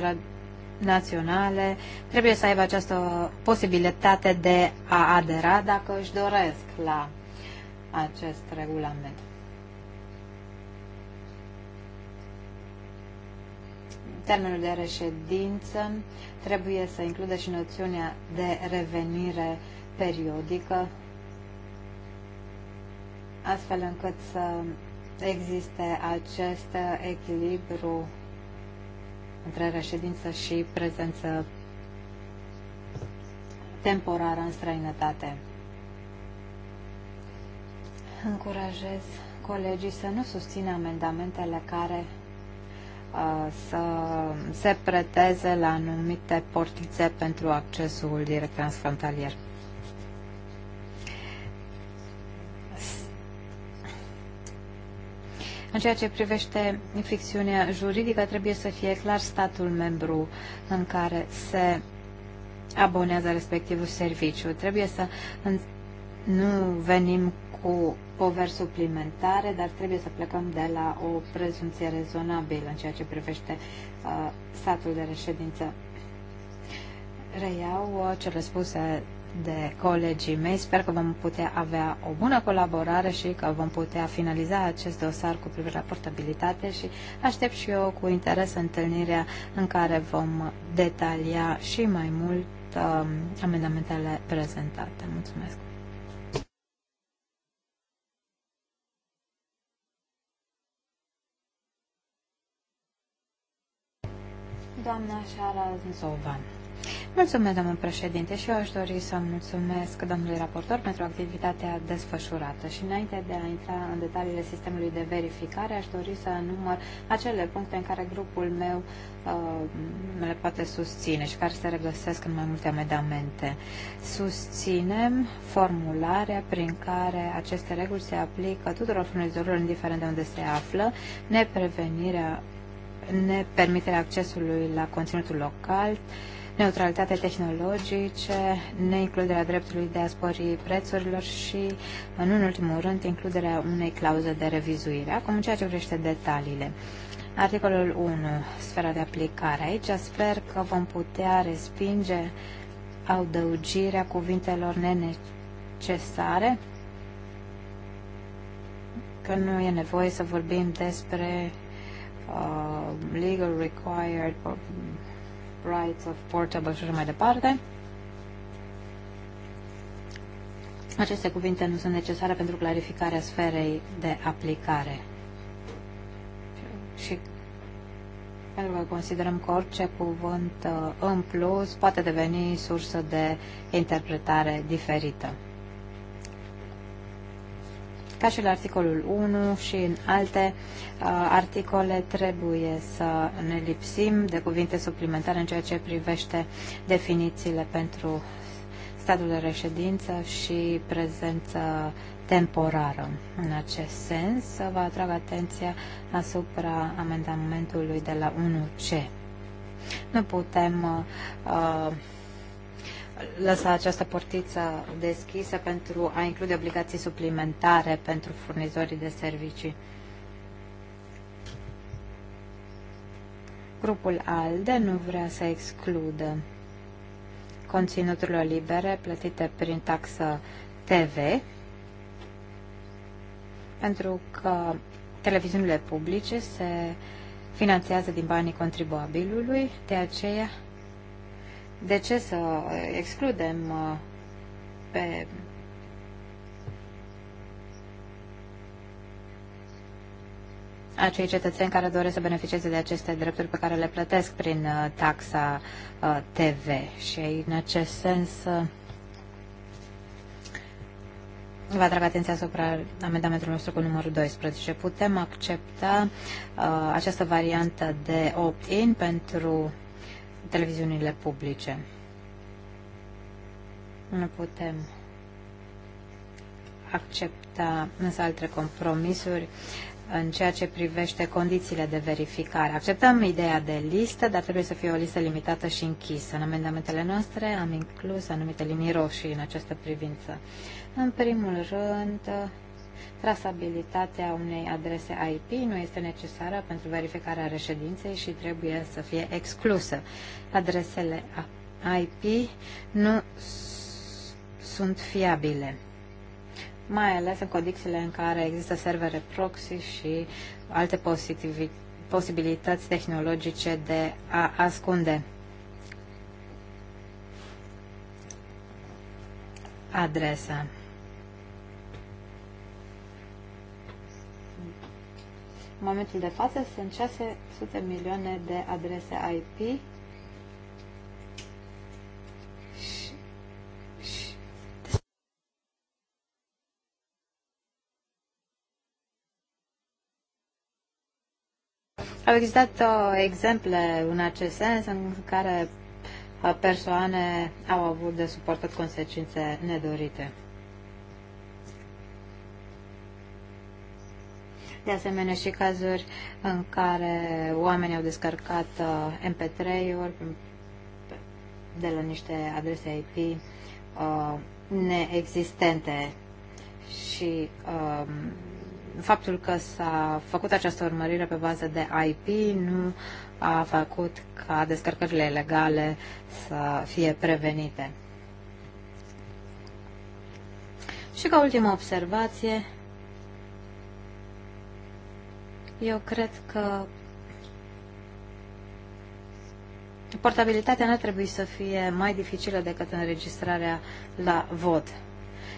Speaker 3: naționale trebuie să aibă această posibilitate de a adera dacă își doresc la acest regulament. Termenul de reședință trebuie să includă și noțiunea de revenire periodică, astfel încât să existe acest echilibru între reședință și prezență temporară în străinătate. Încurajez colegii să nu susțină amendamentele care să se preteze la anumite portițe pentru accesul direct transfrontalier. În ceea ce privește ficțiunea juridică, trebuie să fie clar statul membru în care se abonează respectivul serviciu. Trebuie să nu venim cu poveri suplimentare, dar trebuie să plecăm de la o prezumție rezonabilă în ceea ce privește uh, statul de reședință. Reiau uh, cele spuse de colegii mei. Sper că vom putea avea o bună colaborare și că vom putea finaliza acest dosar cu privire la portabilitate și aștept și eu cu interes întâlnirea în care vom detalia și mai mult uh, amendamentele prezentate. Mulțumesc! doamna Șara Zovan. Mulțumesc, domnul președinte, și eu aș dori să mulțumesc domnului raportor pentru activitatea desfășurată. Și înainte de a intra în detaliile sistemului de verificare, aș dori să număr acele puncte în care grupul meu uh, le poate susține și care se regăsesc în mai multe amendamente. Susținem formularea prin care aceste reguli se aplică tuturor furnizorilor, indiferent de unde se află, neprevenirea nepermiterea accesului la conținutul local, neutralitate tehnologice, neincluderea dreptului de a spori prețurilor și, în ultimul rând, includerea unei clauze de revizuire. Acum, în ceea ce vrește detaliile. Articolul 1, sfera de aplicare. Aici sper că vom putea respinge adăugirea cuvintelor nenecesare, că nu e nevoie să vorbim despre Uh, legal required rights of portable și așa mai departe. Aceste cuvinte nu sunt necesare pentru clarificarea sferei de aplicare. Și pentru că considerăm că orice cuvânt uh, în plus poate deveni sursă de interpretare diferită. Ca și la articolul 1 și în alte uh, articole trebuie să ne lipsim de cuvinte suplimentare în ceea ce privește definițiile pentru statul de reședință și prezență temporară. În acest sens, vă atrag atenția asupra amendamentului de la 1C. Nu putem uh, uh lăsa această portiță deschisă pentru a include obligații suplimentare pentru furnizorii de servicii. Grupul ALDE nu vrea să excludă conținuturile libere plătite prin taxă TV, pentru că televiziunile publice se finanțează din banii contribuabilului, de aceea de ce să uh, excludem uh, pe acei cetățeni care doresc să beneficieze de aceste drepturi pe care le plătesc prin uh, taxa TV. Și în acest sens vă atrag atenția asupra amendamentului nostru cu numărul 12. Putem accepta uh, această variantă de opt-in pentru televiziunile publice. Nu putem accepta însă alte compromisuri în ceea ce privește condițiile de verificare. Acceptăm ideea de listă, dar trebuie să fie o listă limitată și închisă. În amendamentele noastre am inclus anumite linii roșii în această privință. În primul rând, Trasabilitatea unei adrese IP nu este necesară pentru verificarea reședinței și trebuie să fie exclusă. Adresele IP nu sunt fiabile, mai ales în condițiile în care există servere proxy și alte posibilități tehnologice de a ascunde. adresa. În momentul de față sunt 600 milioane de adrese IP Au existat uh, exemple în acest sens în care uh, persoane au avut de suportat consecințe nedorite. de asemenea și cazuri în care oamenii au descărcat uh, MP3-uri de la niște adrese IP uh, neexistente și uh, faptul că s-a făcut această urmărire pe bază de IP nu a făcut ca descărcările ilegale să fie prevenite. Și ca ultimă observație, eu cred că portabilitatea nu trebuie să fie mai dificilă decât înregistrarea la vot.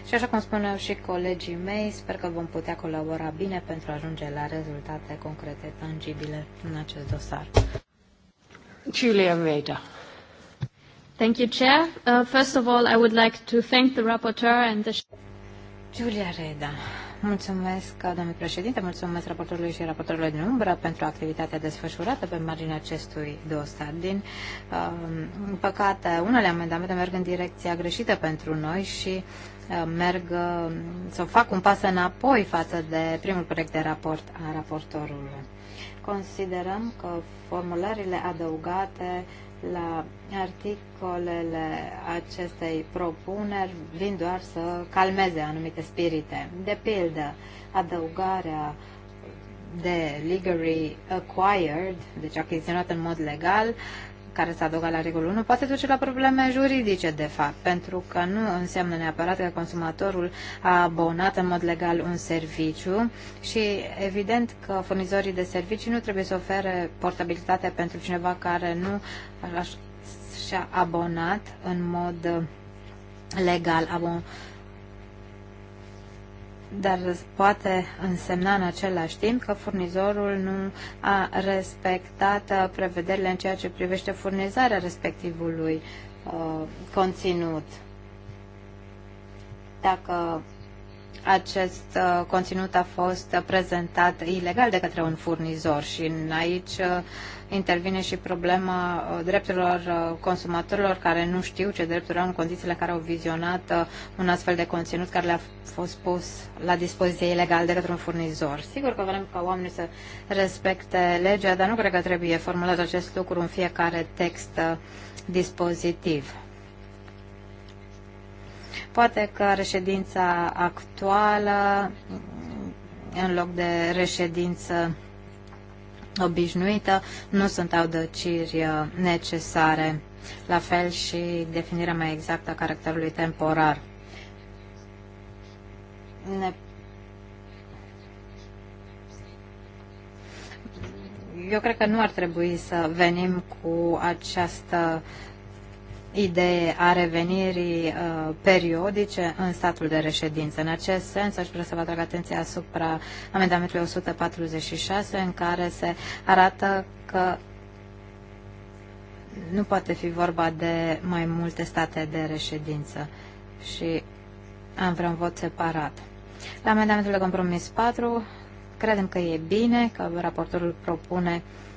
Speaker 3: Și așa cum spuneau și colegii mei, sper că vom putea colabora bine pentru a ajunge la rezultate concrete, tangibile în acest dosar. Julia Reda. Thank you, Chair. Uh, first of all, I would like to thank the rapporteur and the... Julia Reda. Mulțumesc, domnule președinte, mulțumesc raportorului și raportorului din umbră pentru activitatea desfășurată pe marginea acestui dosar. Din uh, păcate, unele amendamente merg în direcția greșită pentru noi și uh, merg uh, fac un pas înapoi față de primul proiect de raport a raportorului. Considerăm că formularele adăugate uh, la articolele acestei propuneri vin doar să calmeze anumite spirite. De pildă, adăugarea de legally acquired, deci achiziționat în mod legal, care s-a adăugat la regulă 1 poate duce la probleme juridice, de fapt, pentru că nu înseamnă neapărat că consumatorul a abonat în mod legal un serviciu și evident că furnizorii de servicii nu trebuie să ofere portabilitate pentru cineva care nu și-a abonat în mod legal abon- dar poate însemna în același timp că furnizorul nu a respectat uh, prevederile în ceea ce privește furnizarea respectivului uh, conținut. Dacă acest uh, conținut a fost prezentat ilegal de către un furnizor și aici intervine și problema uh, drepturilor uh, consumatorilor care nu știu ce drepturi au în condițiile în care au vizionat uh, un astfel de conținut care le-a fost pus la dispoziție ilegal de către un furnizor. Sigur că vrem ca oamenii să respecte legea, dar nu cred că trebuie formulat acest lucru în fiecare text dispozitiv. Poate că reședința actuală, în loc de reședință obișnuită, nu sunt audăciri uh, necesare. La fel și definirea mai exactă a caracterului temporar. Ne... Eu cred că nu ar trebui să venim cu această uh, idee a revenirii uh, periodice în statul de reședință. În acest sens, aș vrea să vă atrag atenția asupra amendamentului 146, în care se arată că nu poate fi vorba de mai multe state de reședință și am vreun vot separat. La amendamentul de compromis 4, credem că e bine că raportorul propune uh,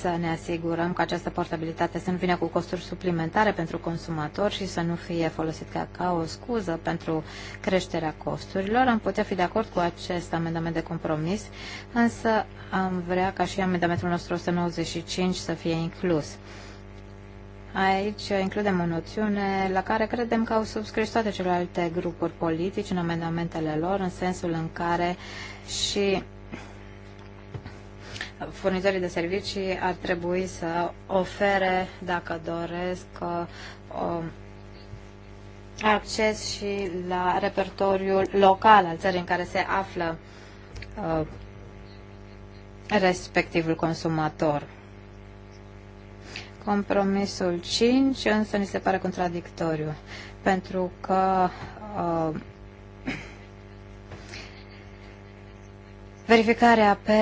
Speaker 3: să ne asigurăm că această portabilitate să nu vină cu costuri suplimentare pentru consumator și să nu fie folosit ca, ca o scuză pentru creșterea costurilor. Am putea fi de acord cu acest amendament de compromis, însă am vrea ca și amendamentul nostru 195 să fie inclus. Aici includem o noțiune la care credem că au subscris toate celelalte grupuri politici în amendamentele lor, în sensul în care și furnizorii de servicii ar trebui să ofere, dacă doresc, uh, um, acces și la repertoriul local al țării în care se află uh, respectivul consumator. Compromisul 5 însă ni se pare contradictoriu, pentru că uh, verificarea pe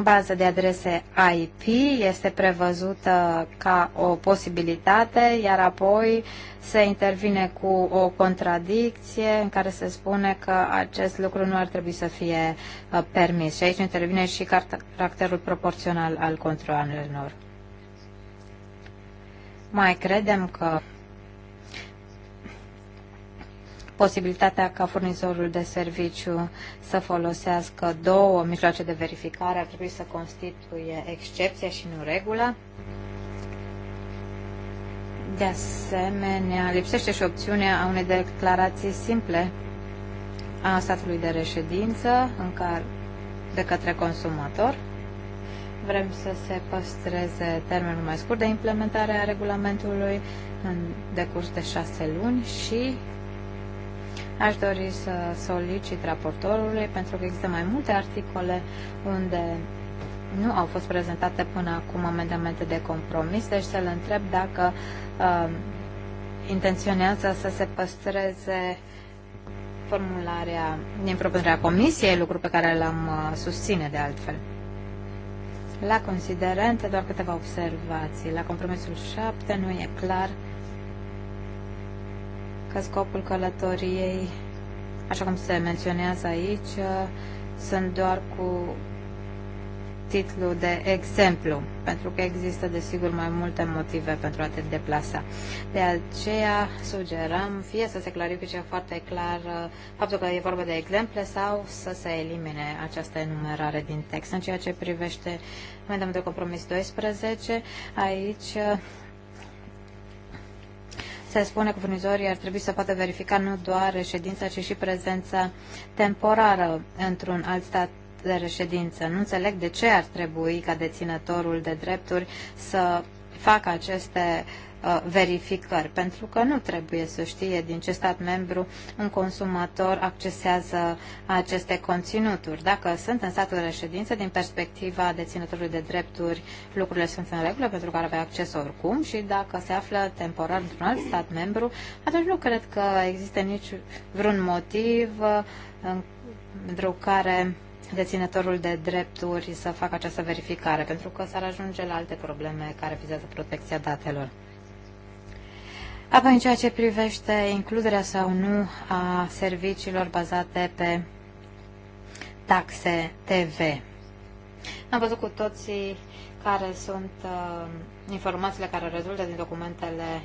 Speaker 3: baza de adrese IP este prevăzută ca o posibilitate, iar apoi se intervine cu o contradicție în care se spune că acest lucru nu ar trebui să fie uh, permis. Și aici intervine și caracterul proporțional al controanelor. Mai credem că posibilitatea ca furnizorul de serviciu să folosească două mijloace de verificare ar trebui să constituie excepția și nu regulă. De asemenea, lipsește și opțiunea a unei declarații simple a statului de reședință în care, de către consumator. Vrem să se păstreze termenul mai scurt de implementare a regulamentului în decurs de șase luni și Aș dori să solicit raportorului, pentru că există mai multe articole unde nu au fost prezentate până acum amendamente de compromis, deci să-l întreb dacă uh, intenționează să se păstreze formularea din propunerea comisiei, lucru pe care l-am uh, susține de altfel. La considerente, doar câteva observații. La compromisul 7 nu e clar uh, că scopul călătoriei, așa cum se menționează aici, sunt doar cu titlu de exemplu, pentru că există desigur mai multe motive pentru a te deplasa. De aceea sugerăm fie să se clarifice foarte clar uh, faptul că e vorba de exemple sau să se elimine această enumerare din text. În ceea ce privește amendamentul de compromis 12, aici uh, se spune că furnizorii ar trebui să poată verifica nu doar reședința, ci și prezența temporară într-un alt stat de reședință. Nu înțeleg de ce ar trebui ca deținătorul de drepturi să facă aceste uh, Uh, verificări, pentru că nu trebuie să știe din ce stat membru un consumator accesează aceste conținuturi. Dacă sunt în statul de reședință, din perspectiva deținătorului de drepturi, lucrurile sunt în regulă pentru că ar avea acces oricum și dacă se află temporar într-un alt stat membru, atunci nu cred că există nici vreun motiv uh, pentru care deținătorul de drepturi să facă această verificare, pentru că s-ar ajunge la alte probleme care vizează protecția datelor. Apoi, în ceea ce privește includerea sau nu a serviciilor bazate pe taxe TV. Am văzut cu toții care sunt uh, informațiile care rezultă din documentele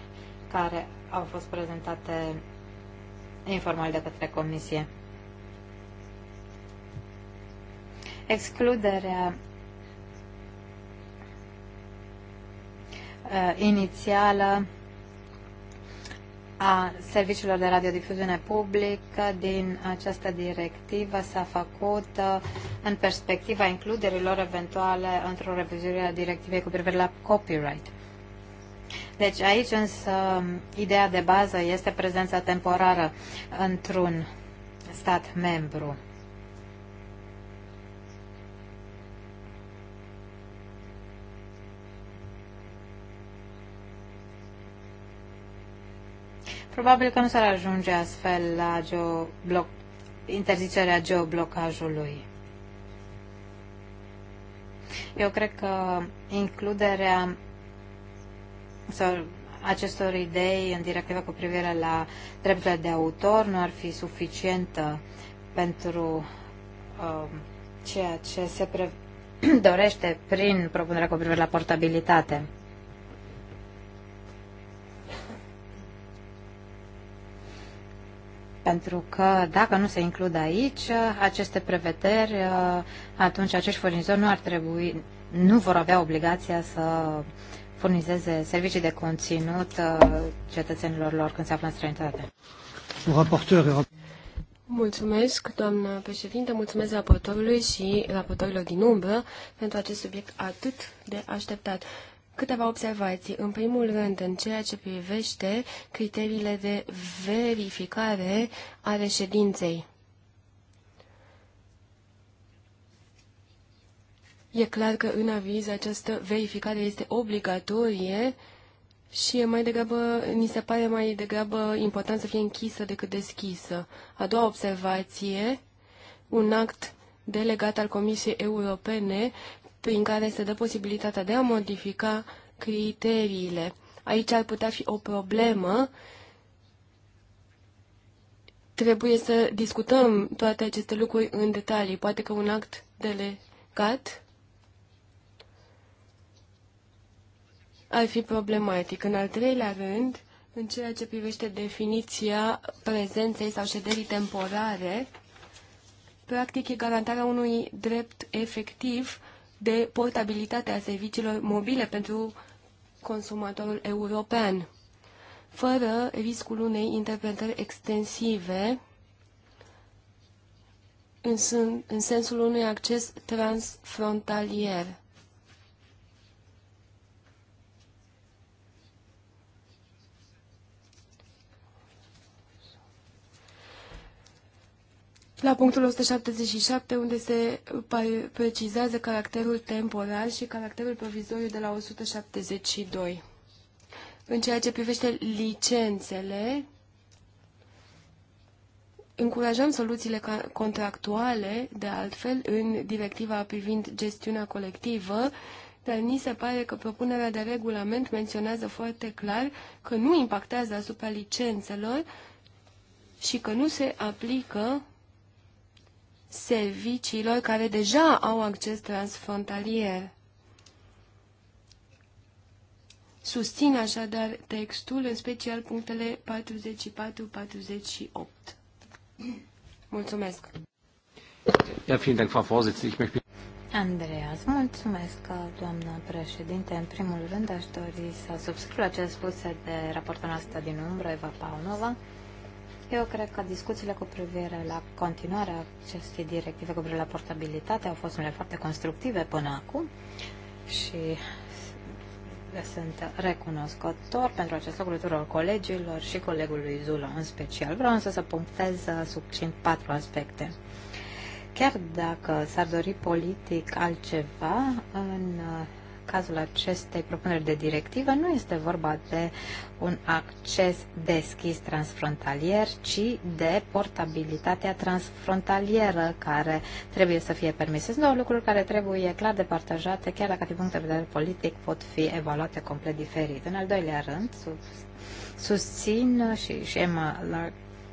Speaker 3: care au fost prezentate informal de către Comisie. Excluderea uh, inițială a serviciilor de radiodifuziune publică din această directivă s-a făcut uh, în perspectiva includerilor eventuale într-o revizuire a directivei cu privire la copyright. Deci aici însă ideea de bază este prezența temporară într-un stat membru. Probabil că nu s-ar ajunge astfel la geobloc, interzicerea geoblocajului. Eu cred că includerea sau acestor idei în directiva cu privire la drepturile de autor nu ar fi suficientă pentru uh, ceea ce se pre- dorește prin propunerea cu privire la portabilitate. pentru că dacă nu se includ aici uh, aceste prevederi, uh, atunci acești furnizori nu ar trebui, nu vor avea obligația să furnizeze servicii de conținut uh, cetățenilor lor când se află în străinătate.
Speaker 2: Mulțumesc, doamnă președinte, mulțumesc raportorului și raportorilor din umbră pentru acest subiect atât de așteptat. Câteva observații. În primul rând, în ceea ce privește criteriile de verificare a reședinței. E clar că în aviz această verificare este obligatorie și e mai degrabă, ni se pare mai degrabă important să fie închisă decât deschisă. A doua observație, un act delegat al Comisiei Europene prin care se dă posibilitatea de a modifica criteriile. Aici ar putea fi o problemă. Trebuie să discutăm toate aceste lucruri în detalii. Poate că un act delegat ar fi problematic. În al treilea rând, în ceea ce privește definiția prezenței sau șederii temporare, practic e garantarea unui drept efectiv de portabilitate a serviciilor mobile pentru consumatorul european, fără riscul unei interpretări extensive în, în sensul unui acces transfrontalier. la punctul 177, unde se precizează caracterul temporal și caracterul provizoriu de la 172. În ceea ce privește licențele, încurajăm soluțiile contractuale, de altfel, în directiva privind gestiunea colectivă, dar ni se pare că propunerea de regulament menționează foarte clar că nu impactează asupra licențelor și că nu se aplică serviciilor care deja au acces transfrontalier. Susțin așadar textul, în special punctele 44-48. Mulțumesc! Ja, vielen Dank, Frau Vorsitzende. Ich möchte
Speaker 3: Andreas, mulțumesc, doamnă președinte. În primul rând, aș dori să subscriu acest spus de raportul noastră din umbră, Eva Paunova. Eu cred că discuțiile cu privire la continuarea acestei directive cu privire la portabilitate au fost unele foarte constructive până acum și sunt recunoscător pentru acest lucru tuturor colegilor și colegului Zula în special. Vreau însă să punctez succint patru aspecte. Chiar dacă s-ar dori politic altceva, în cazul acestei propuneri de directivă nu este vorba de un acces deschis transfrontalier, ci de portabilitatea transfrontalieră care trebuie să fie permisă. Sunt două lucruri care trebuie clar departajate, chiar dacă din punct de vedere politic pot fi evaluate complet diferit. În al doilea rând, susțin și, și Emma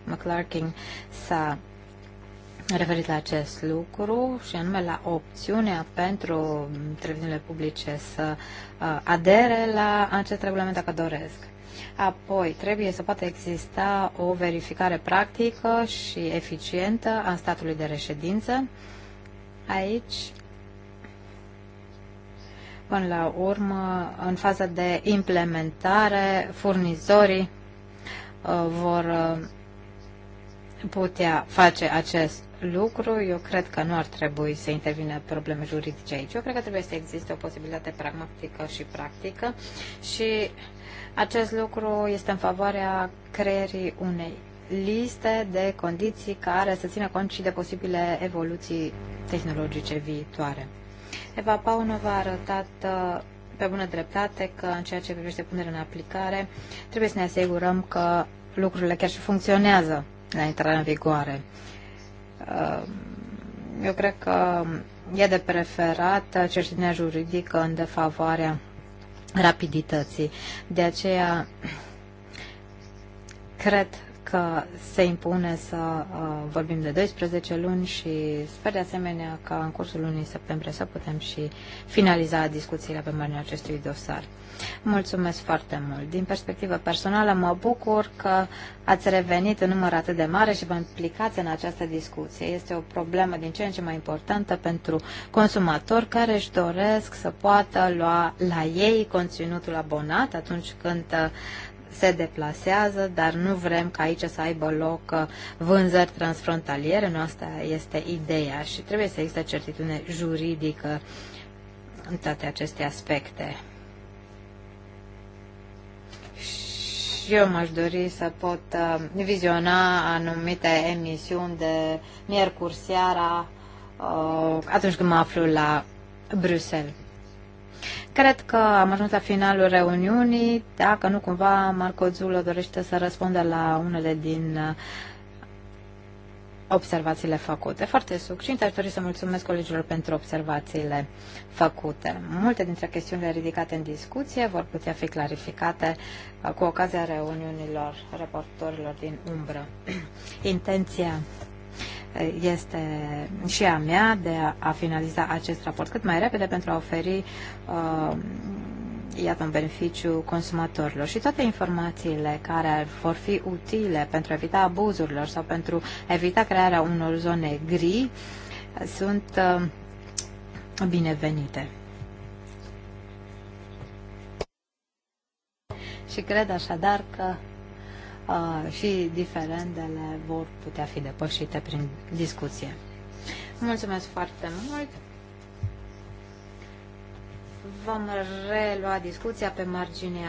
Speaker 3: McClarkin s-a referit la acest lucru și anume la opțiunea pentru televiziunile publice să uh, adere la acest regulament dacă doresc. Apoi, trebuie să poată exista o verificare practică și eficientă a statului de reședință. Aici, până la urmă, în faza de implementare, furnizorii uh, vor uh, putea face acest lucru. Eu cred că nu ar trebui să intervină probleme juridice aici. Eu cred că trebuie să existe o posibilitate pragmatică și practică și acest lucru este în favoarea creierii unei liste de condiții care să țină cont și de posibile evoluții tehnologice viitoare. Eva Paunova a arătat uh, pe bună dreptate că în ceea ce privește punerea în aplicare trebuie să ne asigurăm că lucrurile chiar și funcționează la intrarea în vigoare. Ehm, eu cred că e de preferat certitudinea juridică în defavoarea rapidității. De aceea, cred că se impune să uh, vorbim de 12 luni și sper de asemenea că în cursul lunii septembrie să putem și finaliza discuțiile pe marginea acestui dosar. Mulțumesc foarte mult. Din perspectivă personală, mă bucur că ați revenit în număr atât de mare și vă implicați în această discuție. Este o problemă din ce în ce mai importantă pentru consumatori care își doresc să poată lua la ei conținutul abonat atunci când uh, se deplasează, dar nu vrem ca aici să aibă loc uh, vânzări transfrontaliere. Nu asta este ideea și trebuie să există certitudine juridică în toate aceste aspecte. și eu m-aș dori să pot uh, viziona anumite emisiuni de miercuri seara uh, atunci când mă aflu la Bruxelles. Cred că am ajuns la finalul reuniunii. Dacă nu, cumva, Marco Zulo dorește să răspundă la unele din uh, observațiile făcute. Foarte succint, aș dori să mulțumesc colegilor pentru observațiile făcute. Multe dintre chestiunile ridicate în discuție vor putea fi clarificate uh, cu ocazia reuniunilor reportorilor din umbră. Intenția este și a mea de a, a finaliza acest raport cât mai repede pentru a oferi uh, iată un beneficiu consumatorilor și toate informațiile care vor fi utile pentru a evita abuzurilor sau pentru a evita crearea unor zone gri sunt uh, binevenite. Și cred așadar că Uh, și diferendele vor putea fi depășite prin discuție. Mulțumesc foarte mult! Vom relua discuția pe marginea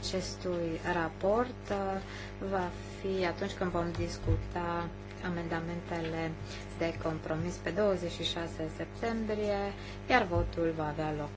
Speaker 3: acestui raport. Uh, va fi atunci când vom discuta amendamentele de compromis pe 26 septembrie, iar votul va avea loc.